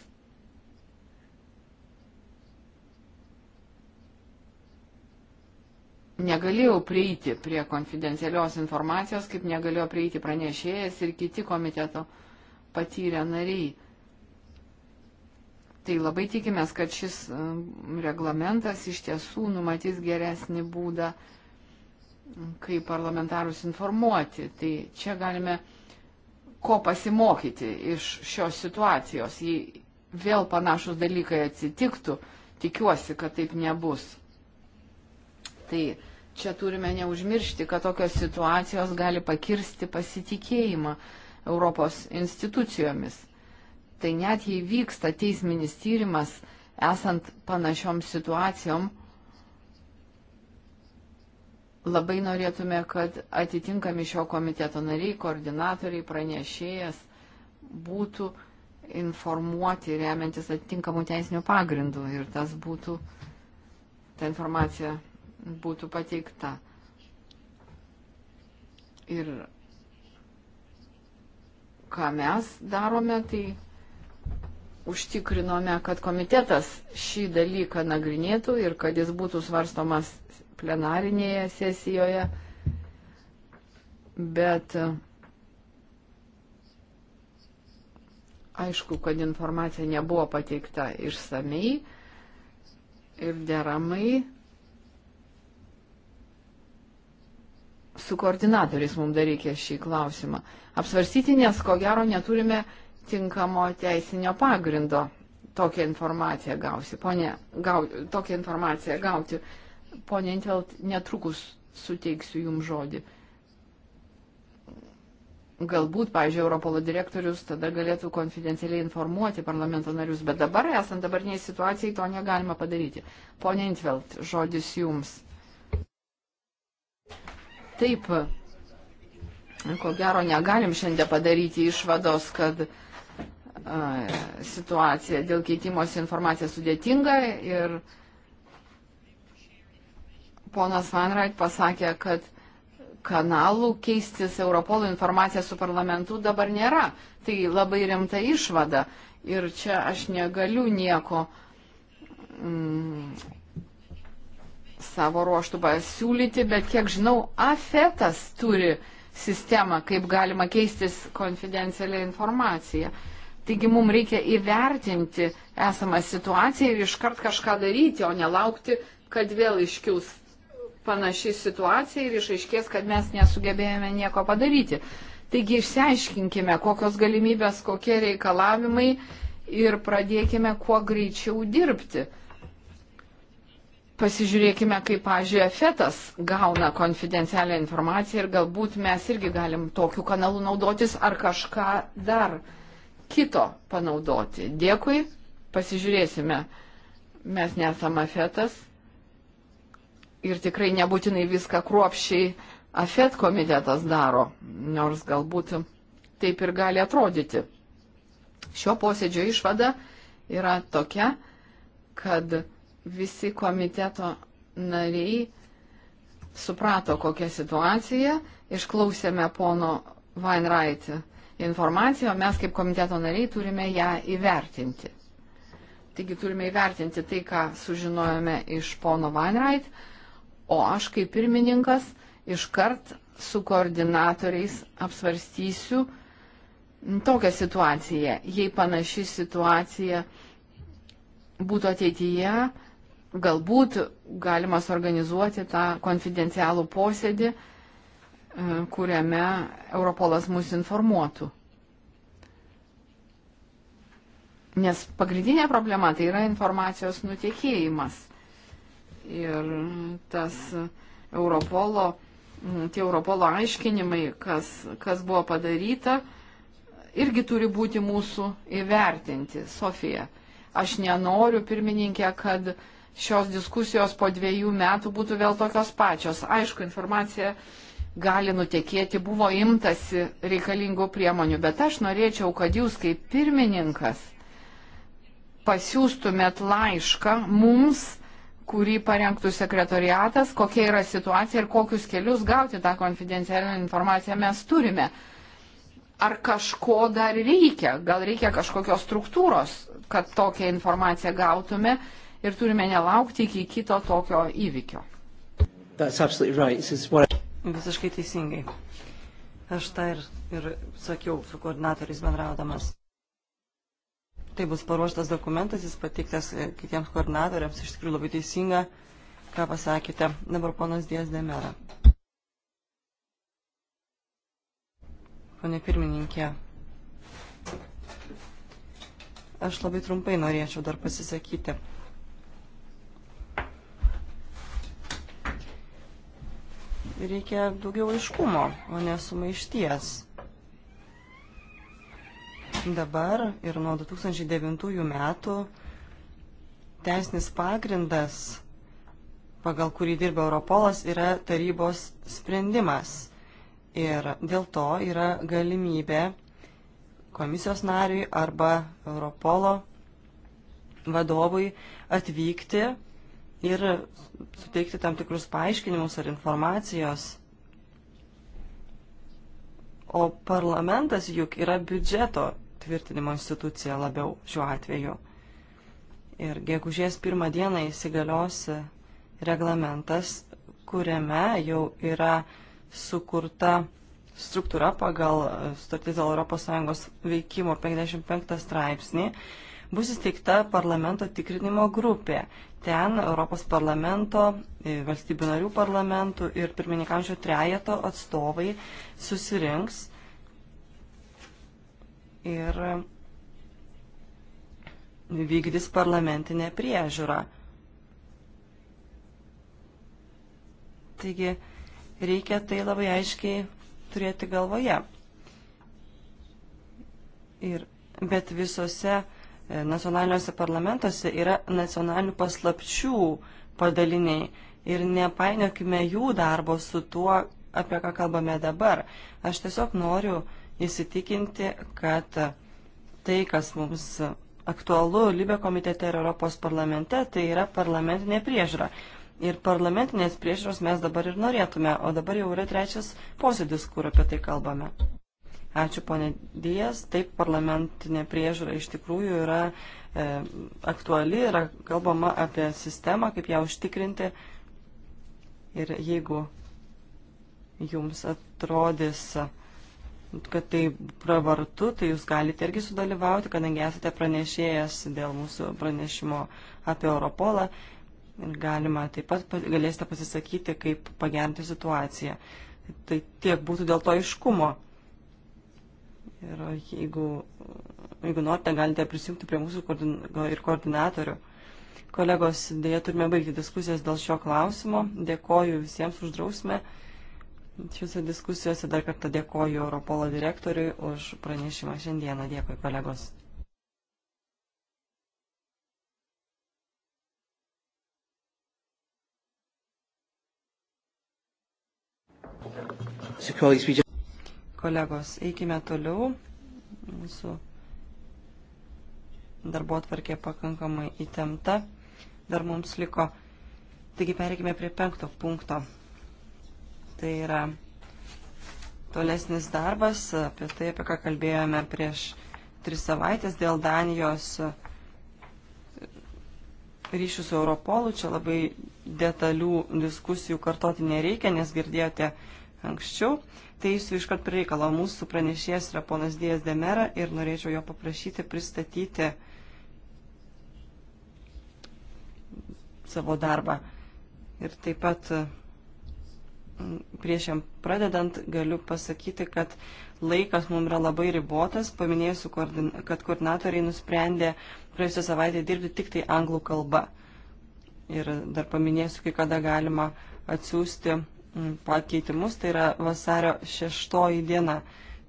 negalėjau prieiti prie konfidencialios informacijos, kaip negalėjo prieiti pranešėjas ir kiti komiteto patyrę nariai. Tai labai tikimės, kad šis um, reglamentas iš tiesų numatys geresnį būdą, um, kaip parlamentarus informuoti. Tai čia galime ko pasimokyti iš šios situacijos. Jei vėl panašus dalykai atsitiktų, tikiuosi, kad taip nebus. Tai čia turime neužmiršti, kad tokios situacijos gali pakirsti pasitikėjimą Europos institucijomis tai net jei vyksta teisminis tyrimas, esant panašiom situacijom, labai norėtume, kad atitinkami šio komiteto nariai, koordinatoriai, pranešėjas būtų informuoti remiantis atitinkamų teisinių pagrindų ir tas būtų, ta informacija būtų pateikta. Ir ką mes darome, tai užtikrinome, kad komitetas šį dalyką nagrinėtų ir kad jis būtų svarstomas plenarinėje sesijoje. Bet aišku, kad informacija nebuvo pateikta išsamei ir deramai. Su koordinatoriais mums dar reikia šį klausimą apsvarstyti, nes ko gero neturime tinkamo teisinio pagrindo tokią informaciją gausi. Pone, gau, tokią informaciją gauti. Pone Intelt, netrukus suteiksiu jums žodį. Galbūt, pažiūrėjau, Europolo direktorius tada galėtų konfidencialiai informuoti parlamento narius, bet dabar, esant dabartiniai situacijai, to negalima padaryti. Pone Intvelt, žodis jums. Taip, ko gero negalim šiandien padaryti išvados, kad uh, situacija dėl keitimosi informacija sudėtinga ir ponas Vanrait pasakė, kad kanalų keistis Europolo informaciją su parlamentu dabar nėra. Tai labai rimta išvada ir čia aš negaliu nieko mm, savo ruoštų pasiūlyti, bet kiek žinau, afetas turi sistemą, kaip galima keistis konfidencialią informaciją. Uh, Taigi mums reikia įvertinti esamą situaciją ir iškart kažką daryti, o nelaukti, kad vėl iškils panaši situacija ir išaiškės, kad mes nesugebėjome nieko padaryti. Taigi išsiaiškinkime, kokios galimybės, kokie reikalavimai ir pradėkime kuo greičiau dirbti. Pasižiūrėkime, kaip, pažiūrėjau, fetas gauna konfidencialią informaciją ir galbūt mes irgi galim tokiu kanalu naudotis ar kažką dar kito panaudoti. Dėkui, pasižiūrėsime. Mes nesame afetas ir tikrai nebūtinai viską kruopščiai afet komitetas daro, nors galbūt taip ir gali atrodyti. Šio posėdžio išvada yra tokia, kad visi komiteto nariai suprato, kokia situacija, išklausėme pono Weinreitį informaciją, o mes kaip komiteto nariai turime ją įvertinti. Taigi turime įvertinti tai, ką sužinojome iš pono Weinreit, o aš kaip pirmininkas iškart su koordinatoriais apsvarstysiu tokią situaciją. Jei panaši situacija būtų ateityje, galbūt galima suorganizuoti tą konfidencialų posėdį kuriame Europolas mus informuotų. Nes pagrindinė problema tai yra informacijos nutiekėjimas. Ir tas Europolo, tie Europolo aiškinimai, kas, kas buvo padaryta, irgi turi būti mūsų įvertinti. Sofija, aš nenoriu, pirmininkė, kad šios diskusijos po dviejų metų būtų vėl tokios pačios. Aišku, informacija gali nutekėti, buvo imtasi reikalingų priemonių. Bet aš norėčiau, kad jūs kaip pirmininkas pasiūstumėt laišką mums, kurį parengtų sekretoriatas, kokia yra situacija ir kokius kelius gauti tą konfidencialią informaciją mes turime. Ar kažko dar reikia? Gal reikia kažkokios struktūros, kad tokią informaciją gautume ir turime nelaukti iki kito tokio įvykio?
That's absolutely right. This is what I... Visiškai teisingai. Aš tą ir, ir sakiau su koordinatoriais bendraudamas. Tai bus paruoštas dokumentas, jis patiktas e, kitiems koordinatoriams, iš tikrųjų labai teisinga, ką pasakėte. Dabar ponas Dijas Demera. Pone pirmininkė, aš labai trumpai norėčiau dar pasisakyti. Reikia daugiau aiškumo, o nesumaišties. Dabar ir nuo 2009 metų teisnis pagrindas, pagal kurį dirba Europolas, yra tarybos sprendimas. Ir dėl to yra galimybė komisijos nariui arba Europolo vadovui atvykti ir suteikti tam tikrus paaiškinimus ar informacijos. O parlamentas juk yra biudžeto tvirtinimo institucija labiau šiuo atveju. Ir gegužės pirmą dieną įsigalios reglamentas, kuriame jau yra sukurta struktūra pagal sutartis dėl ES veikimo 55 straipsnį, bus įsteigta parlamento tikrinimo grupė. Ten Europos parlamento, e, valstybių narių parlamentų ir pirmininkamžio trejeto atstovai susirinks ir vykdys parlamentinę priežiūrą. Taigi reikia tai labai aiškiai turėti galvoje. Ir, bet visose E, nacionaliniuose parlamentuose yra nacionalinių paslapčių padaliniai ir nepainiokime jų darbo su tuo, apie ką kalbame dabar. Aš tiesiog noriu įsitikinti, kad tai, kas mums aktualu Libė komitete ir Europos parlamente, tai yra parlamentinė priežiūra. Ir parlamentinės priežiūros mes dabar ir norėtume, o dabar jau yra trečias posėdis, kur apie tai kalbame. Ačiū, ponė Dijas. Taip, parlamentinė priežiūra iš tikrųjų yra e, aktuali, yra kalbama apie sistemą, kaip ją užtikrinti. Ir jeigu jums atrodys, kad tai pravartu, tai jūs galite irgi sudalyvauti, kadangi esate pranešėjęs dėl mūsų pranešimo apie Europolą. Ir galima taip pat galėsite pasisakyti, kaip pagerinti situaciją. Tai tiek būtų dėl to iškumo. Ir jeigu, jeigu norite, galite prisijungti prie mūsų ir koordinatorių. Kolegos, dėja turime baigti diskusijas dėl šio klausimo. Dėkoju visiems už drausmę. Šiuose diskusijose dar kartą dėkoju Europolo direktoriui už pranešimą šiandieną. Dėkui, kolegos. So colleagues, we just kolegos, eikime toliau. Mūsų darbo atvarkė pakankamai įtempta. Dar mums liko. Taigi pereikime prie penkto punkto. Tai yra tolesnis darbas, apie tai, apie ką kalbėjome prieš tris savaitės dėl Danijos ryšių su Europolu. Čia labai detalių diskusijų kartoti nereikia, nes girdėjote anksčiau ateisiu iškart prie reikalo. Mūsų pranešėjas yra ponas Dijas Demera ir norėčiau jo paprašyti pristatyti savo darbą. Ir taip pat prieš jam pradedant galiu pasakyti, kad laikas mums yra labai ribotas. Paminėsiu, kad koordinatoriai nusprendė praėjusią savaitę dirbti tik tai anglų kalba. Ir dar paminėsiu, kai kada galima atsiųsti pakeitimus, tai yra vasario šeštoji diena.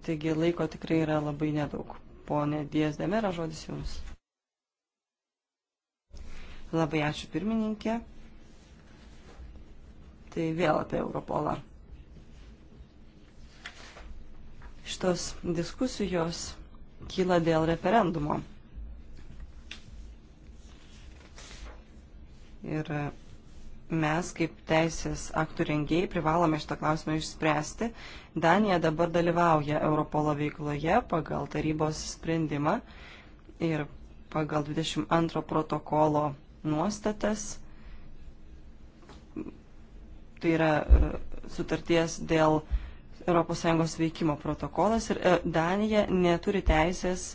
Taigi laiko tikrai yra labai nedaug. Pone Dies Demera, žodis Jums. Labai ačiū pirmininkė. Tai vėl apie Europolą. Šitos diskusijos kyla dėl referendumo. Ir mes kaip teisės aktų rengėjai privalome šitą klausimą išspręsti. Danija dabar dalyvauja Europolo veikloje pagal tarybos sprendimą ir pagal 22 protokolo nuostatas. Tai yra e, sutarties dėl ES veikimo protokolas ir e, Danija neturi teisės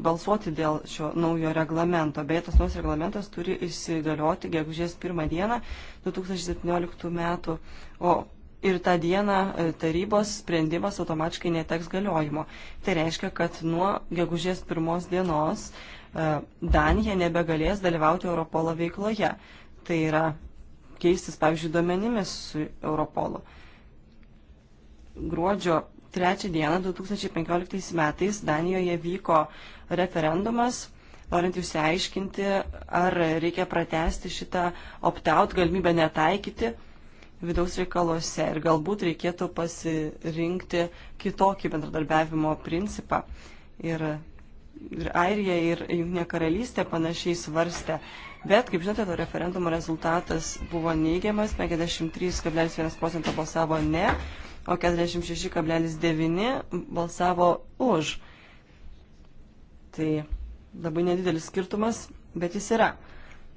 balsuoti dėl šio naujo reglamento. Beje, tas naujas reglamentas turi įsigalioti gegužės pirmą dieną 2017 metų, o ir tą dieną e, tarybos sprendimas automatiškai neteks galiojimo. Tai reiškia, kad nuo gegužės pirmos dienos e, Danija nebegalės dalyvauti Europolo veikloje. Tai yra keistis, pavyzdžiui, duomenimis su Europolu. Gruodžio 3 dieną 2015 metais Danijoje vyko referendumas, norint išsiaiškinti, ar reikia pratesti šitą opt-out galimybę netaikyti vidaus reikaluose ir galbūt reikėtų pasirinkti kitokį bendradarbiavimo principą. Ir, ir Airija ir Junktinė karalystė panašiai svarstė. Bet, kaip žinote, to referendumo rezultatas buvo neigiamas, 53,1 procento balsavo ne, o 46,9 balsavo už. Tai labai nedidelis skirtumas, bet jis yra.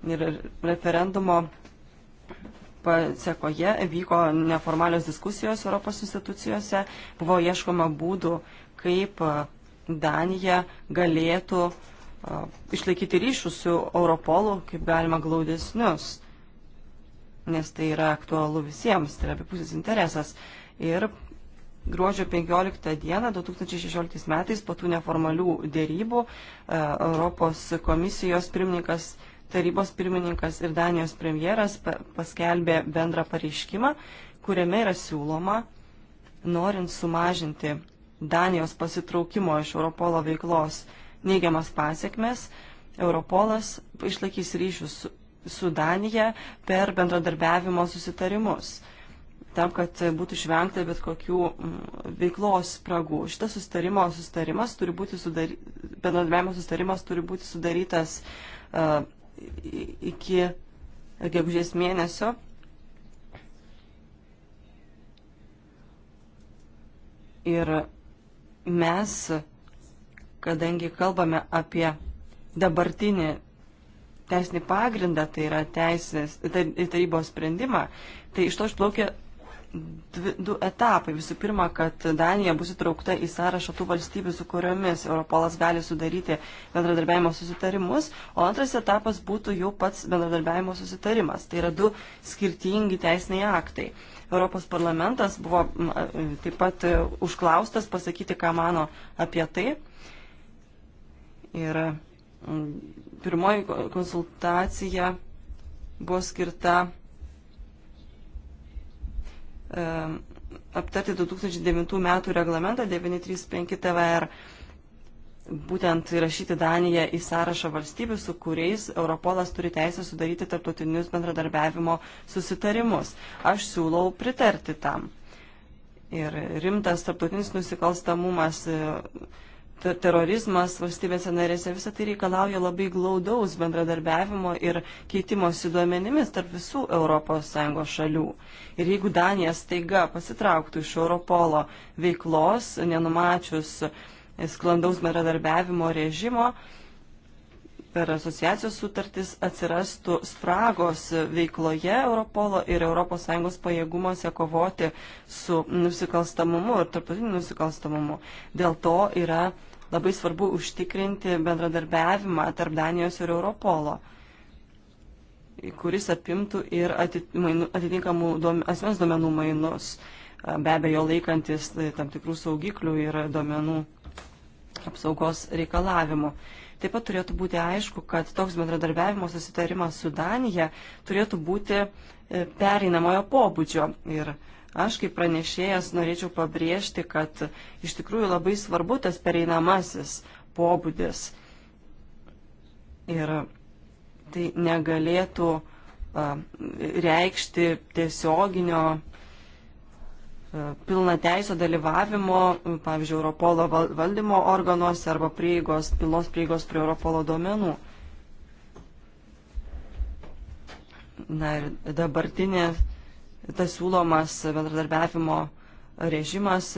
Ir referendumo pasiekoje vyko neformalios diskusijos Europos institucijose, buvo ieškoma būdų, kaip Danija galėtų išlaikyti ryšius su Europolu kaip galima glaudesnius, nes tai yra aktualu visiems, tai yra abipusis interesas ir gruodžio 15 dieną 2016 metais po tų neformalių dėrybų e, Europos komisijos pirmininkas, tarybos pirmininkas ir Danijos premjeras paskelbė bendrą pareiškimą, kuriame yra siūloma, norint sumažinti Danijos pasitraukimo iš Europolo veiklos neigiamas pasiekmes, Europolas išlaikys ryšius su, su Danija per bendradarbiavimo susitarimus tam, kad būtų išvengta bet kokių mm, veiklos spragų. Šitas sustarimo sustarimas turi būti sudarytas, bendradarbiavimo sustarimas turi būti sudarytas uh, iki gegužės mėnesio. Ir mes, kadangi kalbame apie dabartinį teisinį pagrindą, tai yra teisės, tai, tai tarybos sprendimą, tai iš to išplaukia dvi, du etapai. Visų pirma, kad Danija bus įtraukta į sąrašą tų valstybių, su kuriomis Europolas gali sudaryti bendradarbiavimo susitarimus, o antras etapas būtų jau pats bendradarbiavimo susitarimas. Tai yra du skirtingi teisiniai aktai. Europos parlamentas buvo taip pat e, užklaustas pasakyti, ką mano apie tai. Ir pirmoji konsultacija buvo skirta aptarti 2009 metų reglamentą 935 TVR, būtent įrašyti Daniją į sąrašą valstybių, su kuriais Europolas turi teisę sudaryti tarptautinius bendradarbiavimo susitarimus. Aš siūlau pritarti tam. Ir rimtas tarptautinis nusikalstamumas. E, terorizmas valstybėse narėse, visą tai reikalauja labai glaudaus bendradarbiavimo ir keitimosi duomenimis tarp visų ES šalių. Ir jeigu Danija staiga pasitrauktų iš Europolo veiklos, nenumačius sklandaus bendradarbiavimo režimo, per asociacijos sutartis atsirastų spragos veikloje Europolo ir ES pajėgumuose kovoti su nusikalstamumu ir tarptautiniu nusikalstamumu. Dėl to yra labai svarbu užtikrinti bendradarbiavimą tarp Danijos ir Europolo kuris apimtų ir atitinkamų duomen, asmens duomenų mainus, be abejo laikantis tam tikrų saugiklių ir duomenų apsaugos reikalavimų. Taip pat turėtų būti aišku, kad toks bendradarbiavimo susitarimas su Danija turėtų būti e, pereinamojo pobūdžio. Ir aš kaip pranešėjas norėčiau pabrėžti, kad iš tikrųjų labai svarbu tas pereinamasis pobūdis. Ir tai negalėtų reikšti tiesioginio pilna teisė dalyvavimo, pavyzdžiui, Europolo valdymo organuose arba prieigos, pilnos prieigos prie Europolo duomenų. Na ir dabartinė tas siūlomas bendradarbiavimo režimas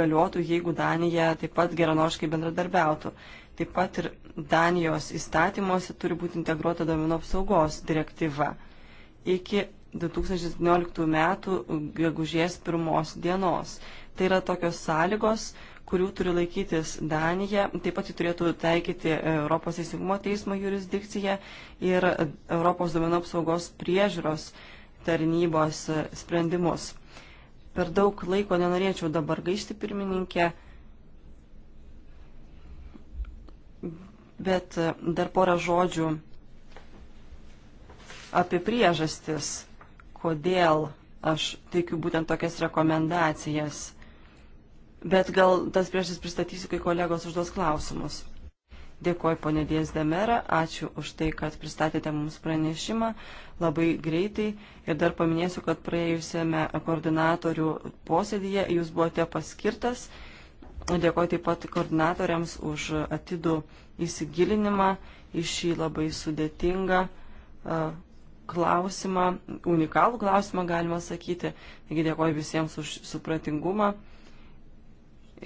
galiotų, jeigu Danija taip pat geranoriškai bendradarbiautų. Taip pat ir Danijos įstatymuose turi būti integruota domino apsaugos direktyva. Iki 2017 metų gegužės pirmos dienos. Tai yra tokios sąlygos, kurių turi laikytis Danija, taip pat jį turėtų taikyti Europos teisingumo teismo jurisdikcija ir Europos duomenų apsaugos priežiūros tarnybos sprendimus. Per daug laiko nenorėčiau dabar gaišti pirmininkę, bet dar porą žodžių apie priežastis kodėl aš teikiu būtent tokias rekomendacijas. Bet gal tas priešas pristatysiu, kai kolegos užduos klausimus. Dėkuoju ponė Dės Demera, ačiū už tai, kad pristatėte mums pranešimą labai greitai ir dar paminėsiu, kad praėjusiame koordinatorių posėdėje jūs buvote paskirtas. Dėkuoju taip pat koordinatoriams už atidų įsigilinimą į šį labai sudėtingą klausimą, unikalų klausimą galima sakyti. Taigi dėkoju visiems už supratingumą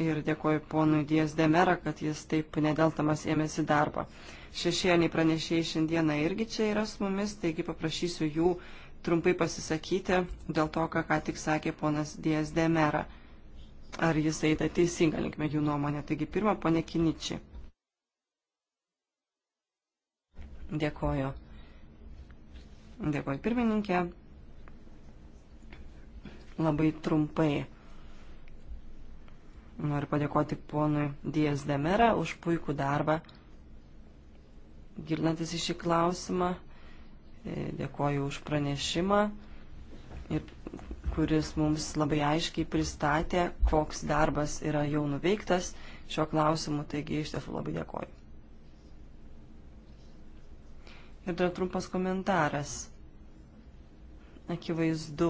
ir dėkoju ponui Dies Demera, kad jis taip nedeltamas ėmėsi darbą. Šešėliai pranešėjai šiandieną irgi čia yra su mumis, taigi paprašysiu jų trumpai pasisakyti dėl to, ką ką tik sakė ponas Dies Demera. Ar jis eita teisinga linkme jų nuomonė. Taigi pirmą, ponė Kiničiai. Dėkoju. Dėkuoju pirmininkė. Labai trumpai. Noriu padėkoti ponui Dijas Demera už puikų darbą. Gilinantis į šį klausimą, e, dėkoju už pranešimą, ir, kuris mums labai aiškiai pristatė, koks darbas yra jau nuveiktas šio klausimu, taigi iš tiesų labai dėkoju. Ir dar trumpas komentaras. Akivaizdu,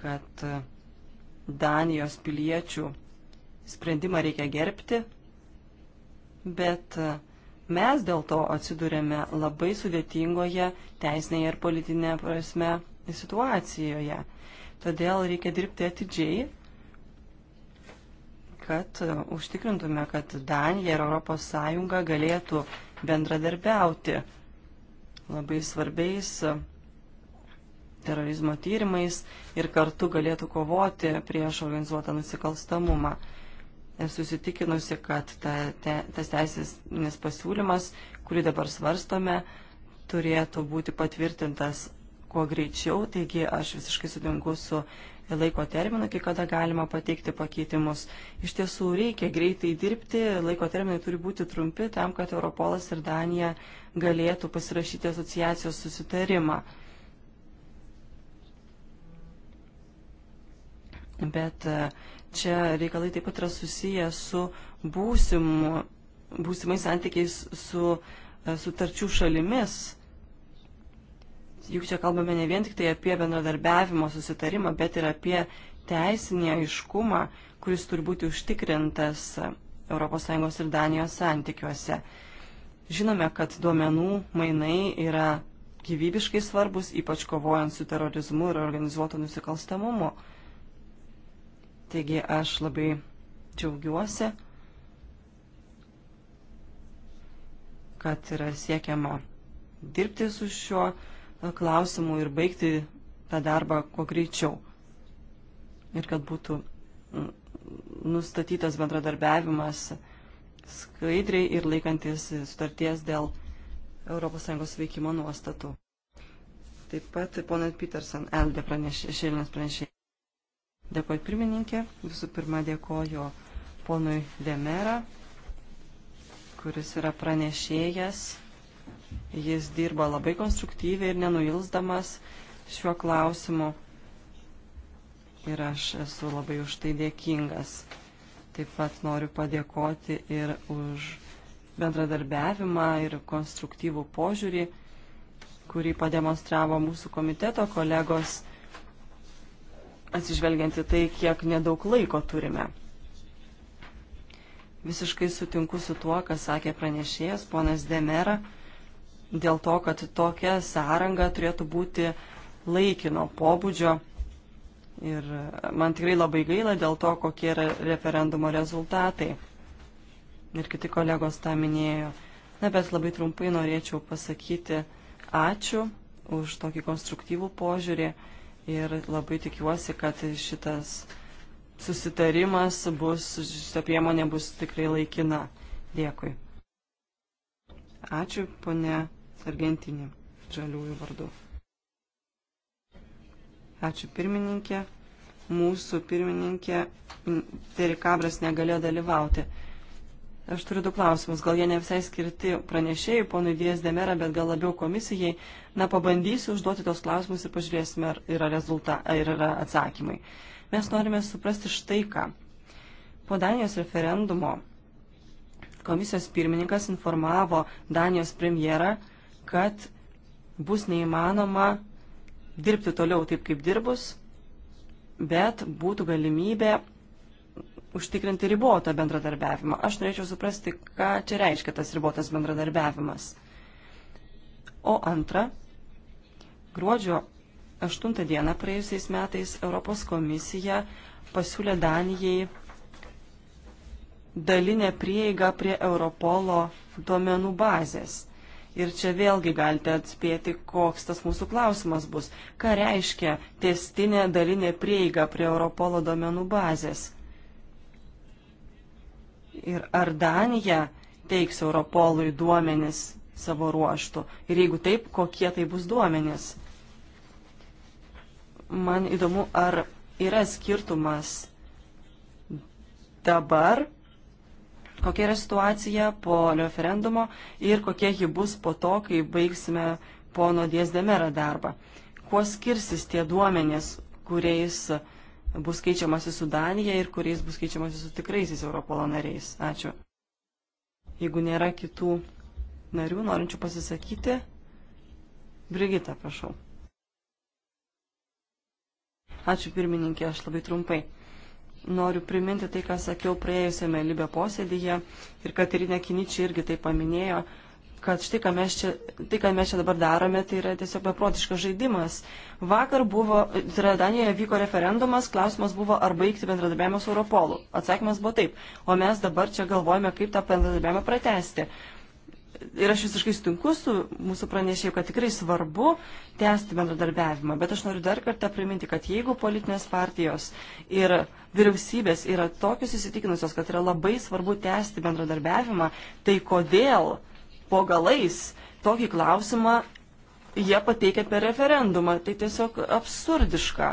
kad e, Danijos piliečių sprendimą reikia gerbti, bet e, mes dėl to atsidurėme labai sudėtingoje teisinėje ir politinė prasme situacijoje. Todėl reikia dirbti atidžiai, kad e, užtikrintume, kad Danija ir ES galėtų bendradarbiauti labai svarbiais e, terorizmo tyrimais ir kartu galėtų kovoti prieš organizuotą nusikalstamumą. Esu susitikinusi, kad ta, te, tas teisinis pasiūlymas, kurį dabar svarstome, turėtų būti patvirtintas kuo greičiau, taigi aš visiškai sutinku su laiko terminą, kai kada galima pateikti pakeitimus. Iš tiesų reikia greitai dirbti, laiko terminai turi būti trumpi tam, kad Europolas ir Danija galėtų pasirašyti asociacijos susitarimą. Bet e, čia reikalai taip pat yra susiję su būsimu, būsimais santykiais su e, sutarčių šalimis juk čia kalbame ne vien tik tai apie bendradarbiavimo susitarimą, bet ir apie teisinį aiškumą, kuris turi būti užtikrintas ES ir Danijos santykiuose. Žinome, kad duomenų mainai yra gyvybiškai svarbus, ypač kovojant su terorizmu ir organizuotu nusikalstamumu. Taigi aš labai džiaugiuosi, kad yra siekiama dirbti su šiuo klausimų ir baigti tą darbą kuo greičiau. Ir kad būtų mm, nustatytas bendradarbiavimas skaidriai ir laikantis sutarties dėl ES veikimo nuostatų. Taip pat ponat Peterson, Eldė šėlinės pranešė. Dėkoju pirmininkė, visų pirma dėkoju ponui Demera, kuris yra pranešėjas Jis dirba labai konstruktyviai ir nenuilsdamas šiuo klausimu. Ir aš esu labai už tai dėkingas. Taip pat noriu padėkoti ir už bendradarbiavimą ir konstruktyvų požiūrį, kurį pademonstravo mūsų komiteto kolegos, atsižvelgianti tai, kiek nedaug laiko turime. Visiškai sutinku su tuo, ką sakė pranešėjas ponas Demera dėl to, kad tokia sąranga turėtų būti laikino pobūdžio. Ir man tikrai labai gaila dėl to, kokie yra referendumo rezultatai. Ir kiti kolegos tą minėjo. Na, bet labai trumpai norėčiau pasakyti ačiū už tokį konstruktyvų požiūrį ir labai tikiuosi, kad šitas susitarimas bus, šita priemonė bus tikrai laikina. Dėkui. Ačiū, ponė Sargentinį žaliųjų vardu. Ačiū pirmininkė. Mūsų pirmininkė Terikabras negalėjo dalyvauti. Aš turiu du klausimus, gal jie ne visai skirti pranešėjai, ponui Dijas Demera, bet gal labiau komisijai. Na, pabandysiu užduoti tos klausimus ir pažiūrėsime, ar yra, rezulta, ar yra atsakymai. Mes norime suprasti štai ką. Po Danijos referendumo komisijos pirmininkas informavo Danijos premjerą, kad bus neįmanoma dirbti toliau taip, kaip dirbus, bet būtų galimybė užtikrinti ribotą bendradarbiavimą. Aš norėčiau suprasti, ką čia reiškia tas ribotas bendradarbiavimas. O antra, gruodžio 8 dieną praėjusiais metais Europos komisija pasiūlė Danijai dalinę prieigą prie Europolo duomenų bazės. Ir čia vėlgi galite atspėti, koks tas mūsų klausimas bus. Ką reiškia testinė dalinė prieiga prie Europolo domenų bazės? Ir ar Danija teiks Europolui duomenis savo ruoštų? Ir jeigu taip, kokie tai bus duomenis? Man įdomu, ar yra skirtumas dabar kokia yra situacija po referendumo ir kokia ji bus po to, kai baigsime pono Diezdemera darbą. Kuo skirsis tie duomenės, kuriais bus keičiamasi su Danija ir kuriais bus keičiamasi su tikraisiais Europolo nariais. Ačiū. Jeigu nėra kitų narių, norinčių pasisakyti, Brigita, prašau. Ačiū pirmininkė, aš labai trumpai noriu priminti tai, ką sakiau praėjusiame Libė posėdyje ir Katerina Kiničiai irgi tai paminėjo, kad štai, ką mes čia, tai, ką mes čia dabar darome, tai yra tiesiog beprotiškas žaidimas. Vakar buvo, tai yra Danijoje vyko referendumas, klausimas buvo, ar baigti bendradarbiavimą su Europolu. Atsakymas buvo taip, o mes dabar čia galvojame, kaip tą bendradarbiavimą pratesti. Ir aš visiškai sutinku su mūsų pranešėjų, kad tikrai svarbu tęsti bendradarbiavimą, bet aš noriu dar kartą priminti, kad jeigu politinės partijos ir vyriausybės yra tokios įsitikinusios, kad yra labai svarbu tęsti bendradarbiavimą, tai kodėl po galais tokį klausimą jie pateikia per referendumą. Tai tiesiog absurdiška.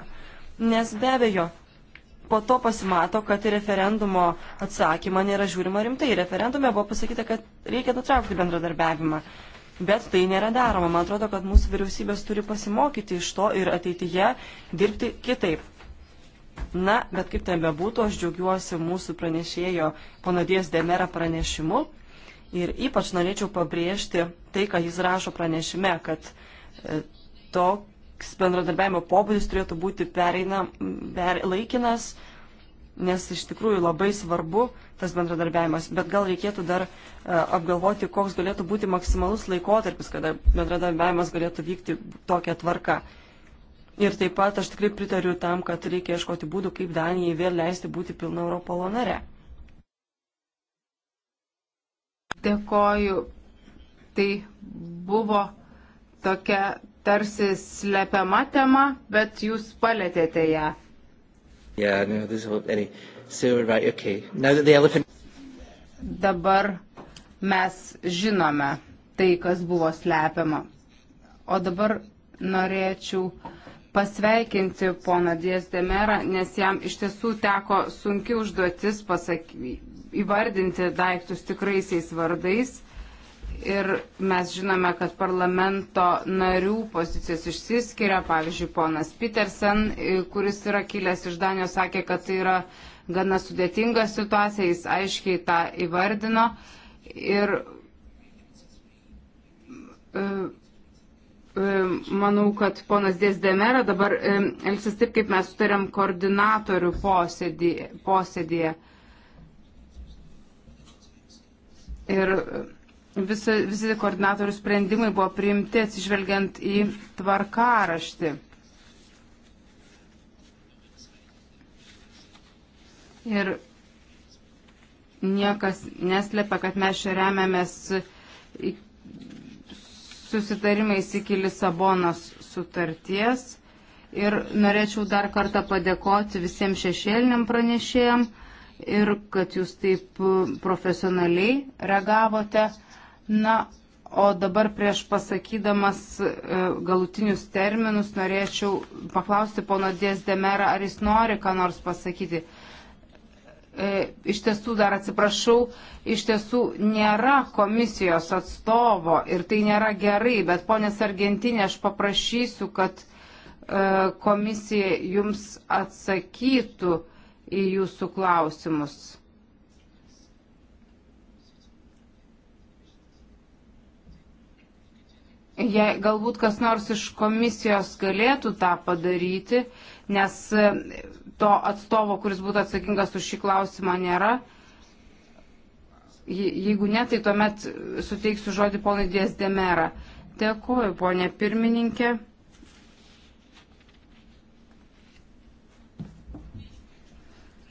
Nes be abejo, po to pasimato, kad į referendumo atsakymą nėra žiūrima rimtai. Referendume buvo pasakyta, kad reikia nutraukti bendradarbiavimą. Bet tai nėra daroma. Man atrodo, kad mūsų vyriausybės turi pasimokyti iš to ir ateityje dirbti kitaip. Na, bet kaip ten bebūtų, aš džiaugiuosi mūsų pranešėjo ponadės Demera pranešimu. Ir ypač norėčiau pabrėžti tai, ką jis rašo pranešime, kad e, to, bendradarbiavimo pobūdis turėtų būti pereina, per, laikinas, nes iš tikrųjų labai svarbu tas bendradarbiavimas, bet gal reikėtų dar e, apgalvoti, koks galėtų būti maksimalus laikotarpis, kada bendradarbiavimas galėtų vykti tokia tvarka. Ir taip pat aš tikrai pritariu tam, kad reikia ieškoti būdų, kaip Danijai vėl leisti būti pilna Europolo nare. Dėkoju.
Tai buvo tokia tarsi slepiama tema, bet jūs palėtėte ją.
Yeah, no, so, right, okay. elephant...
Dabar mes žinome tai, kas buvo slepiama. O dabar norėčiau pasveikinti poną Dies Demerą, nes jam iš tiesų teko sunki užduotis pasaky, įvardinti daiktus tikraisiais vardais. Ir mes žinome, kad parlamento narių pozicijos išsiskiria. Pavyzdžiui, ponas Petersen, kuris yra kilęs iš Danijos, sakė, kad tai yra gana sudėtinga situacija, jis aiškiai tą įvardino. Ir manau, kad ponas Dėsdemera dabar elgsis taip, kaip mes sutarėm koordinatorių posėdėje. posėdėje. Ir visi, visi koordinatorių sprendimai buvo priimti atsižvelgiant į tvarkaraštį. Ir niekas neslėpia, kad mes čia remiamės susitarimais iki Lisabonos sutarties. Ir norėčiau dar kartą padėkoti visiems šešėliniam pranešėjam ir kad jūs taip profesionaliai reagavote. Na, o dabar prieš pasakydamas e, galutinius terminus norėčiau paklausti pono Dėsdemera, ar jis nori ką nors pasakyti. E, iš tiesų, dar atsiprašau, iš tiesų nėra komisijos atstovo ir tai nėra gerai, bet ponės Argentinė, aš paprašysiu, kad e, komisija jums atsakytų į jūsų klausimus. Jei galbūt kas nors iš komisijos galėtų tą padaryti, nes e, to atstovo, kuris būtų atsakingas už šį klausimą, nėra. Jeigu ne, tai tuomet suteiksiu žodį ponai Dės Demera. Dėkuoju, ponė pirmininkė.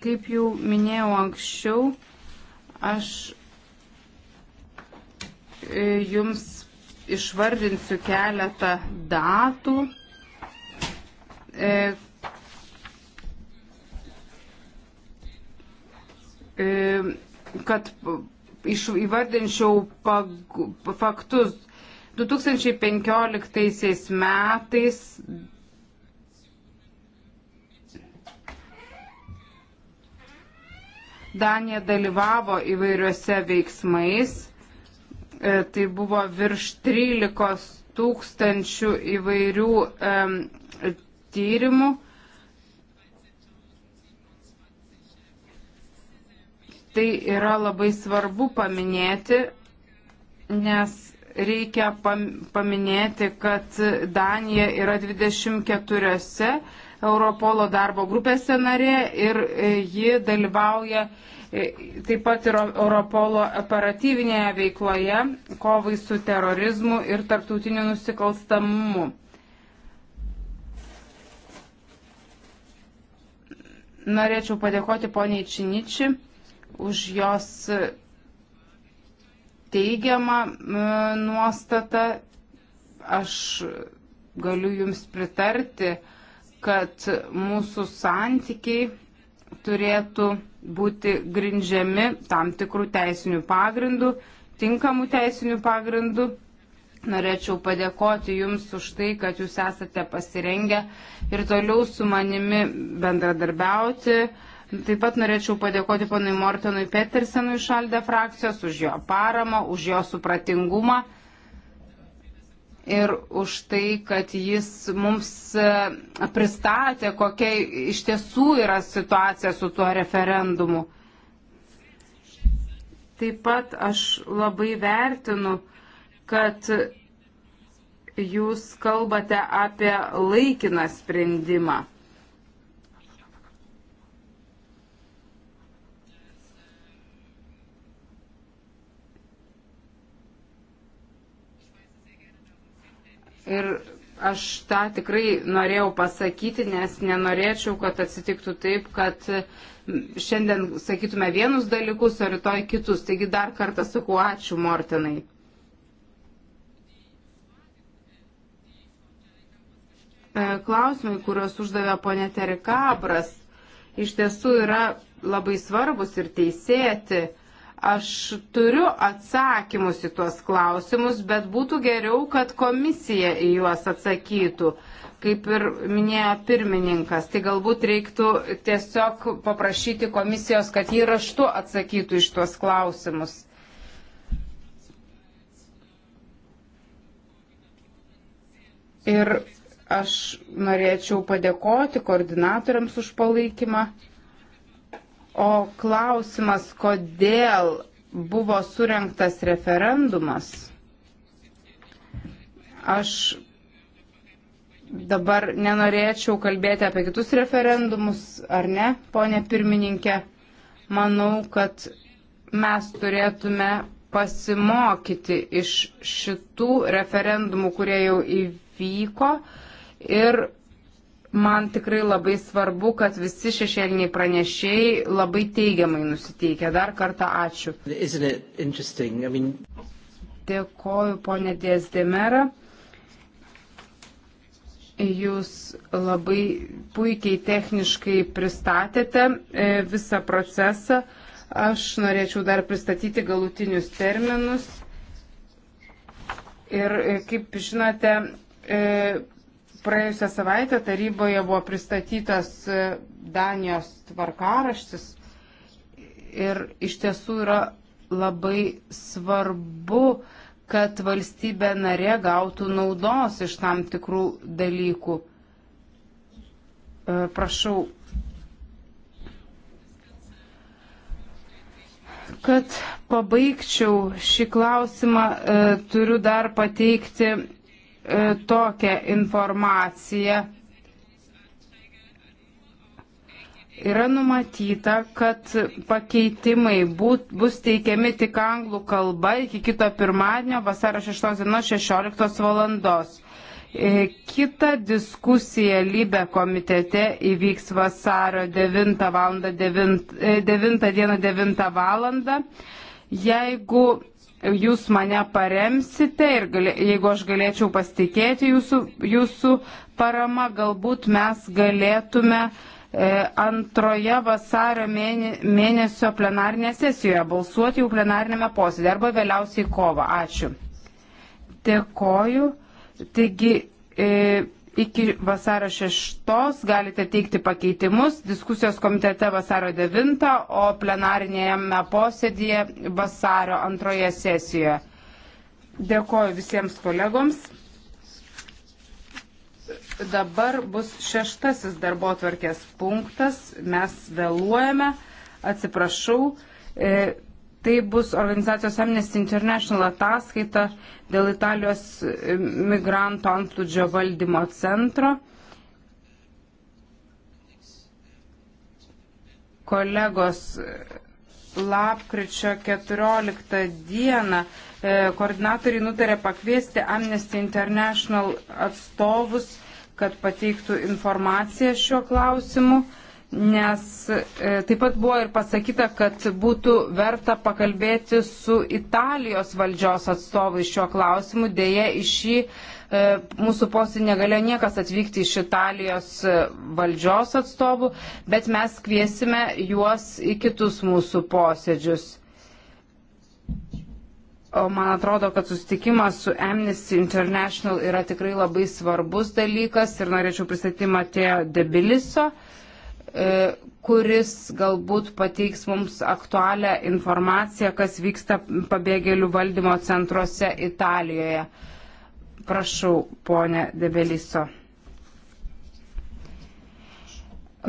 Kaip jau minėjau anksčiau, aš e, jums išvardinsiu keletą datų. E, e, kad iš, įvardinčiau pag, faktus. 2015 metais Danija dalyvavo įvairiuose veiksmais E, tai buvo virš 13 tūkstančių įvairių um, tyrimų. Tai yra labai svarbu paminėti, nes reikia paminėti, kad Danija yra 24 Europolo darbo grupėse narė ir e, ji dalyvauja e, taip pat ir Europolo operatyvinėje veikloje kovai su terorizmu ir tarptautiniu nusikalstamumu. Norėčiau padėkoti poniai Činiči už jos teigiamą nuostatą. Aš galiu jums pritarti, kad mūsų santykiai turėtų būti grindžiami tam tikrų teisinių pagrindų, tinkamų teisinių pagrindų. Norėčiau padėkoti Jums už tai, kad Jūs esate pasirengę ir toliau su manimi bendradarbiauti. Taip pat norėčiau padėkoti ponui Mortonui Petersenui iš Alde frakcijos už jo paramą, už jo supratingumą ir už tai, kad jis mums e, pristatė, kokia iš tiesų yra situacija su tuo referendumu. Taip pat aš labai vertinu, kad jūs kalbate apie laikiną sprendimą. Ir aš tą tikrai norėjau pasakyti, nes nenorėčiau, kad atsitiktų taip, kad šiandien sakytume vienus dalykus, o rytoj kitus. Taigi dar kartą sakau ačiū Mortinai. E, klausimai, kuriuos uždavė ponė Terikabras, iš tiesų yra labai svarbus ir teisėti. Aš turiu atsakymus į tuos klausimus, bet būtų geriau, kad komisija į juos atsakytų, kaip ir minėjo pirmininkas. Tai galbūt reiktų tiesiog paprašyti komisijos, kad jį raštu atsakytų iš tuos klausimus. Ir aš norėčiau padėkoti koordinatoriams už palaikymą. O klausimas, kodėl buvo surinktas referendumas, aš dabar nenorėčiau kalbėti apie kitus referendumus, ar ne, ponė pirmininkė. Manau, kad mes turėtume pasimokyti iš šitų referendumų, kurie jau įvyko ir man tikrai labai svarbu, kad visi šešėliniai pranešėjai labai teigiamai nusiteikia. Dar kartą ačiū. I mean... Dėkoju, ponė Dėsdemera. Jūs labai puikiai techniškai pristatėte e, visą procesą. Aš norėčiau dar pristatyti galutinius terminus. Ir e, kaip žinote, e, Praėjusią savaitę taryboje buvo pristatytas e, Danijos tvarkaraštis ir iš tiesų yra labai svarbu, kad valstybė narė gautų naudos iš tam tikrų dalykų. E, prašau. Kad pabaigčiau šį klausimą, e, turiu dar pateikti E, tokią informaciją, yra numatyta, kad pakeitimai būt, bus teikiami tik anglų kalba iki kito pirmadienio, vasario 6 dienos 16 valandos. E, kita diskusija lybe komitete įvyks vasario 9 val. 9, 9 dieną 9 val. Jeigu jūs mane paremsite ir galė, jeigu aš galėčiau pasitikėti jūsų, jūsų parama, galbūt mes galėtume e, antroje vasario mėnesio plenarnėje sesijoje balsuoti jau plenarnėme posėdė arba vėliausiai kovo. Ačiū. Dėkoju. Taigi, e, Iki vasaro 6 galite teikti pakeitimus, diskusijos komitete vasaro 9, o plenarinėje posėdėje vasaro antroje sesijoje. Dėkoju visiems kolegoms. Dabar bus šeštasis darbo tvarkės punktas. Mes vėluojame. Atsiprašau. E, Tai bus organizacijos Amnesty International ataskaita dėl Italijos migrantų antplūdžio valdymo centro. Kolegos lapkričio 14 dieną e, koordinatoriai nutarė pakviesti Amnesty International atstovus, kad pateiktų informaciją šiuo klausimu nes e, taip pat buvo ir pasakyta, kad būtų verta pakalbėti su Italijos valdžios atstovais šiuo klausimu. Deja, iš šį e, mūsų posėdį negalėjo niekas atvykti iš Italijos e, valdžios atstovų, bet mes kviesime juos į kitus mūsų posėdžius. O man atrodo, kad susitikimas su Amnesty International yra tikrai labai svarbus dalykas ir norėčiau pristatymą atėjo Debiliso. E, kuris galbūt pateiks mums aktualią informaciją, kas vyksta pabėgėlių valdymo centruose Italijoje. Prašau, ponė Debeliso.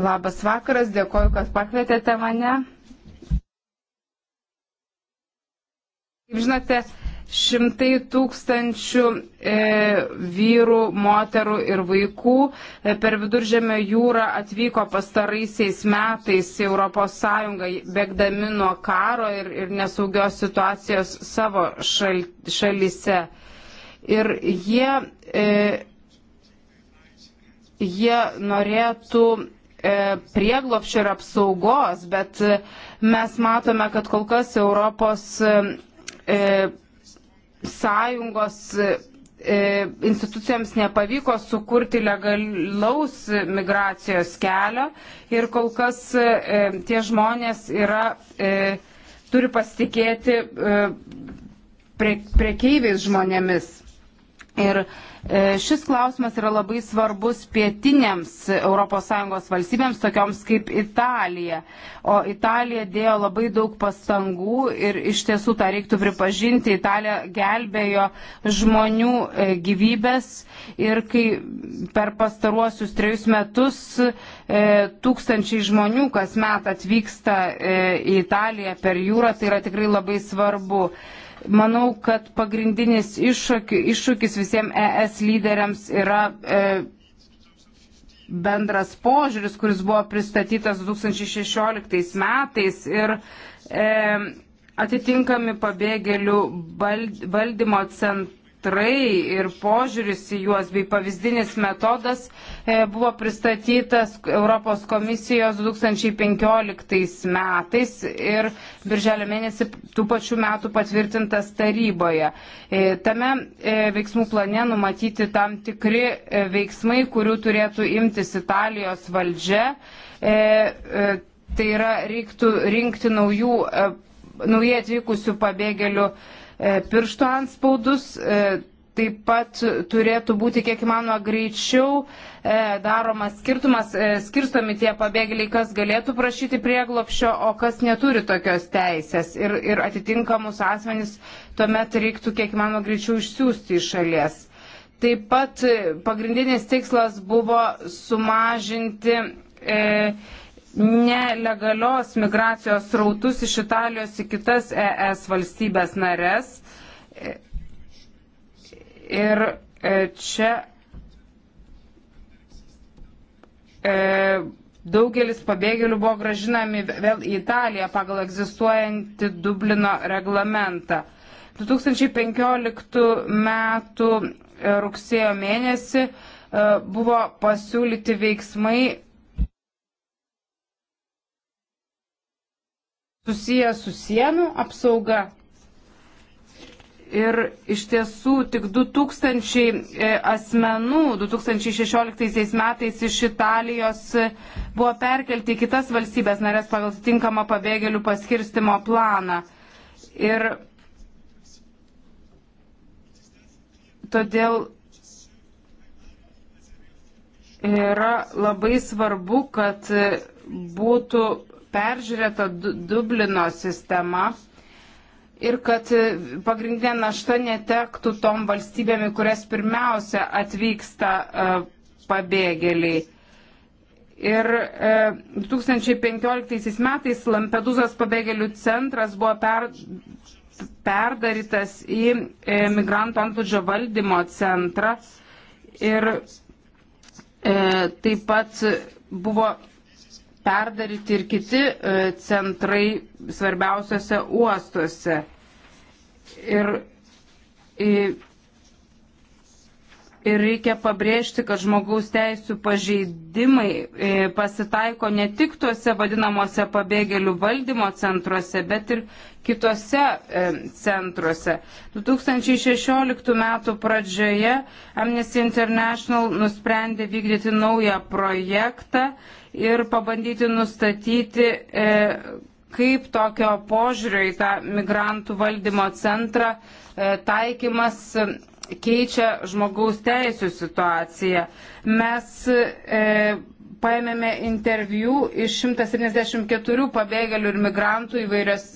Labas vakaras, dėkoju, kad pakvietėte mane. Kaip žinote, šimtai tūkstančių e, vyrų, moterų ir vaikų e, per viduržėmio jūrą atvyko pastaraisiais metais į ES, bėgdami nuo karo ir, ir nesaugios situacijos savo šal, šalyse. Ir jie, e, jie norėtų e, prieglopščio ir apsaugos, bet mes matome, kad kol kas Europos e, sąjungos e, e, institucijoms nepavyko sukurti legalaus migracijos kelio ir kol kas e, tie žmonės yra, turi pasitikėti prekeiviais žmonėmis. Ir E, šis klausimas yra labai svarbus pietinėms ES valstybėms, tokioms kaip Italija. O Italija dėjo labai daug pastangų ir iš tiesų tą reiktų pripažinti. Italija gelbėjo žmonių e, gyvybės ir kai per pastaruosius trejus metus e, tūkstančiai žmonių kasmet atvyksta į Italiją per jūrą, tai yra tikrai labai svarbu. Manau, kad pagrindinis iššūkis, iššūkis visiems e ES lyderiams yra e, bendras požiūris, kuris buvo pristatytas 2016 metais ir e, atitinkami pabėgėlių valdymo centrai meistrai ir požiūris į juos bei pavyzdinis metodas e, buvo pristatytas Europos komisijos 2015 metais ir birželio mėnesį tų pačių metų patvirtintas taryboje. E, tame e, veiksmų plane numatyti tam tikri veiksmai, kurių turėtų imtis Italijos valdžia. Tai yra reiktų rinkti naujų naujai atvykusių pabėgėlių E, piršto anspaudus. E, taip pat turėtų būti kiek įmanoma greičiau e, daromas skirtumas, skirstomi tie pabėgėliai, kas galėtų prašyti prieglopšio, o kas neturi tokios teisės. Ir, ir atitinkamus asmenys tuomet reiktų kiek įmanoma greičiau išsiųsti iš šalies. Taip pat pagrindinis tikslas buvo sumažinti e, nelegalios migracijos rautus iš Italijos į kitas ES valstybės nares. Ir e, čia e, daugelis pabėgėlių buvo gražinami vėl į Italiją pagal egzistuojantį Dublino reglamentą. 2015 m. E, rugsėjo mėnesį buvo pasiūlyti veiksmai susijęs su sienų apsauga. Ir iš tiesų tik 2000 e, asmenų 2016 metais iš Italijos e, buvo perkelti į kitas valstybės narės pagal tinkamą pabėgėlių paskirstimo planą. Ir todėl yra labai svarbu, kad būtų peržiūrėta Dublino sistema ir kad pagrindinė našta netektų tom valstybėm, į kurias pirmiausia atvyksta e, pabėgėliai. Ir 2015 e, metais Lampedūzos pabėgėlių centras buvo per, perdarytas į e, migrantų antplūdžio valdymo centrą ir taip pat buvo perdaryti ir kiti e, centrai svarbiausiose uostuose. Ir, ir reikia pabrėžti, kad žmogaus teisų pažeidimai e, pasitaiko ne tik tuose vadinamuose pabėgėlių valdymo centruose, bet ir kitose e, centruose. 2016 m. pradžioje Amnesty International nusprendė vykdyti naują projektą ir pabandyti nustatyti, e, kaip tokio požiūrio į tą migrantų valdymo centrą e, taikymas keičia žmogaus teisų situaciją. Mes e, paėmėme interviu iš 174 pabėgėlių ir migrantų įvairios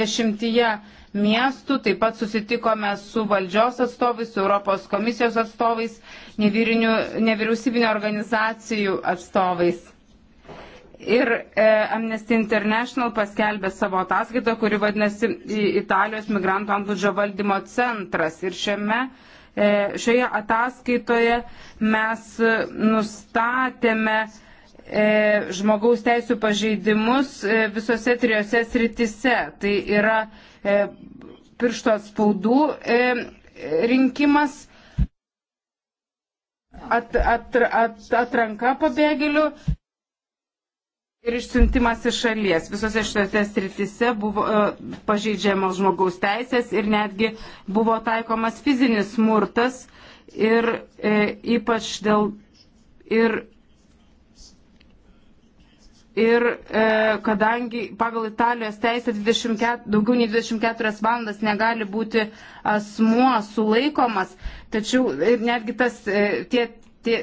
dešimtyje miestų, taip pat susitikome su valdžios atstovais, su Europos komisijos atstovais, nevyriausybinio organizacijų atstovais. Ir e, Amnesty International paskelbė savo ataskaitą, kuri vadinasi Italijos migrantų antplūdžio valdymo centras. Ir šiame, e, šioje ataskaitoje mes nustatėme e, žmogaus teisų pažeidimus e, visose trijose sritise. Tai yra e, piršto spaudų e, rinkimas at, at, at, atranka pabėgėlių ir išsiuntimas iš šalies. Visose šitose sritise buvo e, pažeidžiamos žmogaus teisės ir netgi buvo taikomas fizinis smurtas ir e, ypač dėl ir, ir e, kadangi pagal Italijos teisę 24, daugiau nei 24 valandas negali būti asmuo sulaikomas, tačiau ir e, netgi tas e, tie, tie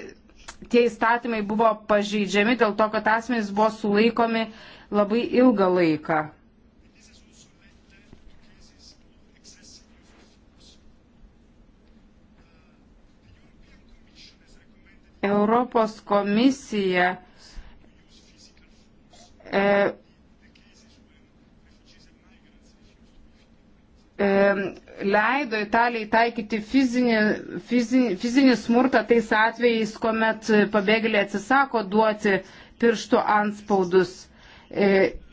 tie įstatymai buvo pažeidžiami dėl to, kad asmenys buvo sulaikomi labai ilgą laiką. Europos komisija e, leido Italijai taikyti fizinį, fizinį, fizinį smurtą tais atvejais, kuomet pabėgėliai atsisako duoti pirštų anspaudus. E,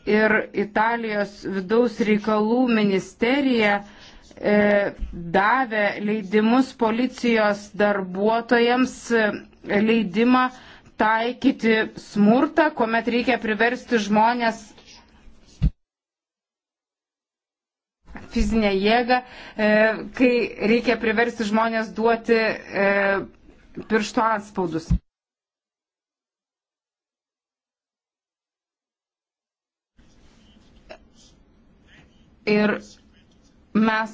ir Italijos vidaus reikalų ministerija e, davė leidimus policijos darbuotojams e, leidimą taikyti smurtą, kuomet reikia priversti žmonės fizinę jėgą, e, kai reikia priversti žmonės duoti e, piršto atspaudus. Ir mes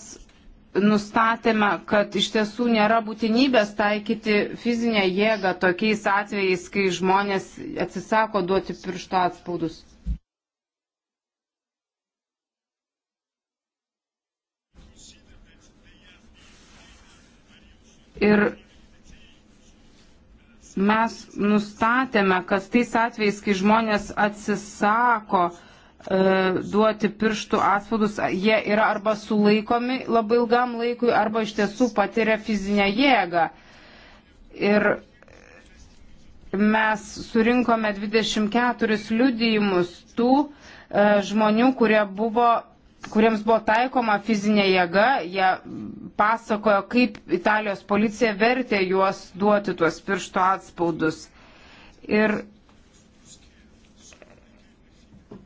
nustatėme, kad iš tiesų nėra būtinybės taikyti fizinę jėgą tokiais atvejais, kai žmonės atsisako duoti piršto atspaudus. Ir mes nustatėme, kad tais atvejais, kai žmonės atsisako e, duoti pirštų atspaudus, jie yra arba sulaikomi labai ilgam laikui, arba iš tiesų patiria fizinę jėgą. Ir mes surinkome 24 liudijimus tų e, žmonių, kurie buvo kuriems buvo taikoma fizinė jėga, jie pasakojo, kaip Italijos policija vertė juos duoti tuos piršto atspaudus. Ir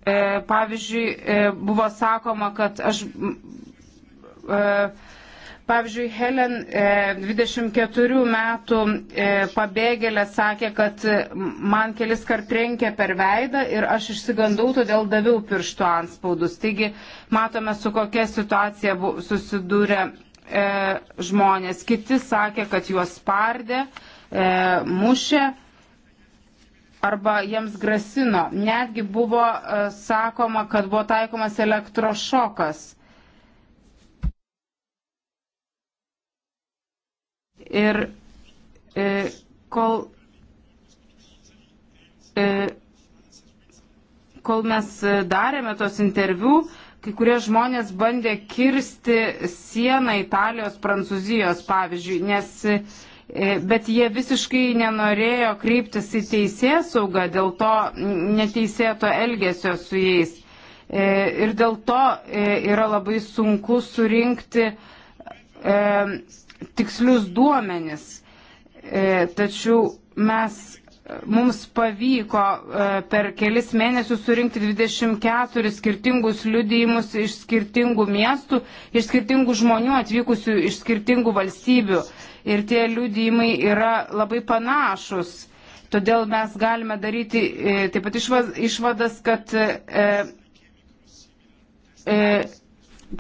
e, pavyzdžiui, e, buvo sakoma, kad aš. E, Pavyzdžiui, Helen, 24 e, metų e, pabėgėlė, sakė, kad man kelis kart trenkė per veidą ir aš išsigandau, todėl daviau pirštų anspaudus. Taigi, matome, su kokia situacija susidūrė e, žmonės. Kiti sakė, kad juos spardė, mušė arba jiems grasino. Netgi buvo sakoma, kad buvo taikomas elektrošokas Ir e, kol, e, kol mes darėme tos interviu, kai kurie žmonės bandė kirsti sieną Italijos, Prancūzijos, pavyzdžiui, nes e, bet jie visiškai nenorėjo kryptis į teisėsaugą dėl to neteisėto elgesio su jais. E, ir dėl to e, yra labai sunku surinkti e, tikslius duomenis. E, tačiau mes, mums pavyko e, per kelis mėnesius surinkti 24 skirtingus liudijimus iš skirtingų miestų, iš skirtingų žmonių atvykusių iš skirtingų valstybių. Ir tie liudijimai yra labai panašus. Todėl mes galime daryti e, taip pat išvadas, kad e, e,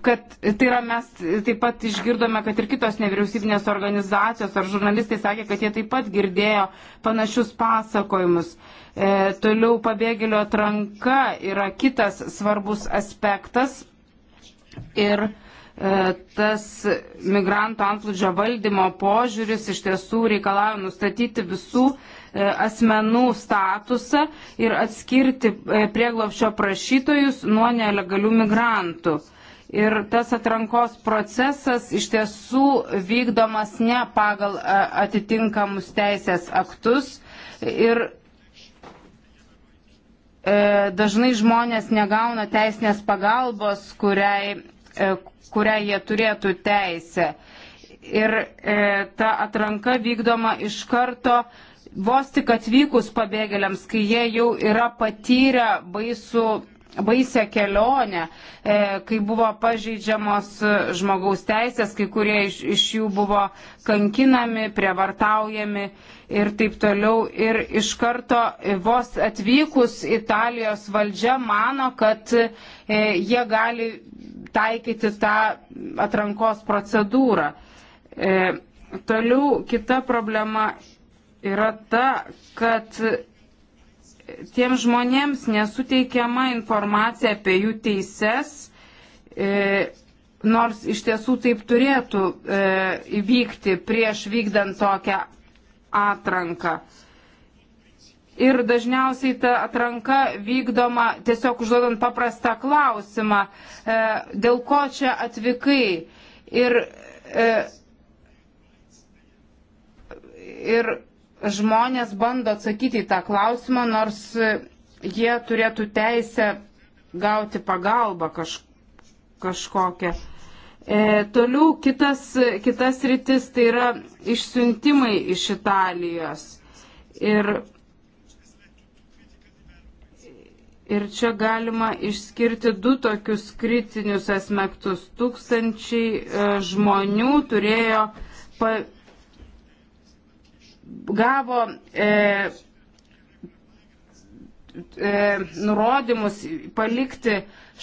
kad tai yra mes taip pat išgirdome, kad ir kitos nevyriausybinės organizacijos ar žurnalistai sakė, kad jie taip pat girdėjo panašius pasakojimus. E, toliau pabėgėlio atranka yra kitas svarbus aspektas ir e, tas migrantų antplūdžio valdymo požiūris iš tiesų reikalauja nustatyti visų e, asmenų statusą ir atskirti e, prieglopščio prašytojus nuo nelegalių migrantų. Ir tas atrankos procesas iš tiesų vykdomas ne pagal e, atitinkamus teisės aktus. Ir e, dažnai žmonės negauna teisinės pagalbos, kuriai, e, kuriai jie turėtų teisę. Ir e, ta atranka vykdoma iš karto vos tik atvykus pabėgėliams, kai jie jau yra patyrę baisų baisę kelionę, e, kai buvo pažeidžiamos žmogaus teisės, kai kurie iš, iš jų buvo kankinami, prievartaujami ir taip toliau. Ir iš karto vos atvykus Italijos valdžia mano, kad e, jie gali taikyti tą atrankos procedūrą. E, toliau kita problema yra ta, kad tiems žmonėms nesuteikiama informacija apie jų teises, e, nors iš tiesų taip turėtų e, įvykti prieš vykdant tokią atranką. Ir dažniausiai ta atranka vykdoma tiesiog užduodant paprastą klausimą, e, dėl ko čia atvykai. Ir, e, ir žmonės bando atsakyti į tą klausimą, nors jie turėtų teisę gauti pagalbą kaž, kažkokią. E, toliau kitas, kitas rytis tai yra išsiuntimai iš Italijos. Ir, ir čia galima išskirti du tokius kritinius aspektus. Tūkstančiai e, žmonių turėjo pa, gavo e, e, nurodymus palikti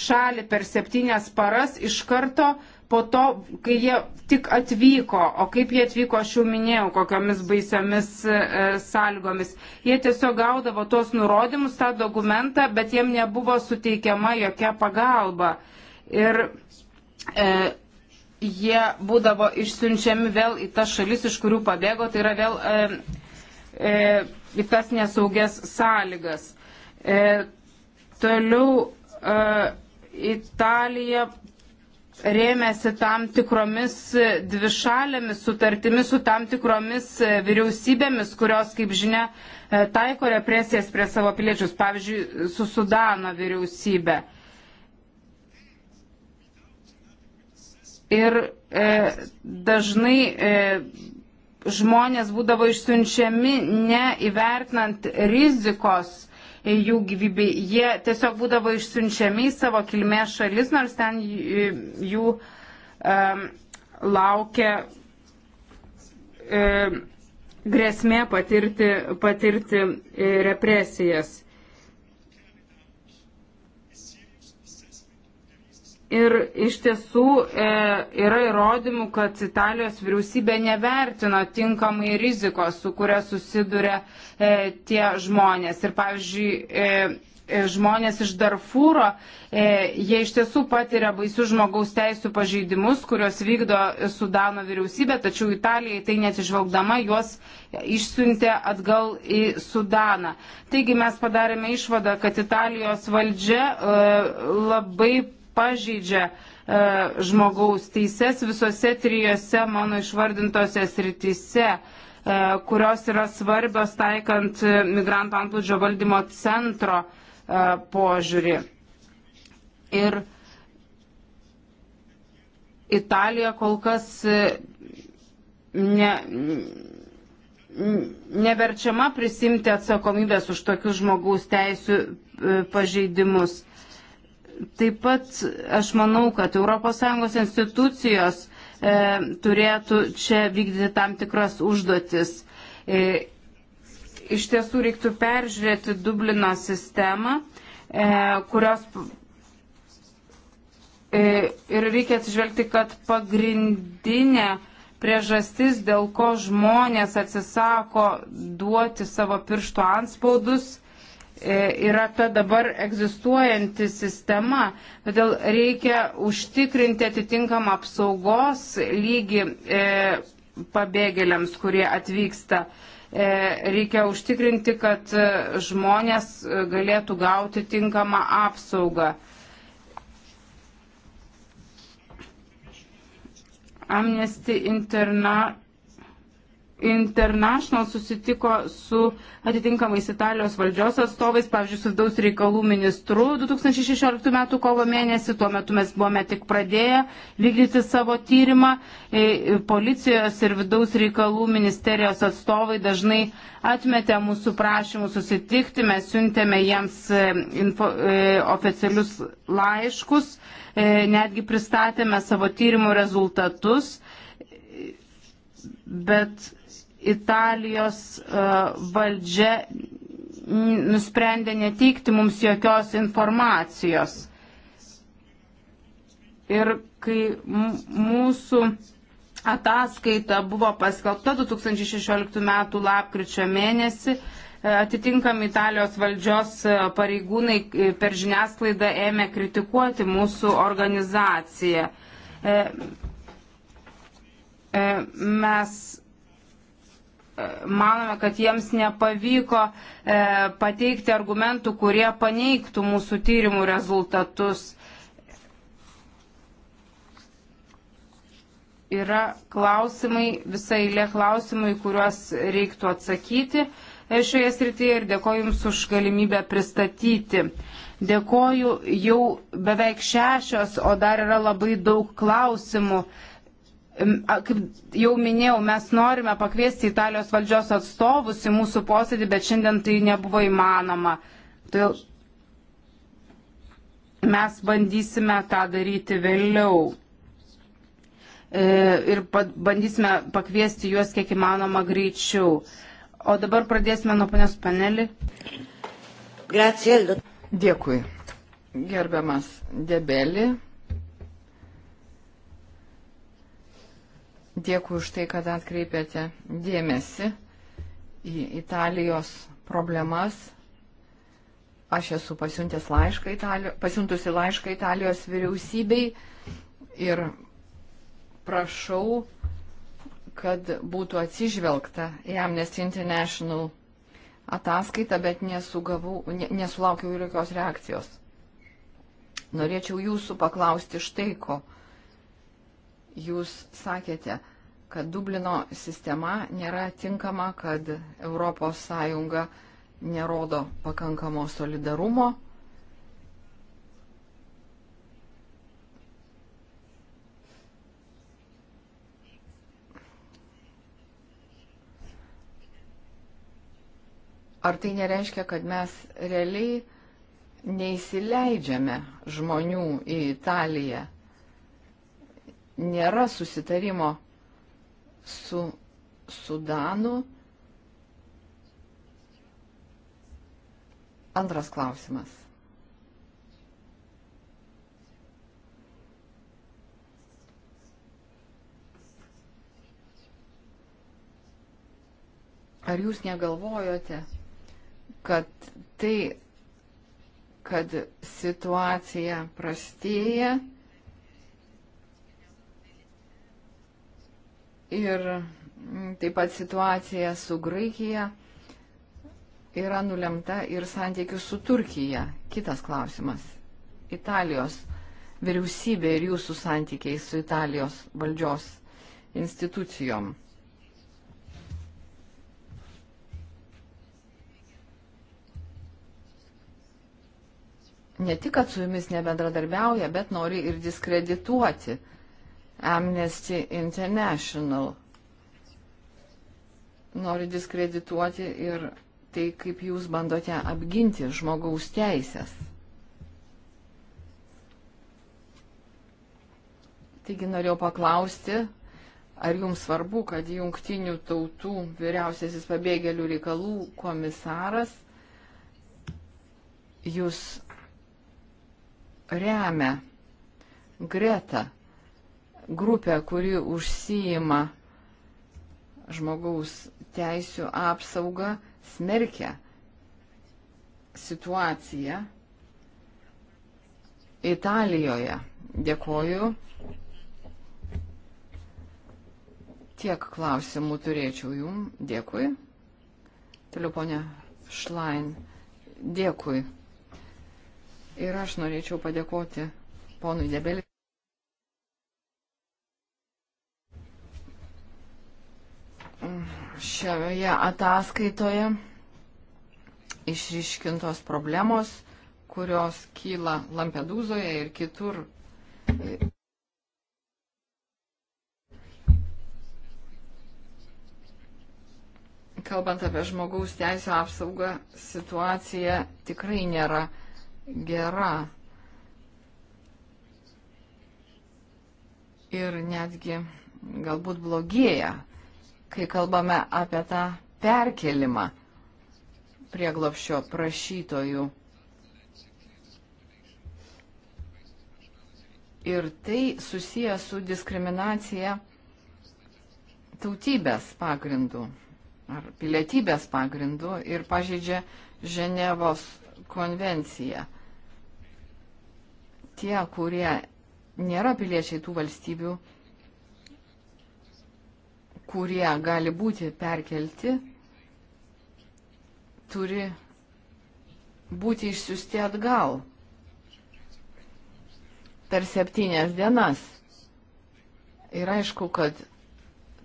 šalį per septynias paras iš karto po to, kai jie tik atvyko, o kaip jie atvyko, aš jau minėjau, kokiamis baisiomis e, sąlygomis. Jie tiesiog gaudavo tos nurodymus, tą dokumentą, bet jiem nebuvo suteikiama jokia pagalba. Ir e, jie būdavo išsiunčiami vėl į tas šalis, iš kurių pabėgo, tai yra vėl e, e, į tas nesaugias sąlygas. E, toliau e, Italija rėmėsi tam tikromis dvišalėmis sutartimis su tam tikromis e, vyriausybėmis, kurios, kaip žinia, e, taiko represijas prie savo piliečius, pavyzdžiui, su Sudano vyriausybė. E, ir e, dažnai e, žmonės būdavo išsiunčiami neįvertinant rizikos jų gyvybei. Jie tiesiog būdavo išsiunčiami į savo kilmės šalis, nors ten e, jų e, laukia e, grėsmė patirti, patirti e, represijas. Ir iš tiesų e, yra įrodymų, kad Italijos vyriausybė nevertino tinkamai rizikos, su kuria susiduria e, tie žmonės. Ir pavyzdžiui, e, e žmonės iš Darfūro, e, jie iš tiesų patiria baisių žmogaus teisų pažeidimus, kurios vykdo Sudano vyriausybė, tačiau Italijai tai neatsižvelgdama juos išsiuntė atgal į Sudaną. Taigi mes padarėme išvadą, kad Italijos valdžia e, labai pažeidžia e, žmogaus teises visose trijose mano išvardintose sritise, e, kurios yra svarbios taikant e, migrantų antplūdžio valdymo centro e, požiūrį. Ir Italija kol kas e, ne, neverčiama prisimti atsakomybės už tokius žmogaus teisų e, pažeidimus. Taip pat aš manau, kad ES institucijos e, turėtų čia vykdyti tam tikras užduotis. E, iš tiesų reiktų peržiūrėti Dublino sistemą, e, kurios e, ir reikia atsižvelgti, kad pagrindinė priežastis, dėl ko žmonės atsisako duoti savo piršto anspaudus, E, yra ta dabar egzistuojanti sistema, todėl reikia užtikrinti atitinkamą apsaugos lygį e, pabėgėliams, kurie atvyksta. E, reikia užtikrinti, kad e, žmonės e, galėtų gauti tinkamą apsaugą. Amnesty International International susitiko su atitinkamais Italijos valdžios atstovais, pavyzdžiui, su vidaus reikalų ministru 2016 m. kovo mėnesį, tuo metu mes buvome tik pradėję vykdyti savo tyrimą. E, policijos ir vidaus reikalų ministerijos atstovai dažnai atmetė mūsų prašymus susitikti, mes siuntėme jiems e, info, e, oficialius laiškus, netgi pristatėme savo tyrimų rezultatus. Bet Italijos e, valdžia nusprendė neteikti mums jokios informacijos. Ir kai mūsų ataskaita buvo paskelbta 2016 m. lapkričio mėnesį, e, atitinkami Italijos valdžios e, pareigūnai per žiniasklaidą ėmė kritikuoti mūsų organizaciją. Mes manome, kad jiems nepavyko e, pateikti argumentų, kurie paneigtų mūsų tyrimų rezultatus. Yra klausimai, visai lė klausimai, kuriuos reiktų atsakyti e, šioje srityje ir dėkoju Jums už galimybę pristatyti. Dėkoju, jau beveik šešios, o dar yra labai daug klausimų. E, Kaip jau minėjau, mes norime pakviesti Italijos valdžios atstovus į mūsų posėdį, bet šiandien tai nebuvo įmanoma. Todėl mes bandysime tą daryti vėliau. E, ir bandysime pakviesti juos kiek įmanoma greičiau. O dabar pradėsime nuo ponios panelį.
Gracieldo. Dėkui. Gerbiamas Debeli, Dėkui už tai, kad atkreipėte dėmesį į Italijos problemas. Aš esu laišką Italio, pasiuntusi laišką Italijos vyriausybei ir prašau, kad būtų atsižvelgta į Amnesty International ataskaitą, bet nesugavau, nesulaukiau jokios reakcijos. Norėčiau jūsų paklausti štai ko jūs sakėte, kad Dublino sistema nėra tinkama, kad ES nerodo pakankamo solidarumo. Ar tai nereiškia, kad mes realiai neįsileidžiame žmonių į Italiją? nėra susitarimo su Sudanu. Antras klausimas. Ar jūs negalvojote, kad tai, kad situacija prastėja, ir mm, taip pat situacija su Graikija yra nulemta ir santykių su Turkija. Kitas klausimas. Italijos vyriausybė ir jūsų santykiai su Italijos valdžios institucijom. Ne tik, kad su jumis nebendradarbiauja, bet nori ir diskredituoti uh, Amnesty International nori diskredituoti ir tai, kaip jūs bandote apginti žmogaus teisės. Taigi norėjau paklausti, ar jums svarbu, kad jungtinių tautų vyriausiasis pabėgėlių reikalų komisaras jūs remia Greta grupę, kuri užsijima žmogaus teisų apsaugą, smerkia situaciją Italijoje. Dėkoju. Tiek klausimų turėčiau jum. Dėkui. Toliau, ponia Šlain. Dėkui. Ir aš norėčiau padėkoti ponui Debelį. Šioje ataskaitoje išryškintos problemos, kurios kyla Lampedūzoje ir kitur. Kalbant apie žmogaus teisų apsaugą, situacija tikrai nėra gera. Ir netgi galbūt blogėja kai kalbame apie tą perkelimą prieglopščio prašytojų. Ir tai susiję su diskriminacija tautybės pagrindų ar pilietybės pagrindų ir pažeidžia Ženevos konvenciją. Tie, kurie nėra piliečiai tų valstybių, kurie gali būti perkelti, turi būti išsiusti atgal per septynias dienas. Ir aišku, kad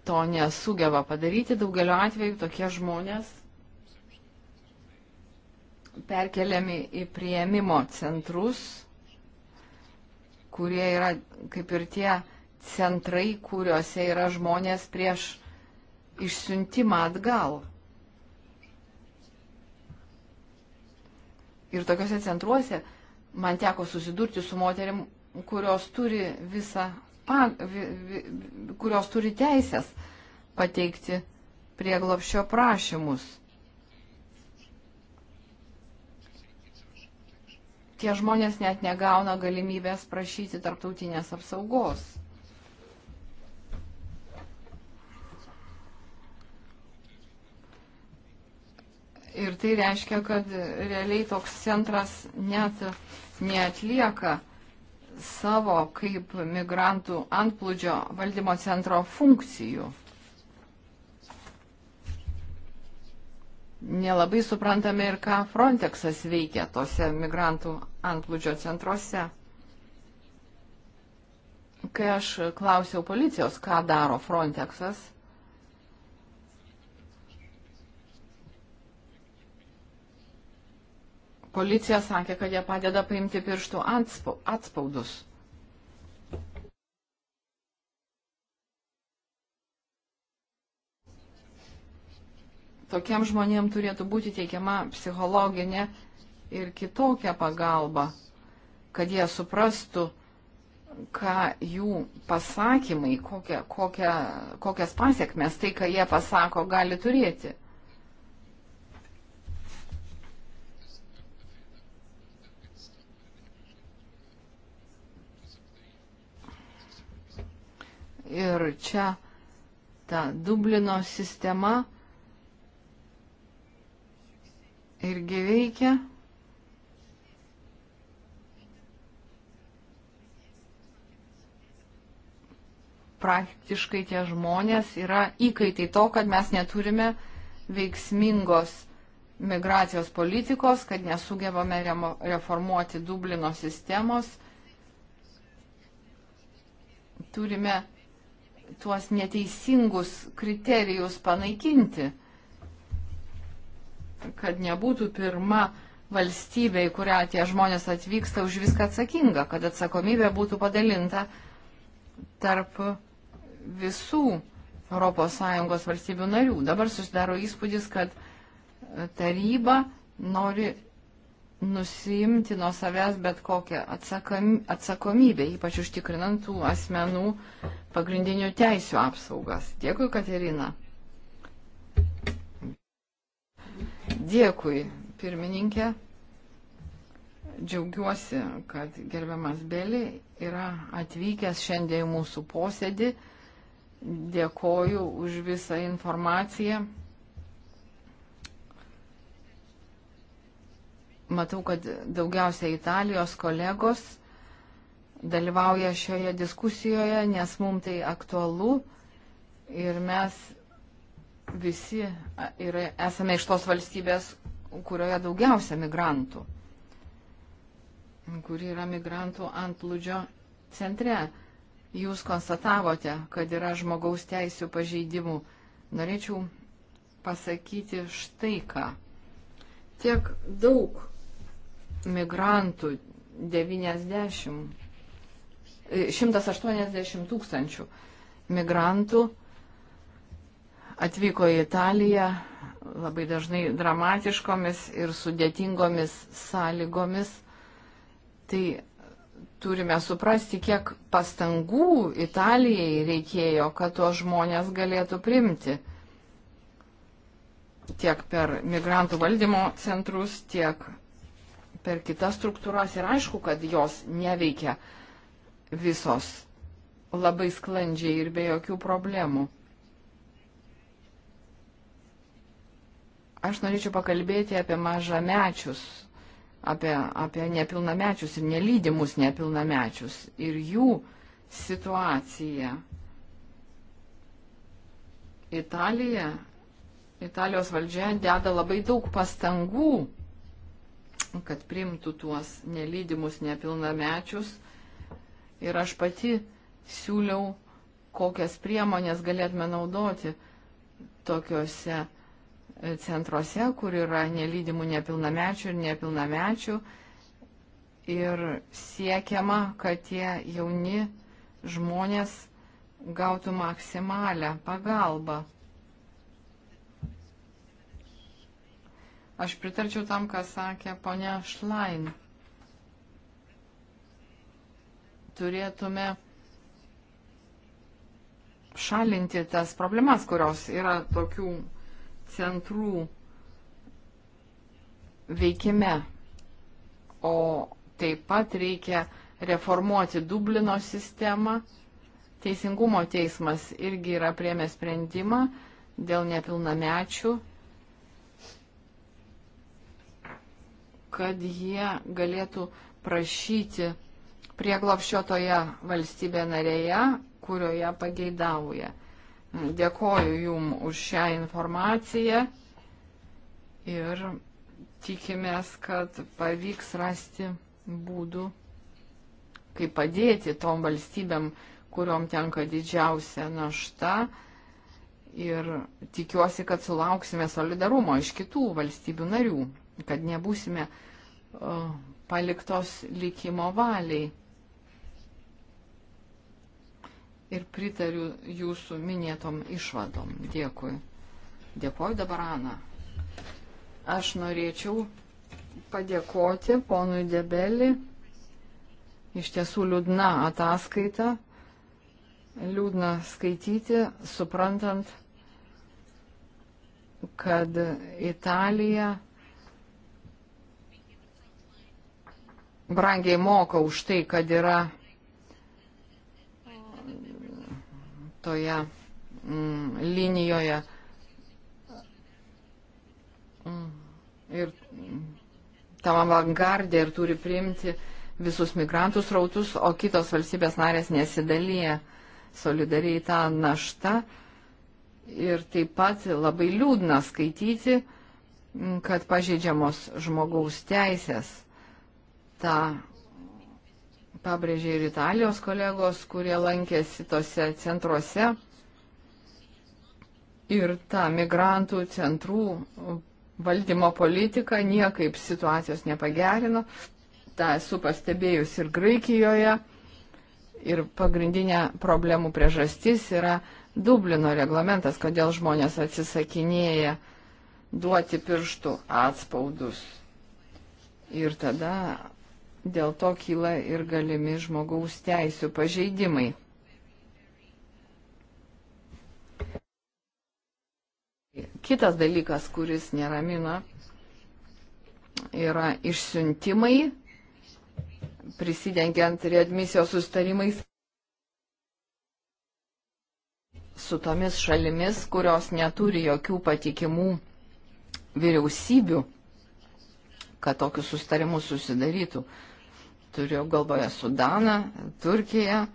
to nesugeba padaryti, daugeliu atveju tokie žmonės perkeliami į prieimimo centrus, kurie yra kaip ir tie centrai, kuriuose yra žmonės prieš išsiuntimą atgal. Ir tokiuose centruose man teko susidurti su moterim, kurios turi visą, kurios turi teisės pateikti prieglopščio prašymus. Tie žmonės net negauna galimybės prašyti tarptautinės apsaugos. Ir tai reiškia, kad realiai toks centras net neatlieka savo kaip migrantų antplūdžio valdymo centro funkcijų. Nelabai suprantame ir ką Frontexas veikia tose migrantų antplūdžio centruose. Kai aš klausiau policijos, ką daro Frontexas, policija sakė, kad jie padeda paimti pirštų atspaudus. Tokiem žmonėm turėtų būti teikiama psichologinė ir kitokia pagalba, kad jie suprastų, ką jų pasakymai, kokia, kokia, kokias pasiekmes tai, ką jie pasako, gali turėti. Ir čia ta Dublino sistema irgi veikia. praktiškai tie žmonės yra įkaitai to, kad mes neturime veiksmingos migracijos politikos, kad nesugebame reformuoti Dublino sistemos. Turime tuos neteisingus kriterijus panaikinti, kad nebūtų pirma valstybė, į kurią tie žmonės atvyksta, už viską atsakinga, kad atsakomybė būtų padalinta tarp visų ES valstybių narių. Dabar susidaro įspūdis, kad taryba nori nusiimti nuo savęs bet kokią atsakomybę, ypač užtikrinant tų asmenų pagrindinių teisų apsaugas. Dėkui, Katerina. Dėkui, pirmininkė. Džiaugiuosi, kad gerbiamas Bėlį yra atvykęs šiandien į mūsų posėdį. Dėkoju už visą informaciją. Matau, kad daugiausia Italijos kolegos dalyvauja šioje diskusijoje, nes mums tai aktualu ir mes visi yra, esame iš tos valstybės, kurioje daugiausia migrantų, kuri yra migrantų antplūdžio centre. Jūs konstatavote, kad yra žmogaus teisų pažeidimų. Norėčiau pasakyti štai ką. Tiek daug migrantų 90, 180 e, tūkstančių migrantų atvyko į Italiją labai dažnai dramatiškomis ir sudėtingomis sąlygomis. Tai turime suprasti, kiek pastangų Italijai reikėjo, kad tuos žmonės galėtų primti tiek per migrantų valdymo centrus, tiek per kitas struktūras ir aišku, kad jos neveikia visos labai sklandžiai ir be jokių problemų. Aš norėčiau pakalbėti apie mažamečius, apie, apie nepilnamečius ir nelydimus nepilnamečius ir jų situaciją. Italija, Italijos valdžia deda labai daug pastangų kad primtų tuos nelydimus nepilnamečius. Ir aš pati siūliau, kokias priemonės galėtume naudoti tokiuose e, centruose, kur yra nelydimų nepilnamečių ir nepilnamečių. Ir siekiama, kad tie jauni žmonės gautų maksimalę pagalbą. Aš pritarčiau tam, ką sakė ponia Šlain. Turėtume šalinti tas problemas, kurios yra tokių centrų veikime. O taip pat reikia reformuoti Dublino sistemą. Teisingumo teismas irgi yra priemė sprendimą dėl nepilnamečių kad jie galėtų prašyti prieglopščio toje valstybėje narėje, kurioje pageidauja. Dėkoju Jum už šią informaciją ir tikimės, kad pavyks rasti būdų, kaip padėti tom valstybėm, kuriuom tenka didžiausia našta ir tikiuosi, kad sulauksime solidarumo iš kitų valstybių narių kad nebūsime paliktos likimo valiai. Ir pritariu jūsų minėtom išvadom. Dėkui. Dėkoju dabar, Ana. Aš norėčiau padėkoti ponui Debelį. Iš tiesų liūdna ataskaita. Liūdna skaityti, suprantant, kad Italija brangiai moka už tai, kad yra toje mm, linijoje. Mm. Ir tam avangardė ir turi priimti visus migrantus rautus, o kitos valstybės narės nesidalyja solidariai tą naštą. Ir taip pat labai liūdna skaityti, kad pažeidžiamos žmogaus teisės Ta pabrėžė ir Italijos kolegos, kurie lankėsi tose centruose. Ir ta migrantų centrų valdymo politika niekaip situacijos nepagerino. Ta esu pastebėjus ir Graikijoje. Ir pagrindinė problemų priežastis yra Dublino reglamentas, kodėl žmonės atsisakinėja duoti pirštų atspaudus. Ir tada dėl to kyla ir galimi žmogaus teisų pažeidimai. Kitas dalykas, kuris neramina, yra išsiuntimai, prisidengiant readmisijos sustarimais su tomis šalimis, kurios neturi jokių patikimų vyriausybių, kad tokius sustarimus susidarytų turiu galvoje Sudaną, Turkiją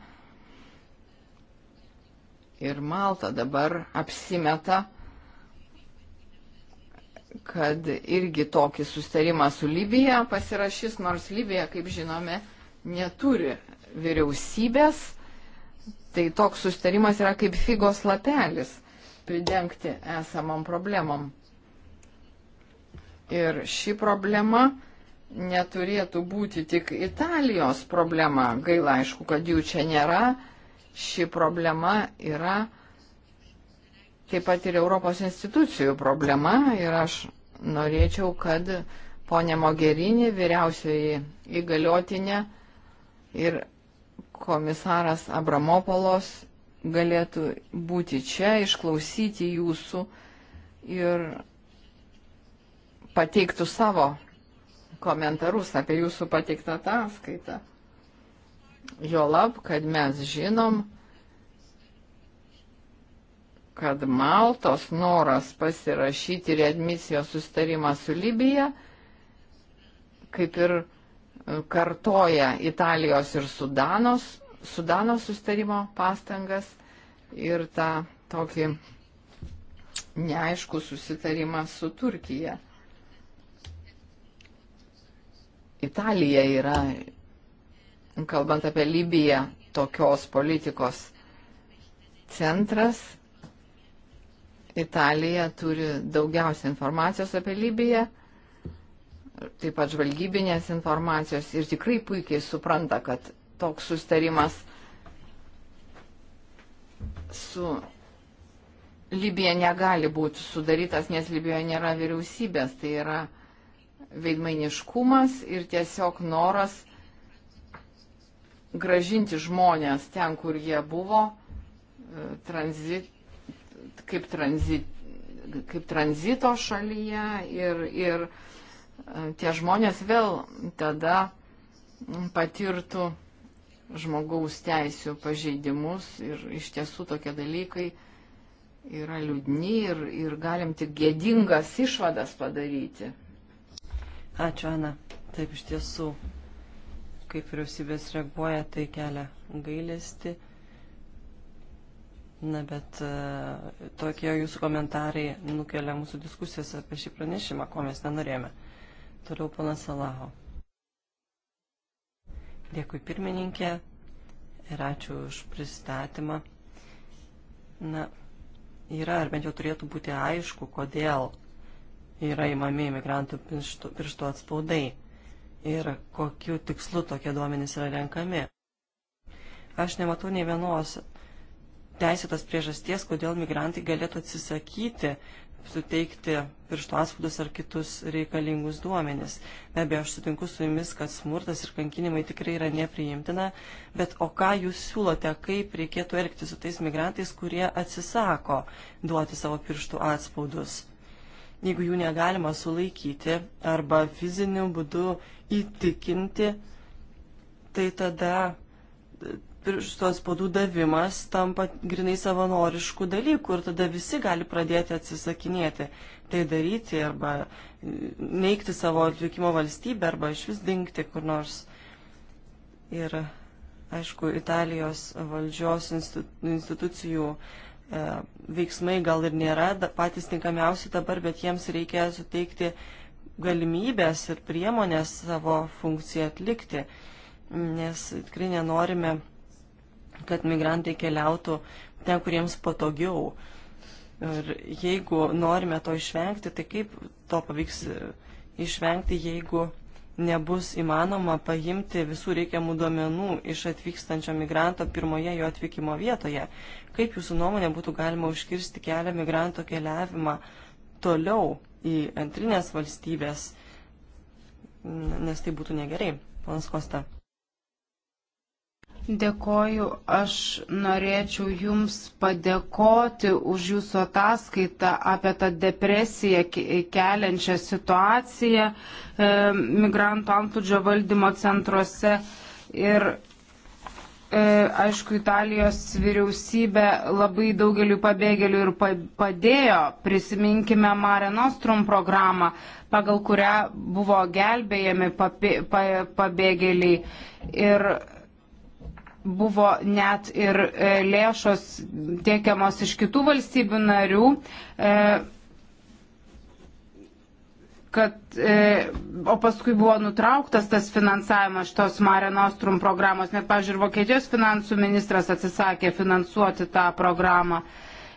ir Malta dabar apsimeta, kad irgi tokį sustarimą su Libija pasirašys, nors Libija, kaip žinome, neturi vyriausybės. Tai toks sustarimas yra kaip figos lapelis pridengti esamam problemam. Ir ši problema neturėtų būti tik Italijos problema. Gaila, aišku, kad jų čia nėra. Ši problema yra taip pat ir Europos institucijų problema. Ir aš norėčiau, kad ponė Mogerinė, vyriausioji įgaliotinė ir komisaras Abramopolos galėtų būti čia, išklausyti jūsų ir pateiktų savo komentarus apie jūsų pateiktą ataskaitą. Jo lab, kad mes žinom, kad Maltos noras pasirašyti readmisijos sustarimą su Libija, kaip ir e, kartoja Italijos ir Sudanos, Sudano sustarimo pastangas ir tą tokį neaišku susitarimą su Turkija. Italija yra, kalbant apie Libiją, tokios politikos centras. Italija turi daugiausia informacijos apie Libiją, taip pat žvalgybinės informacijos ir tikrai puikiai supranta, kad toks sustarimas su Libija negali būti sudarytas, nes Libijoje nėra vyriausybės, tai yra veidmainiškumas ir tiesiog noras gražinti žmonės ten, kur jie buvo, e, tranzit, kaip, tranzit, kaip tranzito šalyje ir, ir e, tie žmonės vėl tada patirtų žmogaus teisų pažeidimus ir iš tiesų tokie dalykai yra
liūdni ir, ir galim tik gėdingas
išvadas padaryti.
Ačiū, Ana. Taip iš tiesų, kaip vyriausybės reaguoja, tai kelia gailesti. Na, bet e, tokie jūsų komentarai nukelia mūsų diskusijas apie šį pranešimą, ko mes nenorėjome. Toliau panas Alaho. Dėkui pirmininkė ir ačiū už pristatymą. Na, yra, ar bent jau turėtų būti aišku, kodėl yra įmami imigrantų pirštų atspaudai ir kokiu tikslu tokie duomenys yra renkami. Aš nematau nei vienos teisėtos priežasties, kodėl migrantai galėtų atsisakyti suteikti pirštų atspaudus ar kitus reikalingus duomenis. Be abejo, aš sutinku su jumis, kad smurtas ir kankinimai tikrai yra nepriimtina, bet o ką jūs siūlote, kaip reikėtų elgti su tais migrantais, kurie atsisako duoti savo pirštų atspaudus? jeigu jų negalima sulaikyti arba fiziniu būdu įtikinti, tai tada e, piršto spaudų davimas tampa grinai savanoriškų dalykų ir tada visi gali pradėti atsisakinėti tai daryti arba e, neikti savo atvykimo valstybę arba iš vis dingti kur nors. Ir aišku, Italijos valdžios institucijų uh, E, veiksmai gal ir nėra patys tinkamiausi dabar, bet jiems reikia suteikti galimybės ir priemonės savo funkciją atlikti, nes tikrai nenorime, kad migrantai keliautų ten, kuriems patogiau. Ir jeigu norime to išvengti, tai kaip to pavyks išvengti, jeigu nebus įmanoma paimti visų reikiamų duomenų iš atvykstančio migranto pirmoje jo atvykimo vietoje. Kaip jūsų nuomonė būtų galima užkirsti kelią migranto keliavimą toliau į antrinės valstybės, nes tai būtų negerai, panas Kosta.
Dėkoju, aš norėčiau Jums padėkoti už Jūsų ataskaitą apie tą depresiją keliančią situaciją e, migrantų antplūdžio valdymo centruose. Ir e, aišku, Italijos vyriausybė labai daugeliu pabėgėlių ir padėjo. Prisiminkime Mare Nostrum programą, pagal kurią buvo gelbėjami pabėgėliai. Ir buvo net ir e, lėšos tiekiamos iš kitų valstybių narių, e, kad, e, o paskui buvo nutrauktas tas finansavimas šitos Mare Nostrum programos, net, pažiūrėjau, Vokietijos finansų ministras atsisakė finansuoti tą programą.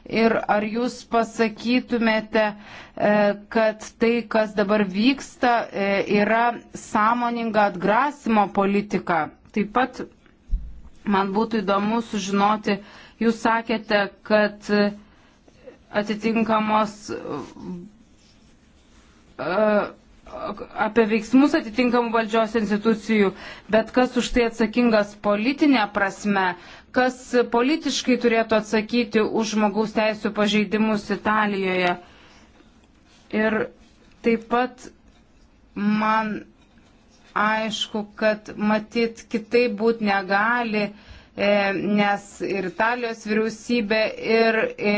Ir ar jūs pasakytumėte, kad tai, kas dabar vyksta, yra sąmoninga atgrasimo politika? Taip pat Man būtų įdomu sužinoti, jūs sakėte, kad atitinkamos e, apie veiksmus atitinkamų valdžios institucijų, bet kas už tai atsakingas politinė prasme, kas politiškai turėtų atsakyti už žmogaus teisų pažeidimus Italijoje. Ir taip pat man aišku, kad matyt kitai būt negali, e, nes ir Italijos vyriausybė, ir e,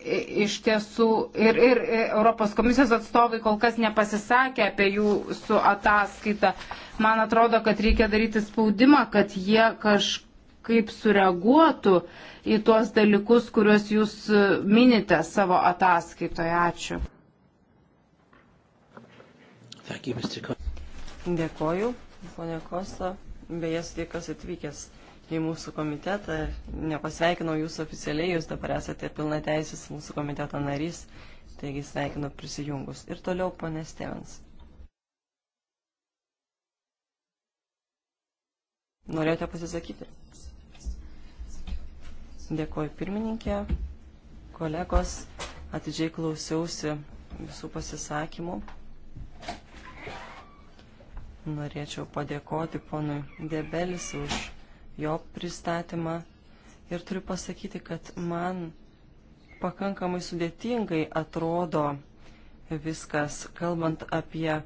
e, iš tiesų ir, ir Europos komisijos atstovai kol kas nepasisakė apie jų su ataskaita. Man atrodo, kad reikia daryti spaudimą, kad jie kažkaip sureaguotų į tuos dalykus, kuriuos jūs minite savo
ataskaitoje. Ačiū. You, Dėkoju, ponė Kosta, beje, sveikas atvykęs į mūsų komitetą. Nepasveikinau jūsų oficialiai, jūs dabar esate pilna teisės mūsų komiteto narys, taigi sveikinu prisijungus. Ir toliau, ponė Stevens. Norėjote pasisakyti? Dėkoju pirmininkė, kolegos, atidžiai klausiausi visų pasisakymų. Norėčiau padėkoti ponui Debelis už jo pristatymą ir turiu pasakyti, kad man pakankamai sudėtingai atrodo viskas, kalbant apie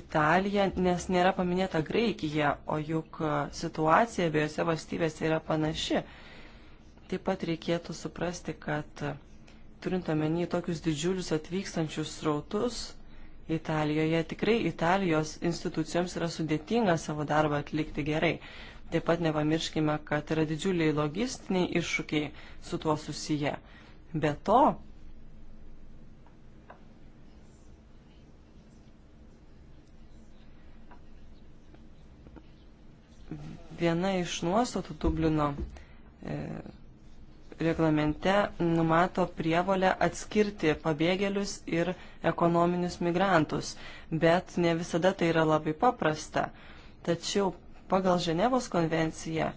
Italiją, nes nėra paminėta Graikija, o juk situacija abiejose valstybėse yra panaši. Taip pat reikėtų suprasti, kad turint omeny tokius didžiulius atvykstančius srautus, Italijoje. Tikrai Italijos institucijoms yra sudėtinga savo darbą atlikti gerai. Taip pat nepamirškime, kad yra didžiuliai logistiniai iššūkiai su tuo susiję. Be to, viena iš nuostatų Dublino e, reglamente numato prievolę atskirti pabėgėlius ir ekonominius migrantus, bet ne visada tai yra labai paprasta. Tačiau pagal Ženevos konvenciją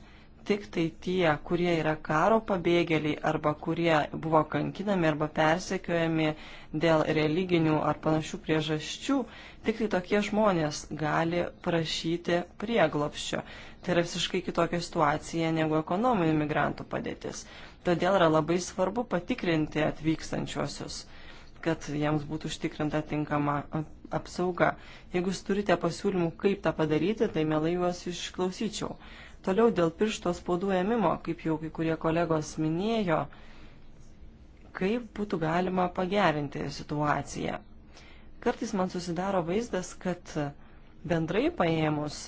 tik tai tie, kurie yra karo pabėgėliai arba kurie buvo kankinami arba persekiojami dėl religinių ar panašių priežasčių, tik tai tokie žmonės gali prašyti prieglopščio. Tai yra visiškai kitokia situacija negu ekonominių migrantų padėtis. Todėl yra labai svarbu patikrinti atvykstančiuosius, kad jiems būtų užtikrinta tinkama apsauga. Jeigu jūs turite pasiūlymų, kaip tą padaryti, tai mielai juos išklausyčiau. Toliau dėl piršto spaudų ėmimo, kaip jau kai kurie kolegos minėjo, kaip būtų galima pagerinti situaciją. Kartais man susidaro vaizdas, kad bendrai paėmus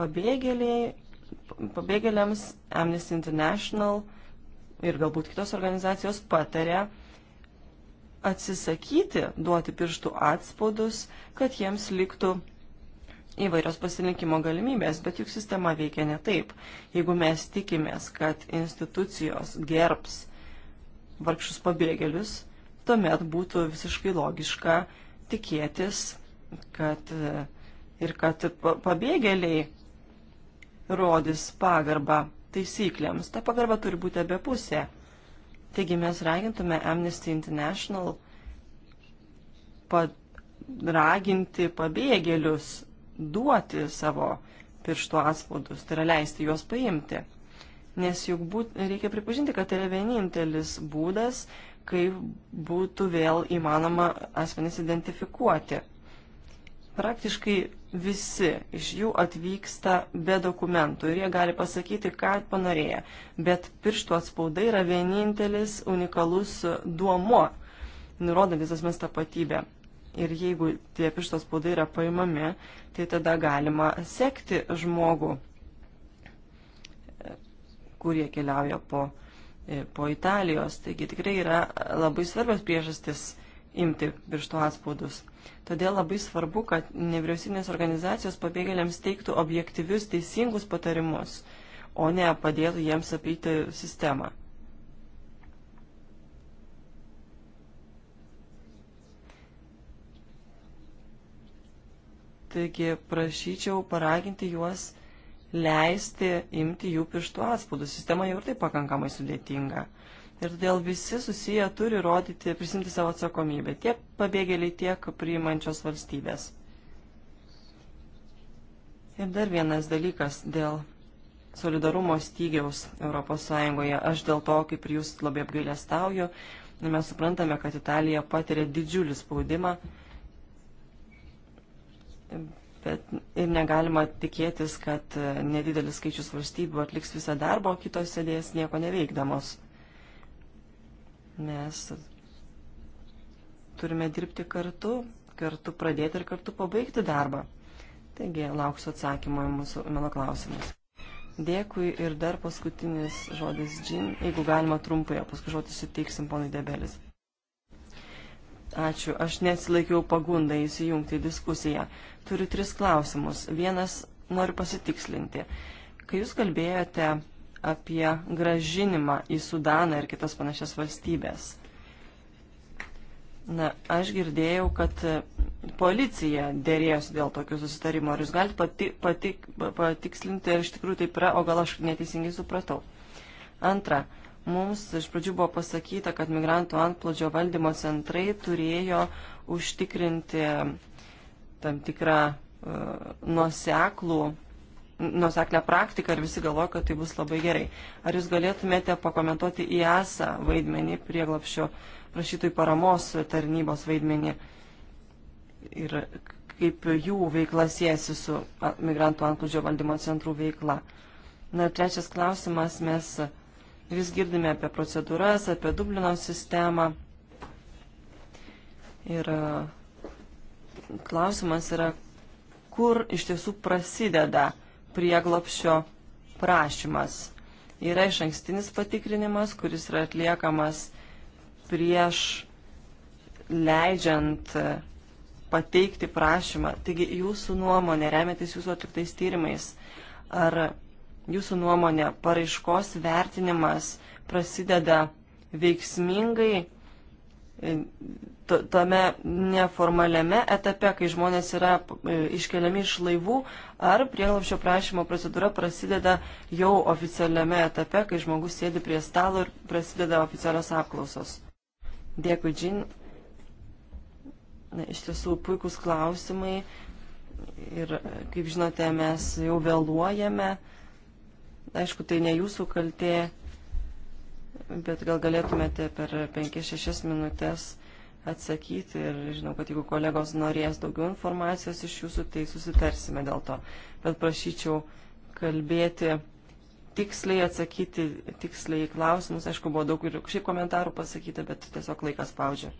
pabėgėliai, pabėgėliams Amnesty International – ir galbūt kitos organizacijos patarė atsisakyti duoti pirštų atspaudus, kad jiems liktų įvairios pasirinkimo galimybės, bet juk sistema veikia ne taip. Jeigu mes tikimės, kad institucijos gerbs vargšus pabėgėlius, tuomet būtų visiškai logiška tikėtis, kad e, ir kad pabėgėliai rodys pagarbą taisyklėms. Ta pagarba turi būti abipusė. Taigi mes ragintume Amnesty International raginti pabėgėlius duoti savo pirštų atspaudus, tai yra leisti juos paimti. Nes juk būt, reikia pripažinti, kad tai yra vienintelis būdas, kaip būtų vėl įmanoma asmenys identifikuoti. Praktiškai visi iš jų atvyksta be dokumentų ir jie gali pasakyti, ką panorėja. Bet pirštų atspaudai yra vienintelis unikalus duomo, nurodo visas mes tapatybę. Ir jeigu tie pirštos spaudai yra paimami, tai tada galima sekti žmogų, kurie keliauja po, e, po Italijos. Taigi tikrai yra labai svarbios priežastis imti pirštų atspaudus. Todėl labai svarbu, kad nevyriausybinės organizacijos pabėgėliams teiktų objektyvius teisingus patarimus, o ne padėtų jiems apeiti sistemą. Taigi prašyčiau paraginti juos leisti imti jų pirštų atspaudų. Sistema jau ir taip pakankamai sudėtinga. Ir todėl visi susiję turi rodyti, prisimti savo atsakomybę, tiek pabėgėliai, tiek priimančios valstybės. Ir dar vienas dalykas dėl solidarumo stygiaus ES. Aš dėl to, kaip ir jūs labai apgailestauju, mes suprantame, kad Italija patiria didžiulį spaudimą, bet ir negalima tikėtis, kad nedidelis skaičius valstybių atliks visą darbą, o kitos sėdės nieko neveikdamos. Mes turime dirbti kartu, kartu pradėti ir kartu pabaigti darbą. Taigi lauksiu atsakymo į mūsų, mano klausimus. Dėkui ir dar paskutinis žodis džin, jeigu galima trumpai, o paskui žodį suteiksim ponui Debelis. Ačiū, aš nesilaikiau pagundą įsijungti į diskusiją. Turiu tris klausimus. Vienas noriu pasitikslinti. Kai jūs kalbėjote apie gražinimą į Sudaną ir kitas panašias valstybės. Na, aš girdėjau, kad policija dėrėjosi dėl tokių susitarimų. Ar jūs galite pati, pati, patikslinti, ar iš tikrųjų taip yra, o gal aš neteisingai supratau. Antra, mums iš pradžių buvo pasakyta, kad migrantų antplūdžio valdymo centrai turėjo užtikrinti tam tikrą uh, nuoseklų nuseklę praktiką ir visi galvoja, kad tai bus labai gerai. Ar jūs galėtumėte pakomentuoti į esą vaidmenį prieglapščio prašytojų paramos tarnybos vaidmenį ir kaip jų veikla siejasi su migrantų antplūdžio valdymo centrų veikla? Na ir trečias klausimas, mes vis girdime apie procedūras, apie Dublino sistemą. Ir klausimas yra, kur iš tiesų prasideda uh, prieglopšio prašymas. Yra iš ankstinis patikrinimas, kuris yra atliekamas prieš leidžiant e, pateikti prašymą. Taigi jūsų nuomonė, remiantis jūsų atliktais tyrimais, ar jūsų nuomonė paraiškos vertinimas prasideda veiksmingai tame neformaliame etape, kai žmonės yra e, iškeliami iš laivų, ar prieglapšio prašymo procedūra prasideda jau oficialiame etape, kai žmogus sėdi prie stalo ir prasideda oficialios apklausos. Dėkui, Džin. Na, iš tiesų, puikūs klausimai. Ir, e, kaip žinote, mes jau vėluojame. Aišku, tai ne jūsų kaltė bet gal galėtumėte per 5-6 minutės atsakyti ir žinau, kad jeigu kolegos norės daugiau informacijos iš jūsų, tai susitarsime dėl to. Bet prašyčiau kalbėti tiksliai, atsakyti tiksliai klausimus. Aišku, buvo daug ir šiaip komentarų pasakyta, bet tiesiog laikas spaudžia.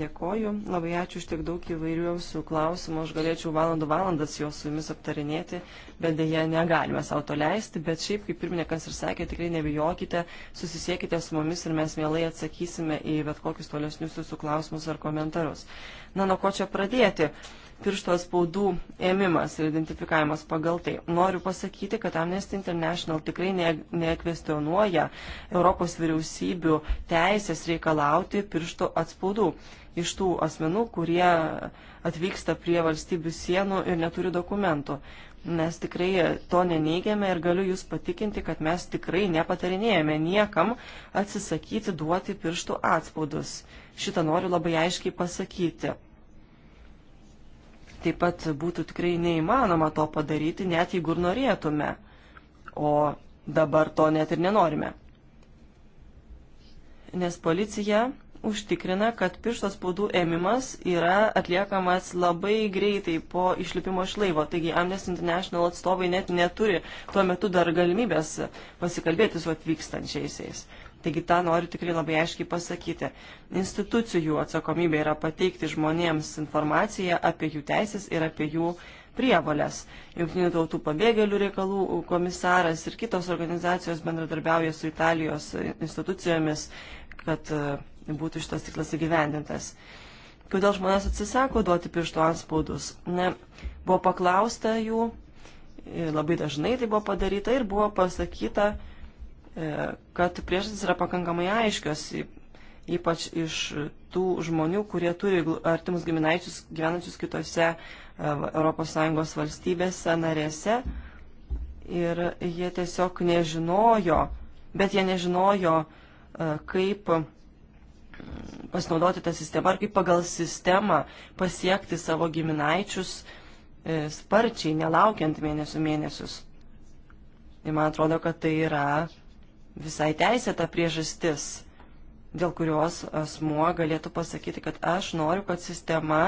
Dėkoju, labai ačiū iš tiek daug įvairiausių klausimų, aš galėčiau valandų valandas juos su jumis aptarinėti, bet dėja negalime savo to leisti, bet šiaip, kaip pirmininkas ir sakė, tikrai nebijokite, susisiekite su mumis ir mes mielai atsakysime į bet kokius tolesnius jūsų klausimus ar komentarus. Na, nuo ko čia pradėti? piršto spaudų ėmimas ir identifikavimas pagal tai. Noriu pasakyti, kad Amnesty International tikrai ne, nekvestionuoja Europos vyriausybių teisės reikalauti piršto atspaudų iš tų asmenų, kurie atvyksta prie valstybių sienų ir neturi dokumentų. Mes tikrai to neneigiame ir galiu Jūs patikinti, kad mes tikrai nepatarinėjame niekam atsisakyti duoti pirštų atspaudus. Šitą noriu labai aiškiai pasakyti. Taip pat būtų tikrai neįmanoma to padaryti, net jeigu ir norėtume. O dabar to net ir nenorime. Nes policija užtikrina, kad piršto spaudų ėmimas yra atliekamas labai greitai po išlipimo iš laivo. Taigi Amnesty International atstovai net neturi tuo metu dar galimybės pasikalbėti su atvykstančiaisiais. Taigi tą noriu tikrai labai aiškiai pasakyti. Institucijų atsakomybė yra pateikti žmonėms informaciją apie jų teisės ir apie jų prievalės. Junktinių tautų pabėgėlių reikalų komisaras ir kitos organizacijos bendradarbiauja su Italijos institucijomis, kad e, būtų šitas tiklas įgyvendintas. Kodėl žmonės atsisako duoti pirštų anspaudus? Ne, buvo paklausta jų, e, labai dažnai tai buvo padaryta ir buvo pasakyta, E, kad priežastys yra pakankamai aiškios, ypač iš tų žmonių, kurie turi artimus giminaičius gyvenančius kitose ES valstybėse narėse. Ir jie tiesiog nežinojo, bet jie nežinojo, e, kaip pasinaudoti tą sistemą ar kaip pagal sistemą pasiekti savo giminaičius e, sparčiai, nelaukiant mėnesių mėnesius. Ir man atrodo, kad tai yra uh, visai teisėta priežastis, dėl kurios asmuo galėtų pasakyti, kad aš noriu, kad sistema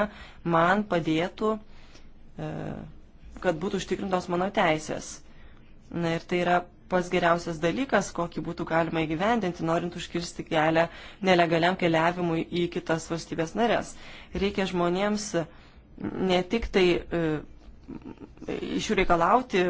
man padėtų, e, kad būtų užtikrintos mano teisės. Na ir tai yra pats geriausias dalykas, kokį būtų galima įgyvendinti, norint užkirsti kelią nelegaliam keliavimui į kitas valstybės narės. Reikia žmonėms ne tik tai e, iš jų reikalauti,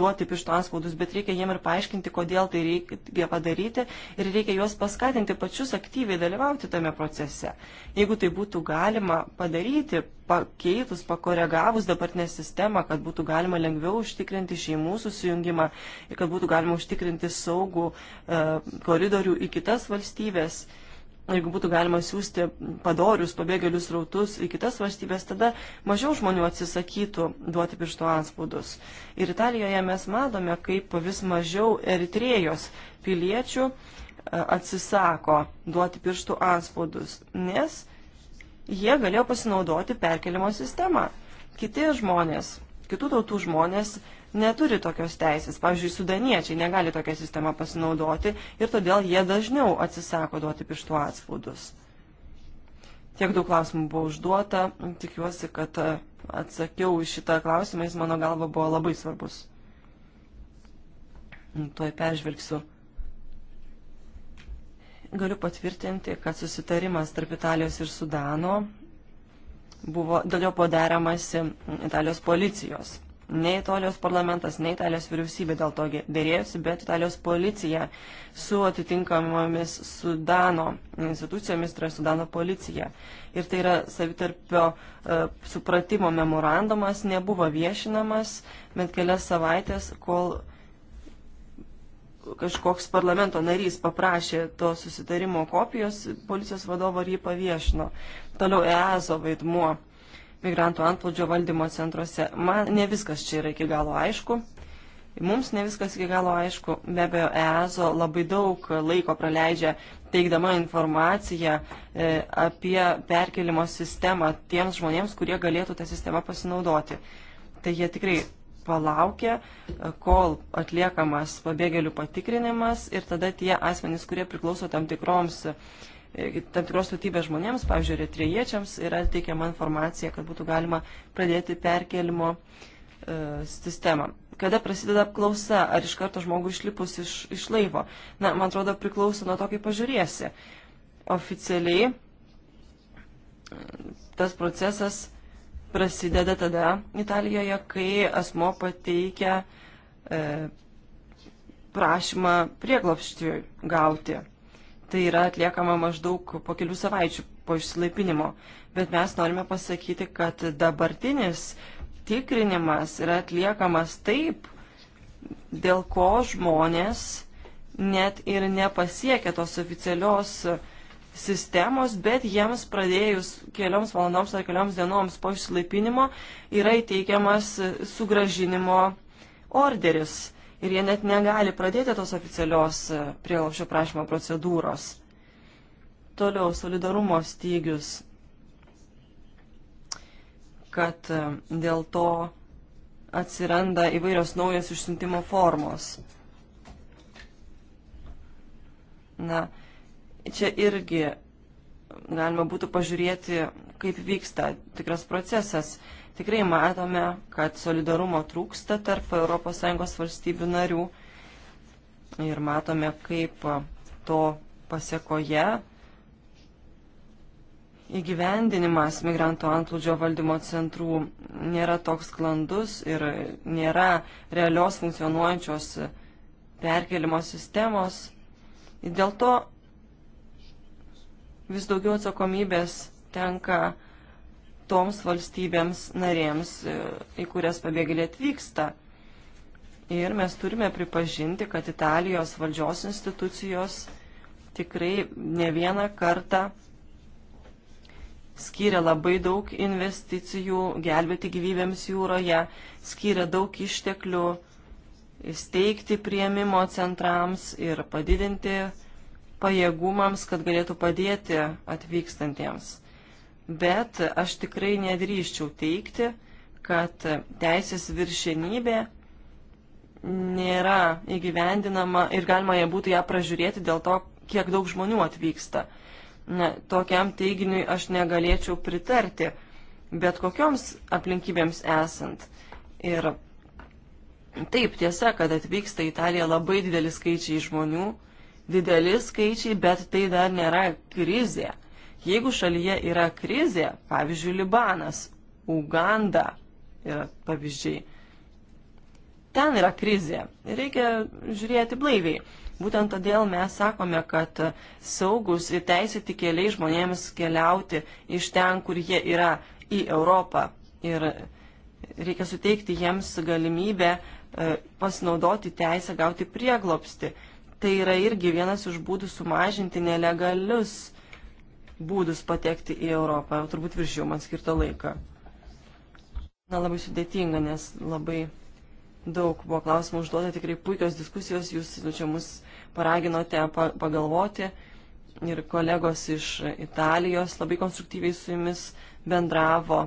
duoti pirštų anspaudus, bet reikia jiem ir paaiškinti, kodėl tai reikia padaryti ir reikia juos paskatinti pačius aktyviai dalyvauti tame procese. Jeigu tai būtų galima padaryti, pakeitus, pakoregavus dabartinę sistemą, kad būtų galima lengviau užtikrinti šeimų susijungimą ir kad būtų galima užtikrinti saugų e, koridorių į kitas valstybės. E, jeigu būtų galima siūsti padorius pabėgėlius rautus į kitas valstybės, tada mažiau žmonių atsisakytų duoti piršto anspaudus. Ir Italijoje mes matome, kaip vis mažiau Eritrėjos piliečių e, atsisako duoti pirštų anspaudus, nes jie galėjo pasinaudoti perkelimo sistemą. Kiti žmonės, kitų tautų žmonės neturi tokios teisės. Pavyzdžiui, sudaniečiai negali tokią sistemą pasinaudoti ir todėl jie dažniau atsisako duoti pirštų atspaudus. Tiek daug klausimų buvo užduota, tikiuosi, kad atsakiau šitą klausimą, jis mano galva buvo labai svarbus. Tuoj peržvelgsiu. Galiu patvirtinti, kad susitarimas tarp Italijos ir Sudano buvo, dėl jo poderamasi Italijos policijos Nei Italijos parlamentas, nei Italijos vyriausybė dėl to dėrėjosi, bet Italijos policija su atitinkamomis Sudano institucijomis, tai yra Sudano policija. Ir tai yra savitarpio uh, supratimo memorandumas, nebuvo viešinamas, bet kelias savaitės, kol kažkoks parlamento narys paprašė to susitarimo kopijos policijos vadovo ir jį paviešino. Toliau EASO vaidmuo migrantų antplūdžio valdymo centruose. Man ne viskas čia yra iki galo aišku. Mums ne viskas iki galo aišku. Be abejo, EASO labai daug laiko praleidžia teikdama informaciją e, apie perkelimo sistemą tiems žmonėms, kurie galėtų tą sistemą pasinaudoti. Tai jie tikrai palaukia, e, kol atliekamas pabėgėlių patikrinimas ir tada tie asmenys, kurie priklauso tam tikroms uh, tam tikros tautybės žmonėms, pavyzdžiui, retriečiams yra teikiama informacija, kad būtų galima pradėti perkelimo e, sistemą. Kada prasideda apklausa, ar iš karto žmogų išlipus iš, iš laivo? Na, man atrodo, priklauso nuo to, kaip pažiūrėsi. Oficialiai e, tas procesas prasideda tada Italijoje, kai asmo pateikia e, prašymą prieglopščiui gauti tai yra atliekama maždaug po kelių savaičių po išsilaipinimo. Bet mes norime pasakyti, kad dabartinis tikrinimas yra atliekamas taip, dėl ko žmonės net ir nepasiekia tos oficialios sistemos, bet jiems pradėjus kelioms valandoms ar kelioms dienoms po išsilaipinimo yra įteikiamas sugražinimo orderis ir jie net negali pradėti tos oficialios e, prieglobščio prašymo procedūros. Toliau solidarumo stygius, kad e, dėl to atsiranda įvairios naujos išsiuntimo formos. Na, čia irgi galima būtų pažiūrėti, kaip vyksta tikras procesas. Tikrai matome, kad solidarumo trūksta tarp ES valstybių narių ir matome, kaip to pasiekoje įgyvendinimas migrantų antplūdžio valdymo centrų nėra toks sklandus ir nėra realios funkcionuojančios perkelimo sistemos. Ir dėl to vis daugiau atsakomybės tenka toms valstybėms narėms, e, į kurias pabėgėliai atvyksta. Ir mes turime pripažinti, kad Italijos valdžios institucijos tikrai ne vieną kartą skyrė labai daug investicijų gelbėti gyvybėms jūroje, skyrė daug išteklių steigti prieimimo centrams ir padidinti pajėgumams, kad galėtų padėti atvykstantiems bet aš tikrai nedrįščiau teikti, kad teisės viršenybė nėra įgyvendinama ir galima ją būtų ją pražiūrėti dėl to, kiek daug žmonių atvyksta. Na, tokiam teiginiui aš negalėčiau pritarti, bet kokioms aplinkybėms esant. Ir taip tiesa, kad atvyksta į Italiją labai dideli skaičiai žmonių, dideli skaičiai, bet tai dar nėra krizė Jeigu šalyje yra krizė, pavyzdžiui, Libanas, Uganda yra pavyzdžiai, ten yra krizė. Reikia žiūrėti blaiviai. Būtent todėl mes sakome, kad saugus ir teisėti keliai žmonėms keliauti iš ten, kur jie yra, į Europą. Ir reikia suteikti jiems galimybę e, pasinaudoti teisę gauti prieglopsti. Tai yra irgi vienas iš būdų sumažinti nelegalius būdus patekti į Europą. Turbūt viršiau man skirtą laiką. Na, labai sudėtinga, nes labai daug buvo klausimų užduota, tikrai puikios diskusijos, jūs nu, čia mus paraginote pa pagalvoti ir kolegos iš Italijos labai konstruktyviai su jumis bendravo.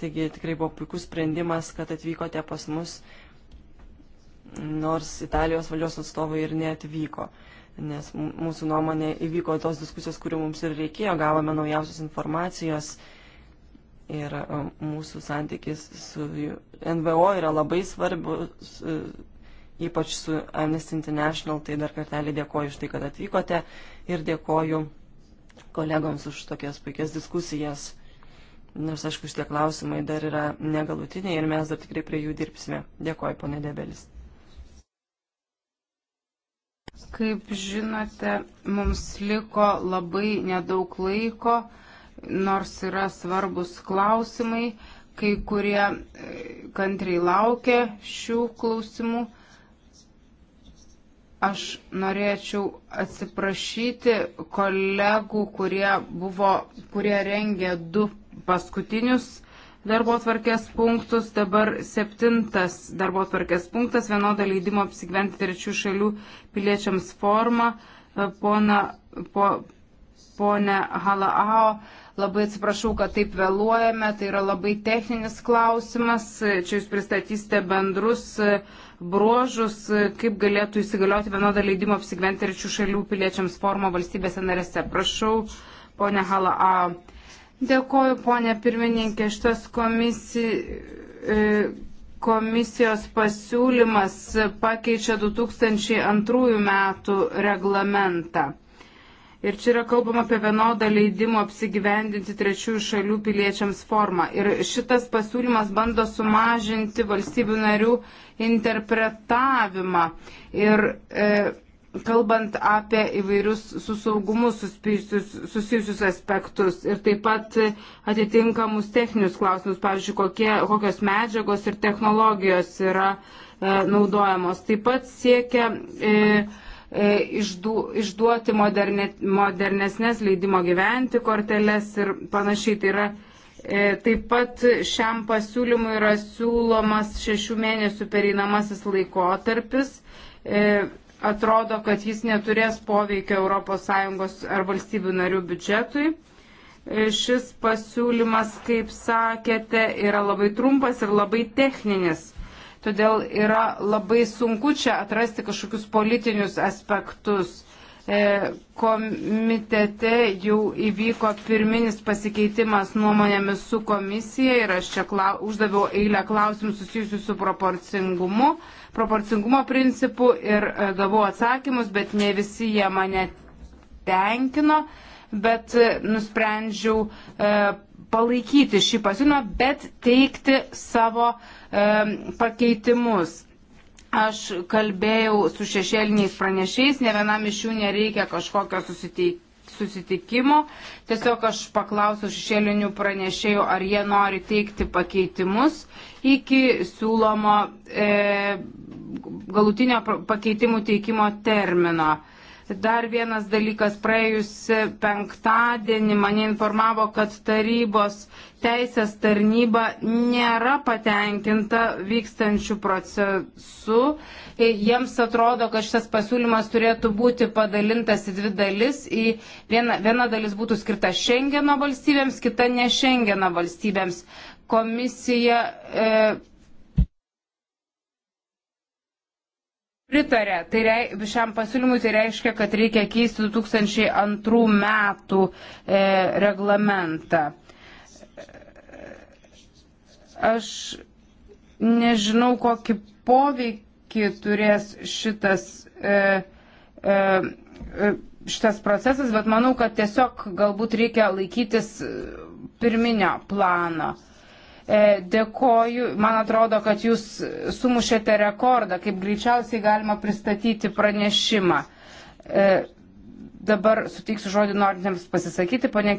Taigi tikrai buvo puikus sprendimas, kad atvykote pas mus, nors Italijos valdžios atstovai ir neatvyko nes mūsų nuomonė įvyko tos diskusijos, kurių mums ir reikėjo, gavome naujausios informacijos ir e, mūsų santykis su NVO yra labai svarbus, e, ypač su Amnesty International, tai dar kartelį dėkoju už tai, kad atvykote ir dėkoju kolegoms už tokias puikias diskusijas. Nors, aišku, šitie klausimai dar yra negalutiniai ir mes dar tikrai prie jų dirbsime. Dėkoju, ponė Debelis.
Kaip žinote, mums liko labai nedaug laiko, nors yra svarbus klausimai, kai kurie e, kantriai laukia šių klausimų. Aš norėčiau atsiprašyti kolegų, kurie, buvo, kurie rengė du paskutinius darbo tvarkės punktus. Dabar septintas darbo tvarkės punktas - vienodo leidimo apsigventi trečių šalių piliečiams forma. E, pona, po, ponė Halaao, labai atsiprašau, kad taip vėluojame. Tai yra labai techninis klausimas. Čia jūs pristatysite bendrus e, bruožus, e, kaip galėtų įsigalioti vienodą leidimą apsigventi trečių šalių piliečiams formą valstybėse narėse. Prašau, ponė Hala A. Dėkoju, ponė pirmininkė, šitas komisi, e, komisijos pasiūlymas pakeičia 2002 metų reglamentą. Ir čia yra kalbama apie vienodą leidimo apsigyvendinti trečiųjų šalių piliečiams formą. Ir šitas pasiūlymas bando sumažinti valstybių narių interpretavimą. Ir, e, kalbant apie įvairius su saugumu susijusius, susijusius aspektus ir taip pat atitinkamus techninius klausimus, pavyzdžiui, kokie, kokios medžiagos ir technologijos yra e, naudojamos. Taip pat siekia e, e, išdu, išduoti moderne, modernesnės leidimo gyventi korteles ir panašiai. Tai yra, e, taip pat šiam pasiūlymui yra siūlomas šešių mėnesių pereinamasis laikotarpis. E, atrodo, kad jis neturės poveikio ES ar valstybių narių biudžetui. E, šis pasiūlymas, kaip sakėte, yra labai trumpas ir labai techninis. Todėl yra labai sunku čia atrasti kažkokius politinius aspektus. E, komitete jau įvyko pirminis pasikeitimas nuomonėmis su komisija ir aš čia klau, uždaviau eilę klausimų susijusių su proporcingumu. E, proporcingumo principų ir e, gavau atsakymus, bet ne visi jie mane tenkino, bet e, nusprendžiau e, palaikyti šį pasiūlymą, bet teikti savo pakeitimus. Aš kalbėjau su šešėliniais pranešiais, ne vienam iš jų nereikia kažkokio susiteikti susitikimo. Tiesiog aš paklausiu šešėlinių pranešėjų, ar jie nori teikti pakeitimus iki siūlomo e, galutinio pakeitimų teikimo termino. E, Tai dar vienas dalykas, praėjusi penktadienį mane informavo, kad tarybos teisės tarnyba nėra patenkinta vykstančių procesų. E, jiems atrodo, kad šitas pasiūlymas turėtų būti padalintas į dvi dalis. Į viena, viena dalis būtų skirta Šengeno valstybėms, kita ne Šengeno valstybėms. Komisija e, pritarė tai rei, šiam pasiūlymui, tai reiškia, kad reikia keisti 2002 metų e, reglamentą. Aš nežinau, kokį poveikį turės šitas, e, e, e, šitas procesas, bet manau, kad tiesiog galbūt reikia laikytis pirminio plano. E, E, dėkoju, man atrodo, kad jūs sumušėte rekordą, kaip greičiausiai galima pristatyti pranešimą. E, dabar suteiksiu žodį norintiems pasisakyti, ponė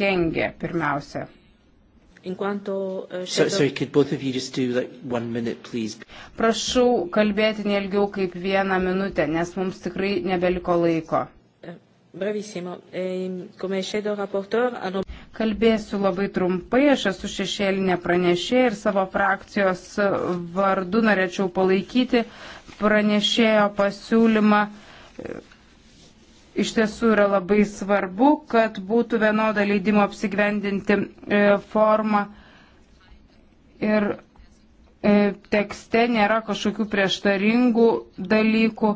Kengė pirmiausia. Quanto, uh, so, sorry,
like minute, please?
Prašau kalbėti nelgiau kaip vieną minutę, nes mums tikrai nebeliko laiko. Eh, Bravissimo. E, ehm, come shadow rapporteur, hanno... Kalbėsiu labai trumpai, aš esu šešėlinė pranešė ir savo frakcijos vardu norėčiau palaikyti pranešėjo pasiūlymą. Iš tiesų yra labai svarbu, kad būtų vienoda leidimo apsigvendinti e, forma ir e, tekste nėra kažkokių prieštaringų dalykų.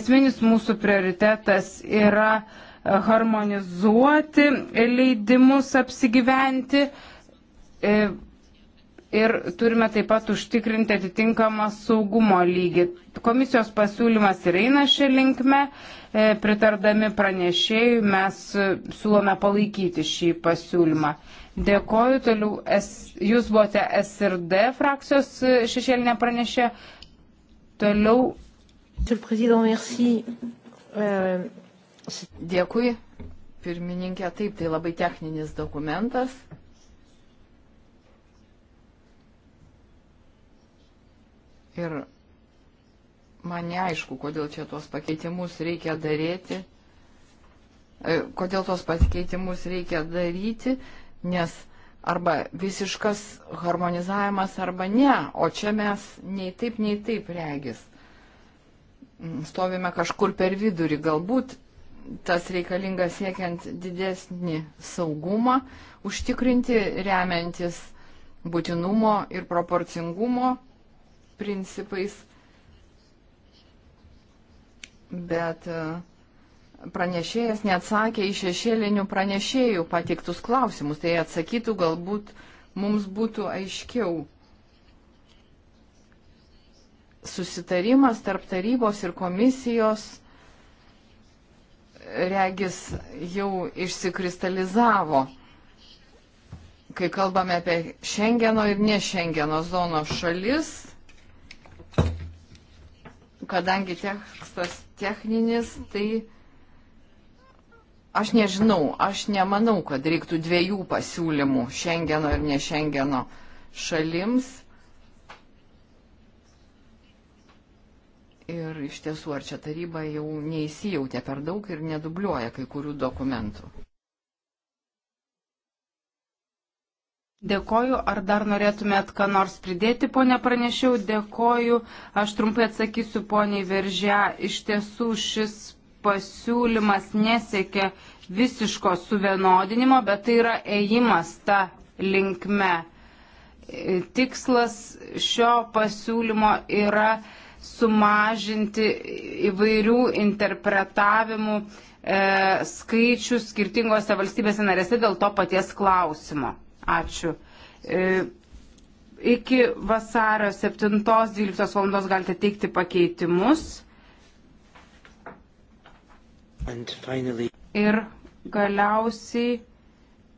Esminis mūsų prioritetas yra uh, harmonizuoti leidimus apsigyventi. E, ir turime taip pat užtikrinti atitinkamą saugumo lygį. Komisijos pasiūlymas ir eina šią linkmę. E, pritardami pranešėjui mes siūlome palaikyti šį pasiūlymą. Dėkoju, toliau S, jūs buvote SRD frakcijos e, šešėlinė pranešė. Toliau. Monsieur le Président, merci.
Euh, Dėkui, pirmininkė. Taip, tai labai techninis dokumentas. Ir man neaišku, kodėl čia tuos pakeitimus reikia daryti, e, kodėl tuos pakeitimus reikia daryti, nes arba visiškas harmonizavimas arba ne, o čia mes nei taip, nei taip regis. Mm, stovime kažkur per vidurį, galbūt tas reikalingas siekiant didesnį saugumą, užtikrinti remiantis būtinumo ir proporcingumo principais. Bet e, pranešėjas neatsakė į šešėlinių pranešėjų patiktus klausimus, tai atsakytų galbūt mums būtų aiškiau. Susitarimas tarp tarybos ir komisijos regis jau išsikristalizavo, kai kalbame apie Šengeno ir ne Šengeno zonos šalis, kadangi tekstas techninis, tai aš nežinau, aš nemanau, kad reiktų dviejų pasiūlymų Šengeno ir ne Šengeno šalims Ir iš tiesų, ar čia taryba jau neįsijautė per daug ir nedubliuoja kai kurių dokumentų.
Dėkoju, ar dar norėtumėt ką nors pridėti, ponė pranešiau, dėkoju, aš trumpai atsakysiu poniai Veržia, iš tiesų šis pasiūlymas nesiekia visiško suvienodinimo, bet tai yra ėjimas tą linkme. Tikslas šio pasiūlymo yra sumažinti įvairių interpretavimų e, skaičių skirtingose valstybėse narėse dėl to paties klausimo. Ačiū. E, iki vasario 7-12 val. galite teikti pakeitimus. Finally... Ir galiausiai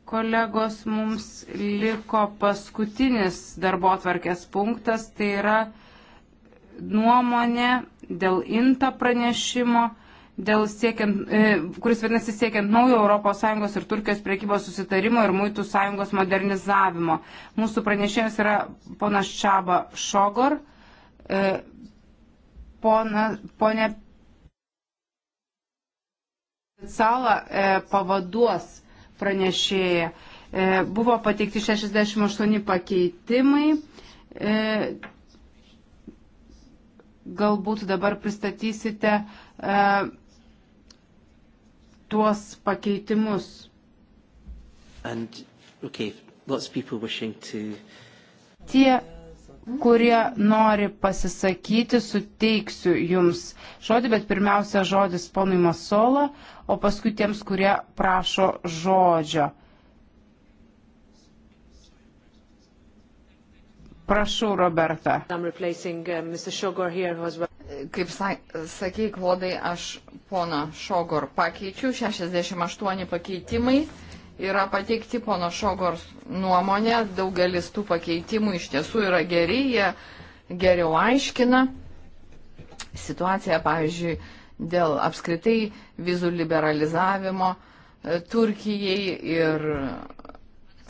kolegos mums liko paskutinis darbo atvarkės punktas, tai yra nuomonė dėl INTA pranešimo, dėl siekiant, e, kuris vadinasi siekiant naujo ES ir Turkijos priekybos susitarimo ir muitų sąjungos modernizavimo. Mūsų pranešėjas yra ponas Čaba Šogor, e, pona, ponė Sala e, pavaduos pranešėja. Buvo pateikti 68 pakeitimai galbūt dabar pristatysite e, tuos pakeitimus.
And, okay, to...
Tie, kurie nori pasisakyti, suteiksiu jums žodį, bet pirmiausia žodis ponui Masola, o paskui tiems, kurie prašo žodžio. Prašau, Roberta.
Uh, Kaip sakė Klodai, aš pono Šogor pakeičiu. 68 pakeitimai yra pateikti pono Šogor nuomonė. Daugelis tų pakeitimų iš tiesų yra geri, jie geriau aiškina situaciją, pavyzdžiui, dėl apskritai vizų liberalizavimo e, Turkijai ir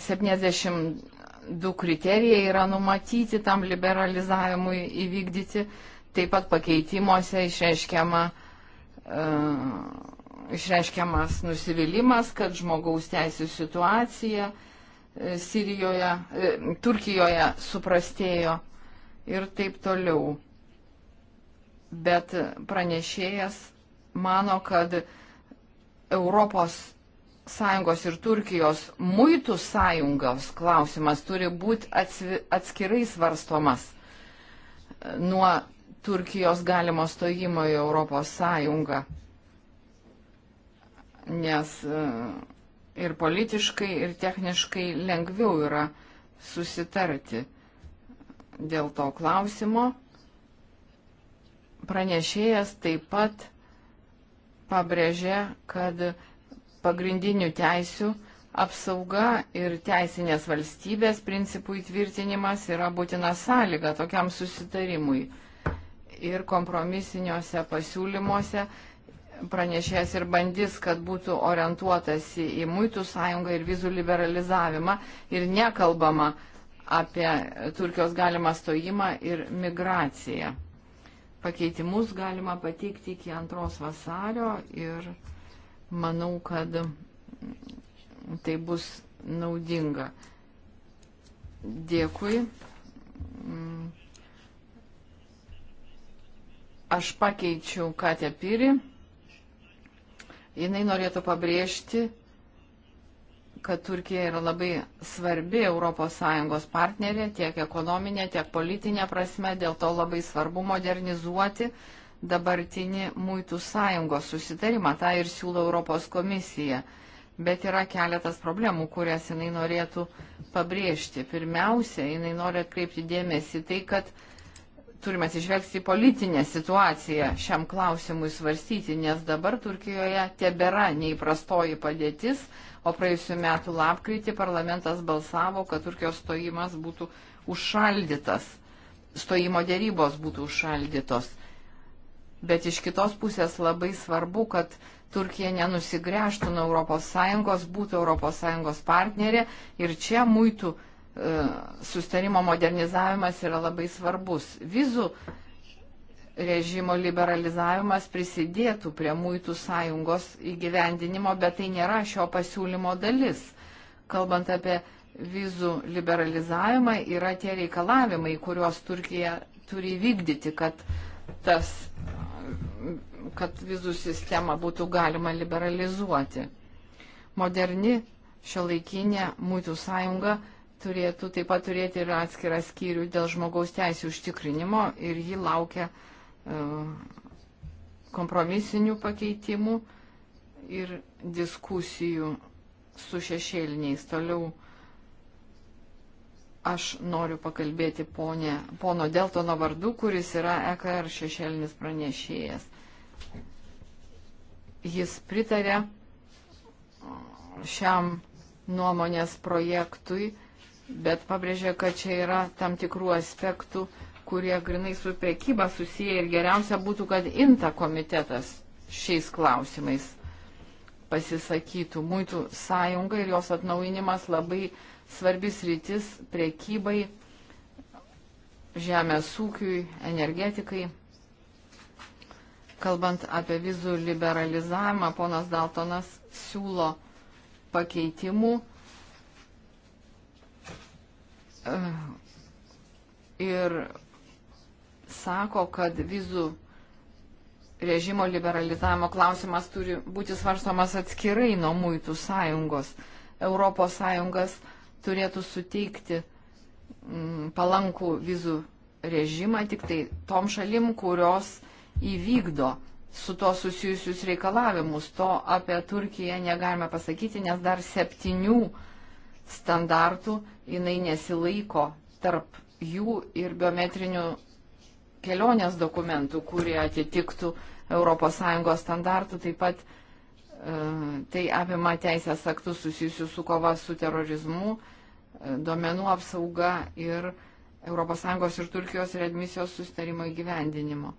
70 du kriterijai yra numatyti tam liberalizavimui įvykdyti. Taip pat pakeitimuose išreiškiama, uh, išreiškiamas nusivylimas, kad žmogaus teisų situacija e, Sirijoje, e, Turkijoje suprastėjo ir taip toliau. Bet pranešėjas mano, kad Europos sąjungos ir Turkijos muitų sąjungos klausimas turi būti atskirai svarstomas nuo Turkijos galimo stojimo į Europos sąjungą. Nes e, ir politiškai, ir techniškai lengviau yra susitarti dėl to klausimo. Pranešėjas taip pat pabrėžė, kad pagrindinių teisių apsauga ir teisinės valstybės principų įtvirtinimas yra būtina sąlyga tokiam susitarimui. Ir kompromisiniuose pasiūlymuose pranešėjas ir bandys, kad būtų orientuotasi į muitų sąjungą ir vizų liberalizavimą ir nekalbama apie Turkijos galimą stojimą ir migraciją. Pakeitimus galima pateikti iki 2 vasario ir Manau, kad tai bus naudinga. Dėkui. Aš pakeičiau Katę Piri. Jinai norėtų pabrėžti, kad Turkija yra labai svarbi ES partnerė tiek ekonominė, tiek politinė prasme, dėl to labai svarbu modernizuoti uh, dabartinį muitų sąjungos susitarimą, tą ir siūlo Europos komisija. Bet yra keletas problemų, kurias jinai norėtų pabrėžti. Pirmiausia, jinai nori atkreipti dėmesį tai, kad turime atsižvelgti į politinę situaciją šiam klausimui svarstyti, nes dabar Turkijoje tebėra neįprastoji padėtis, o praėjusiu metu lapkritį parlamentas balsavo, kad Turkijos stojimas būtų užšaldytas, stojimo dėrybos būtų užšaldytos. Bet iš kitos pusės labai svarbu, kad Turkija nenusigręžtų nuo ES, būtų ES partnerė ir čia muitų e, sustarimo modernizavimas yra labai svarbus. Vizų režimo liberalizavimas prisidėtų prie muitų sąjungos įgyvendinimo, bet tai nėra šio pasiūlymo dalis. Kalbant apie vizų liberalizavimą, yra tie reikalavimai, kuriuos Turkija turi vykdyti, kad tas kad vizų sistemą būtų galima liberalizuoti. Moderni šio laikinė mūtų sąjunga turėtų taip pat turėti ir atskirą skyrių dėl žmogaus teisų užtikrinimo ir jį laukia e, kompromisinių pakeitimų ir diskusijų su šešėliniais. Toliau aš noriu pakalbėti ponė, pono Deltono vardu, kuris yra EKR šešėlinis pranešėjas. Jis pritarė šiam nuomonės projektui, bet pabrėžė, kad čia yra tam tikrų aspektų, kurie grinai su priekyba susiję ir geriausia būtų, kad INTA komitetas šiais klausimais pasisakytų. Muitų sąjunga ir jos atnauinimas labai svarbis rytis prekybai, žemės ūkiui, energetikai. Kalbant apie vizų liberalizavimą, ponas Daltonas siūlo pakeitimų ir sako, kad vizų režimo liberalizavimo klausimas turi būti svarstomas atskirai nuo muitų sąjungos. Europos sąjungas turėtų suteikti mm, palankų vizų režimą tik tai tom šalim, kurios įvykdo su to susijusius reikalavimus. To apie Turkiją negalime pasakyti, nes dar septynių standartų jinai nesilaiko tarp jų ir biometrinių kelionės dokumentų, kurie atitiktų ES standartų, taip pat E, tai apima teisės aktus susijusius su kova su terorizmu, e, duomenų apsauga ir ES ir Turkijos readmisijos sustarimo įgyvendinimo.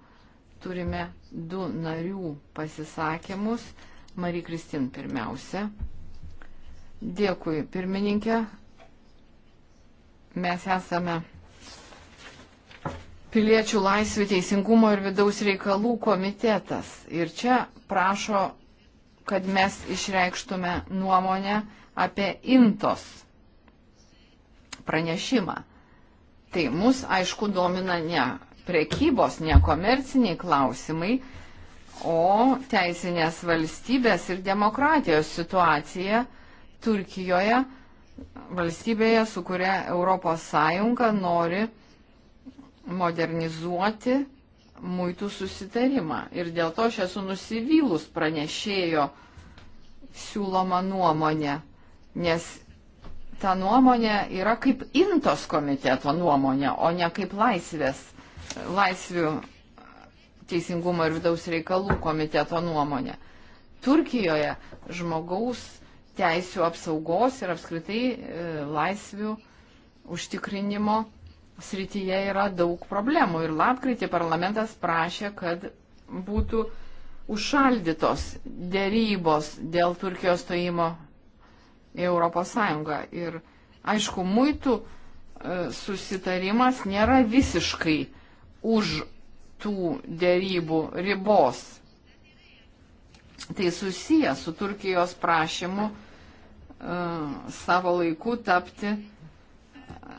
Turime du narių pasisakymus. Marija Kristin pirmiausia. Dėkui, pirmininkė. Mes esame piliečių laisvių teisingumo ir vidaus reikalų komitetas. Ir čia prašo kad mes išreikštume nuomonę apie intos pranešimą. Tai mus, aišku, domina ne prekybos, ne komerciniai klausimai, o teisinės valstybės ir demokratijos situacija Turkijoje, valstybėje, su kuria ES nori modernizuoti muitų susitarimą. Ir dėl to aš esu nusivylus pranešėjo siūloma nuomonė, nes ta nuomonė yra kaip intos komiteto nuomonė, o ne kaip laisvės, laisvių teisingumo ir vidaus reikalų komiteto nuomonė. Turkijoje žmogaus teisų apsaugos ir apskritai e, laisvių užtikrinimo srityje yra daug problemų ir lapkritį parlamentas prašė, kad būtų užšaldytos dėrybos dėl Turkijos stojimo į Europos Sąjungą. Ir aišku, muitų e, susitarimas nėra visiškai už tų dėrybų ribos. Tai susiję su Turkijos prašymu uh, savo laiku tapti uh,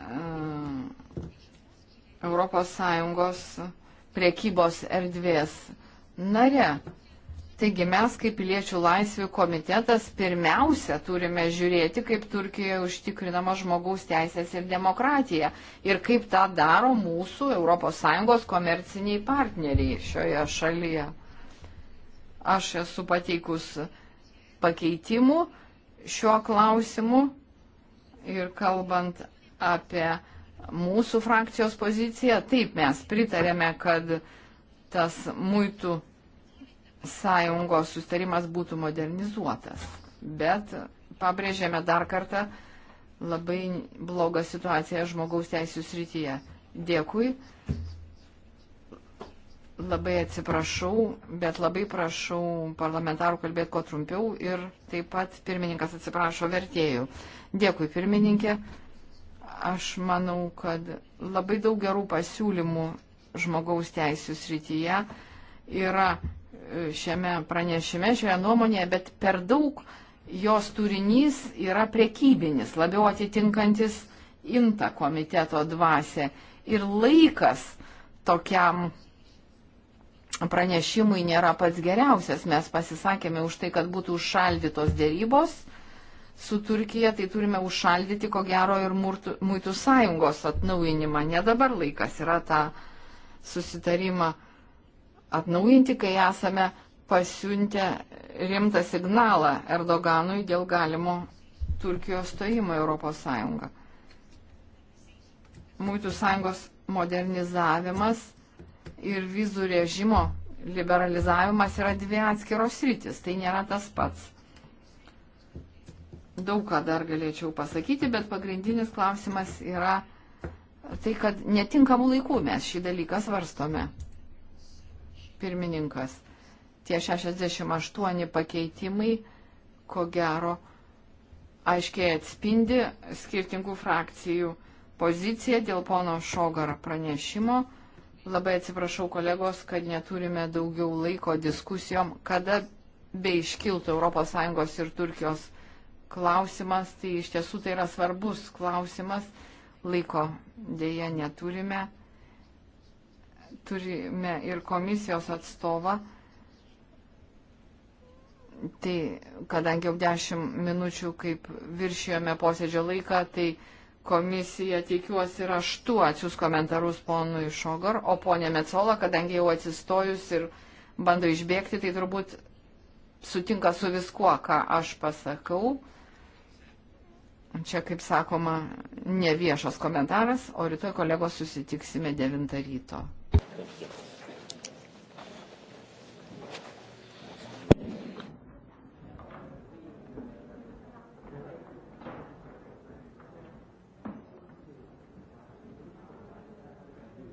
ES priekybos erdvės nare. Taigi mes kaip piliečių laisvių komitetas pirmiausia turime žiūrėti, kaip Turkijoje užtikrinama žmogaus teisės ir demokratija ir kaip tą daro mūsų ES komerciniai partneriai šioje šalyje. Aš esu pateikus pakeitimų šiuo klausimu ir kalbant apie mūsų frakcijos poziciją. Taip mes pritarėme, kad tas muitų sąjungos sustarimas būtų modernizuotas. Bet pabrėžėme dar kartą labai blogą situaciją žmogaus teisų srityje. Dėkui. Labai atsiprašau, bet labai prašau parlamentarų kalbėti kuo trumpiau ir taip pat pirmininkas atsiprašo vertėjų. Dėkui pirmininkė. Aš manau, kad labai daug gerų pasiūlymų žmogaus teisų srityje yra e, šiame pranešime, šioje nuomonėje, bet per daug jos turinys yra prekybinis, labiau atitinkantis inta komiteto dvasę. Ir laikas tokiam pranešimui nėra pats geriausias. Mes pasisakėme už tai, kad būtų užšaldytos dėrybos su Turkija, tai turime užšaldyti, ko gero, ir murtų, muitų sąjungos atnaujinimą. Ne dabar laikas yra tą susitarimą atnaujinti, kai esame pasiuntę rimtą signalą Erdoganui dėl galimo Turkijos stojimo Europos sąjungą. Muitų sąjungos modernizavimas ir vizų režimo liberalizavimas yra dvi atskiros rytis, tai nėra tas pats daug ką dar galėčiau pasakyti, bet pagrindinis klausimas yra tai, kad netinkamų laikų mes šį dalyką svarstome. Pirmininkas, tie 68 pakeitimai, ko gero, aiškiai atspindi skirtingų frakcijų poziciją dėl pono Šogar pranešimo. Labai atsiprašau kolegos, kad neturime daugiau laiko diskusijom, kada be iškiltų ES ir Turkijos klausimas, tai iš tiesų tai yra svarbus klausimas, laiko dėja neturime, turime ir komisijos atstovą, tai kadangi jau 10 minučių kaip viršijome posėdžio laiką, tai komisija tikiuosi raštu atsius komentarus ponui Šogor, o ponė Metzola, kadangi jau atsistojus ir bando išbėgti, tai turbūt sutinka su viskuo, ką aš pasakau. Čia, kaip sakoma, ne viešas komentaras, o rytoj kolegos susitiksime 9 ryto.
Thank you.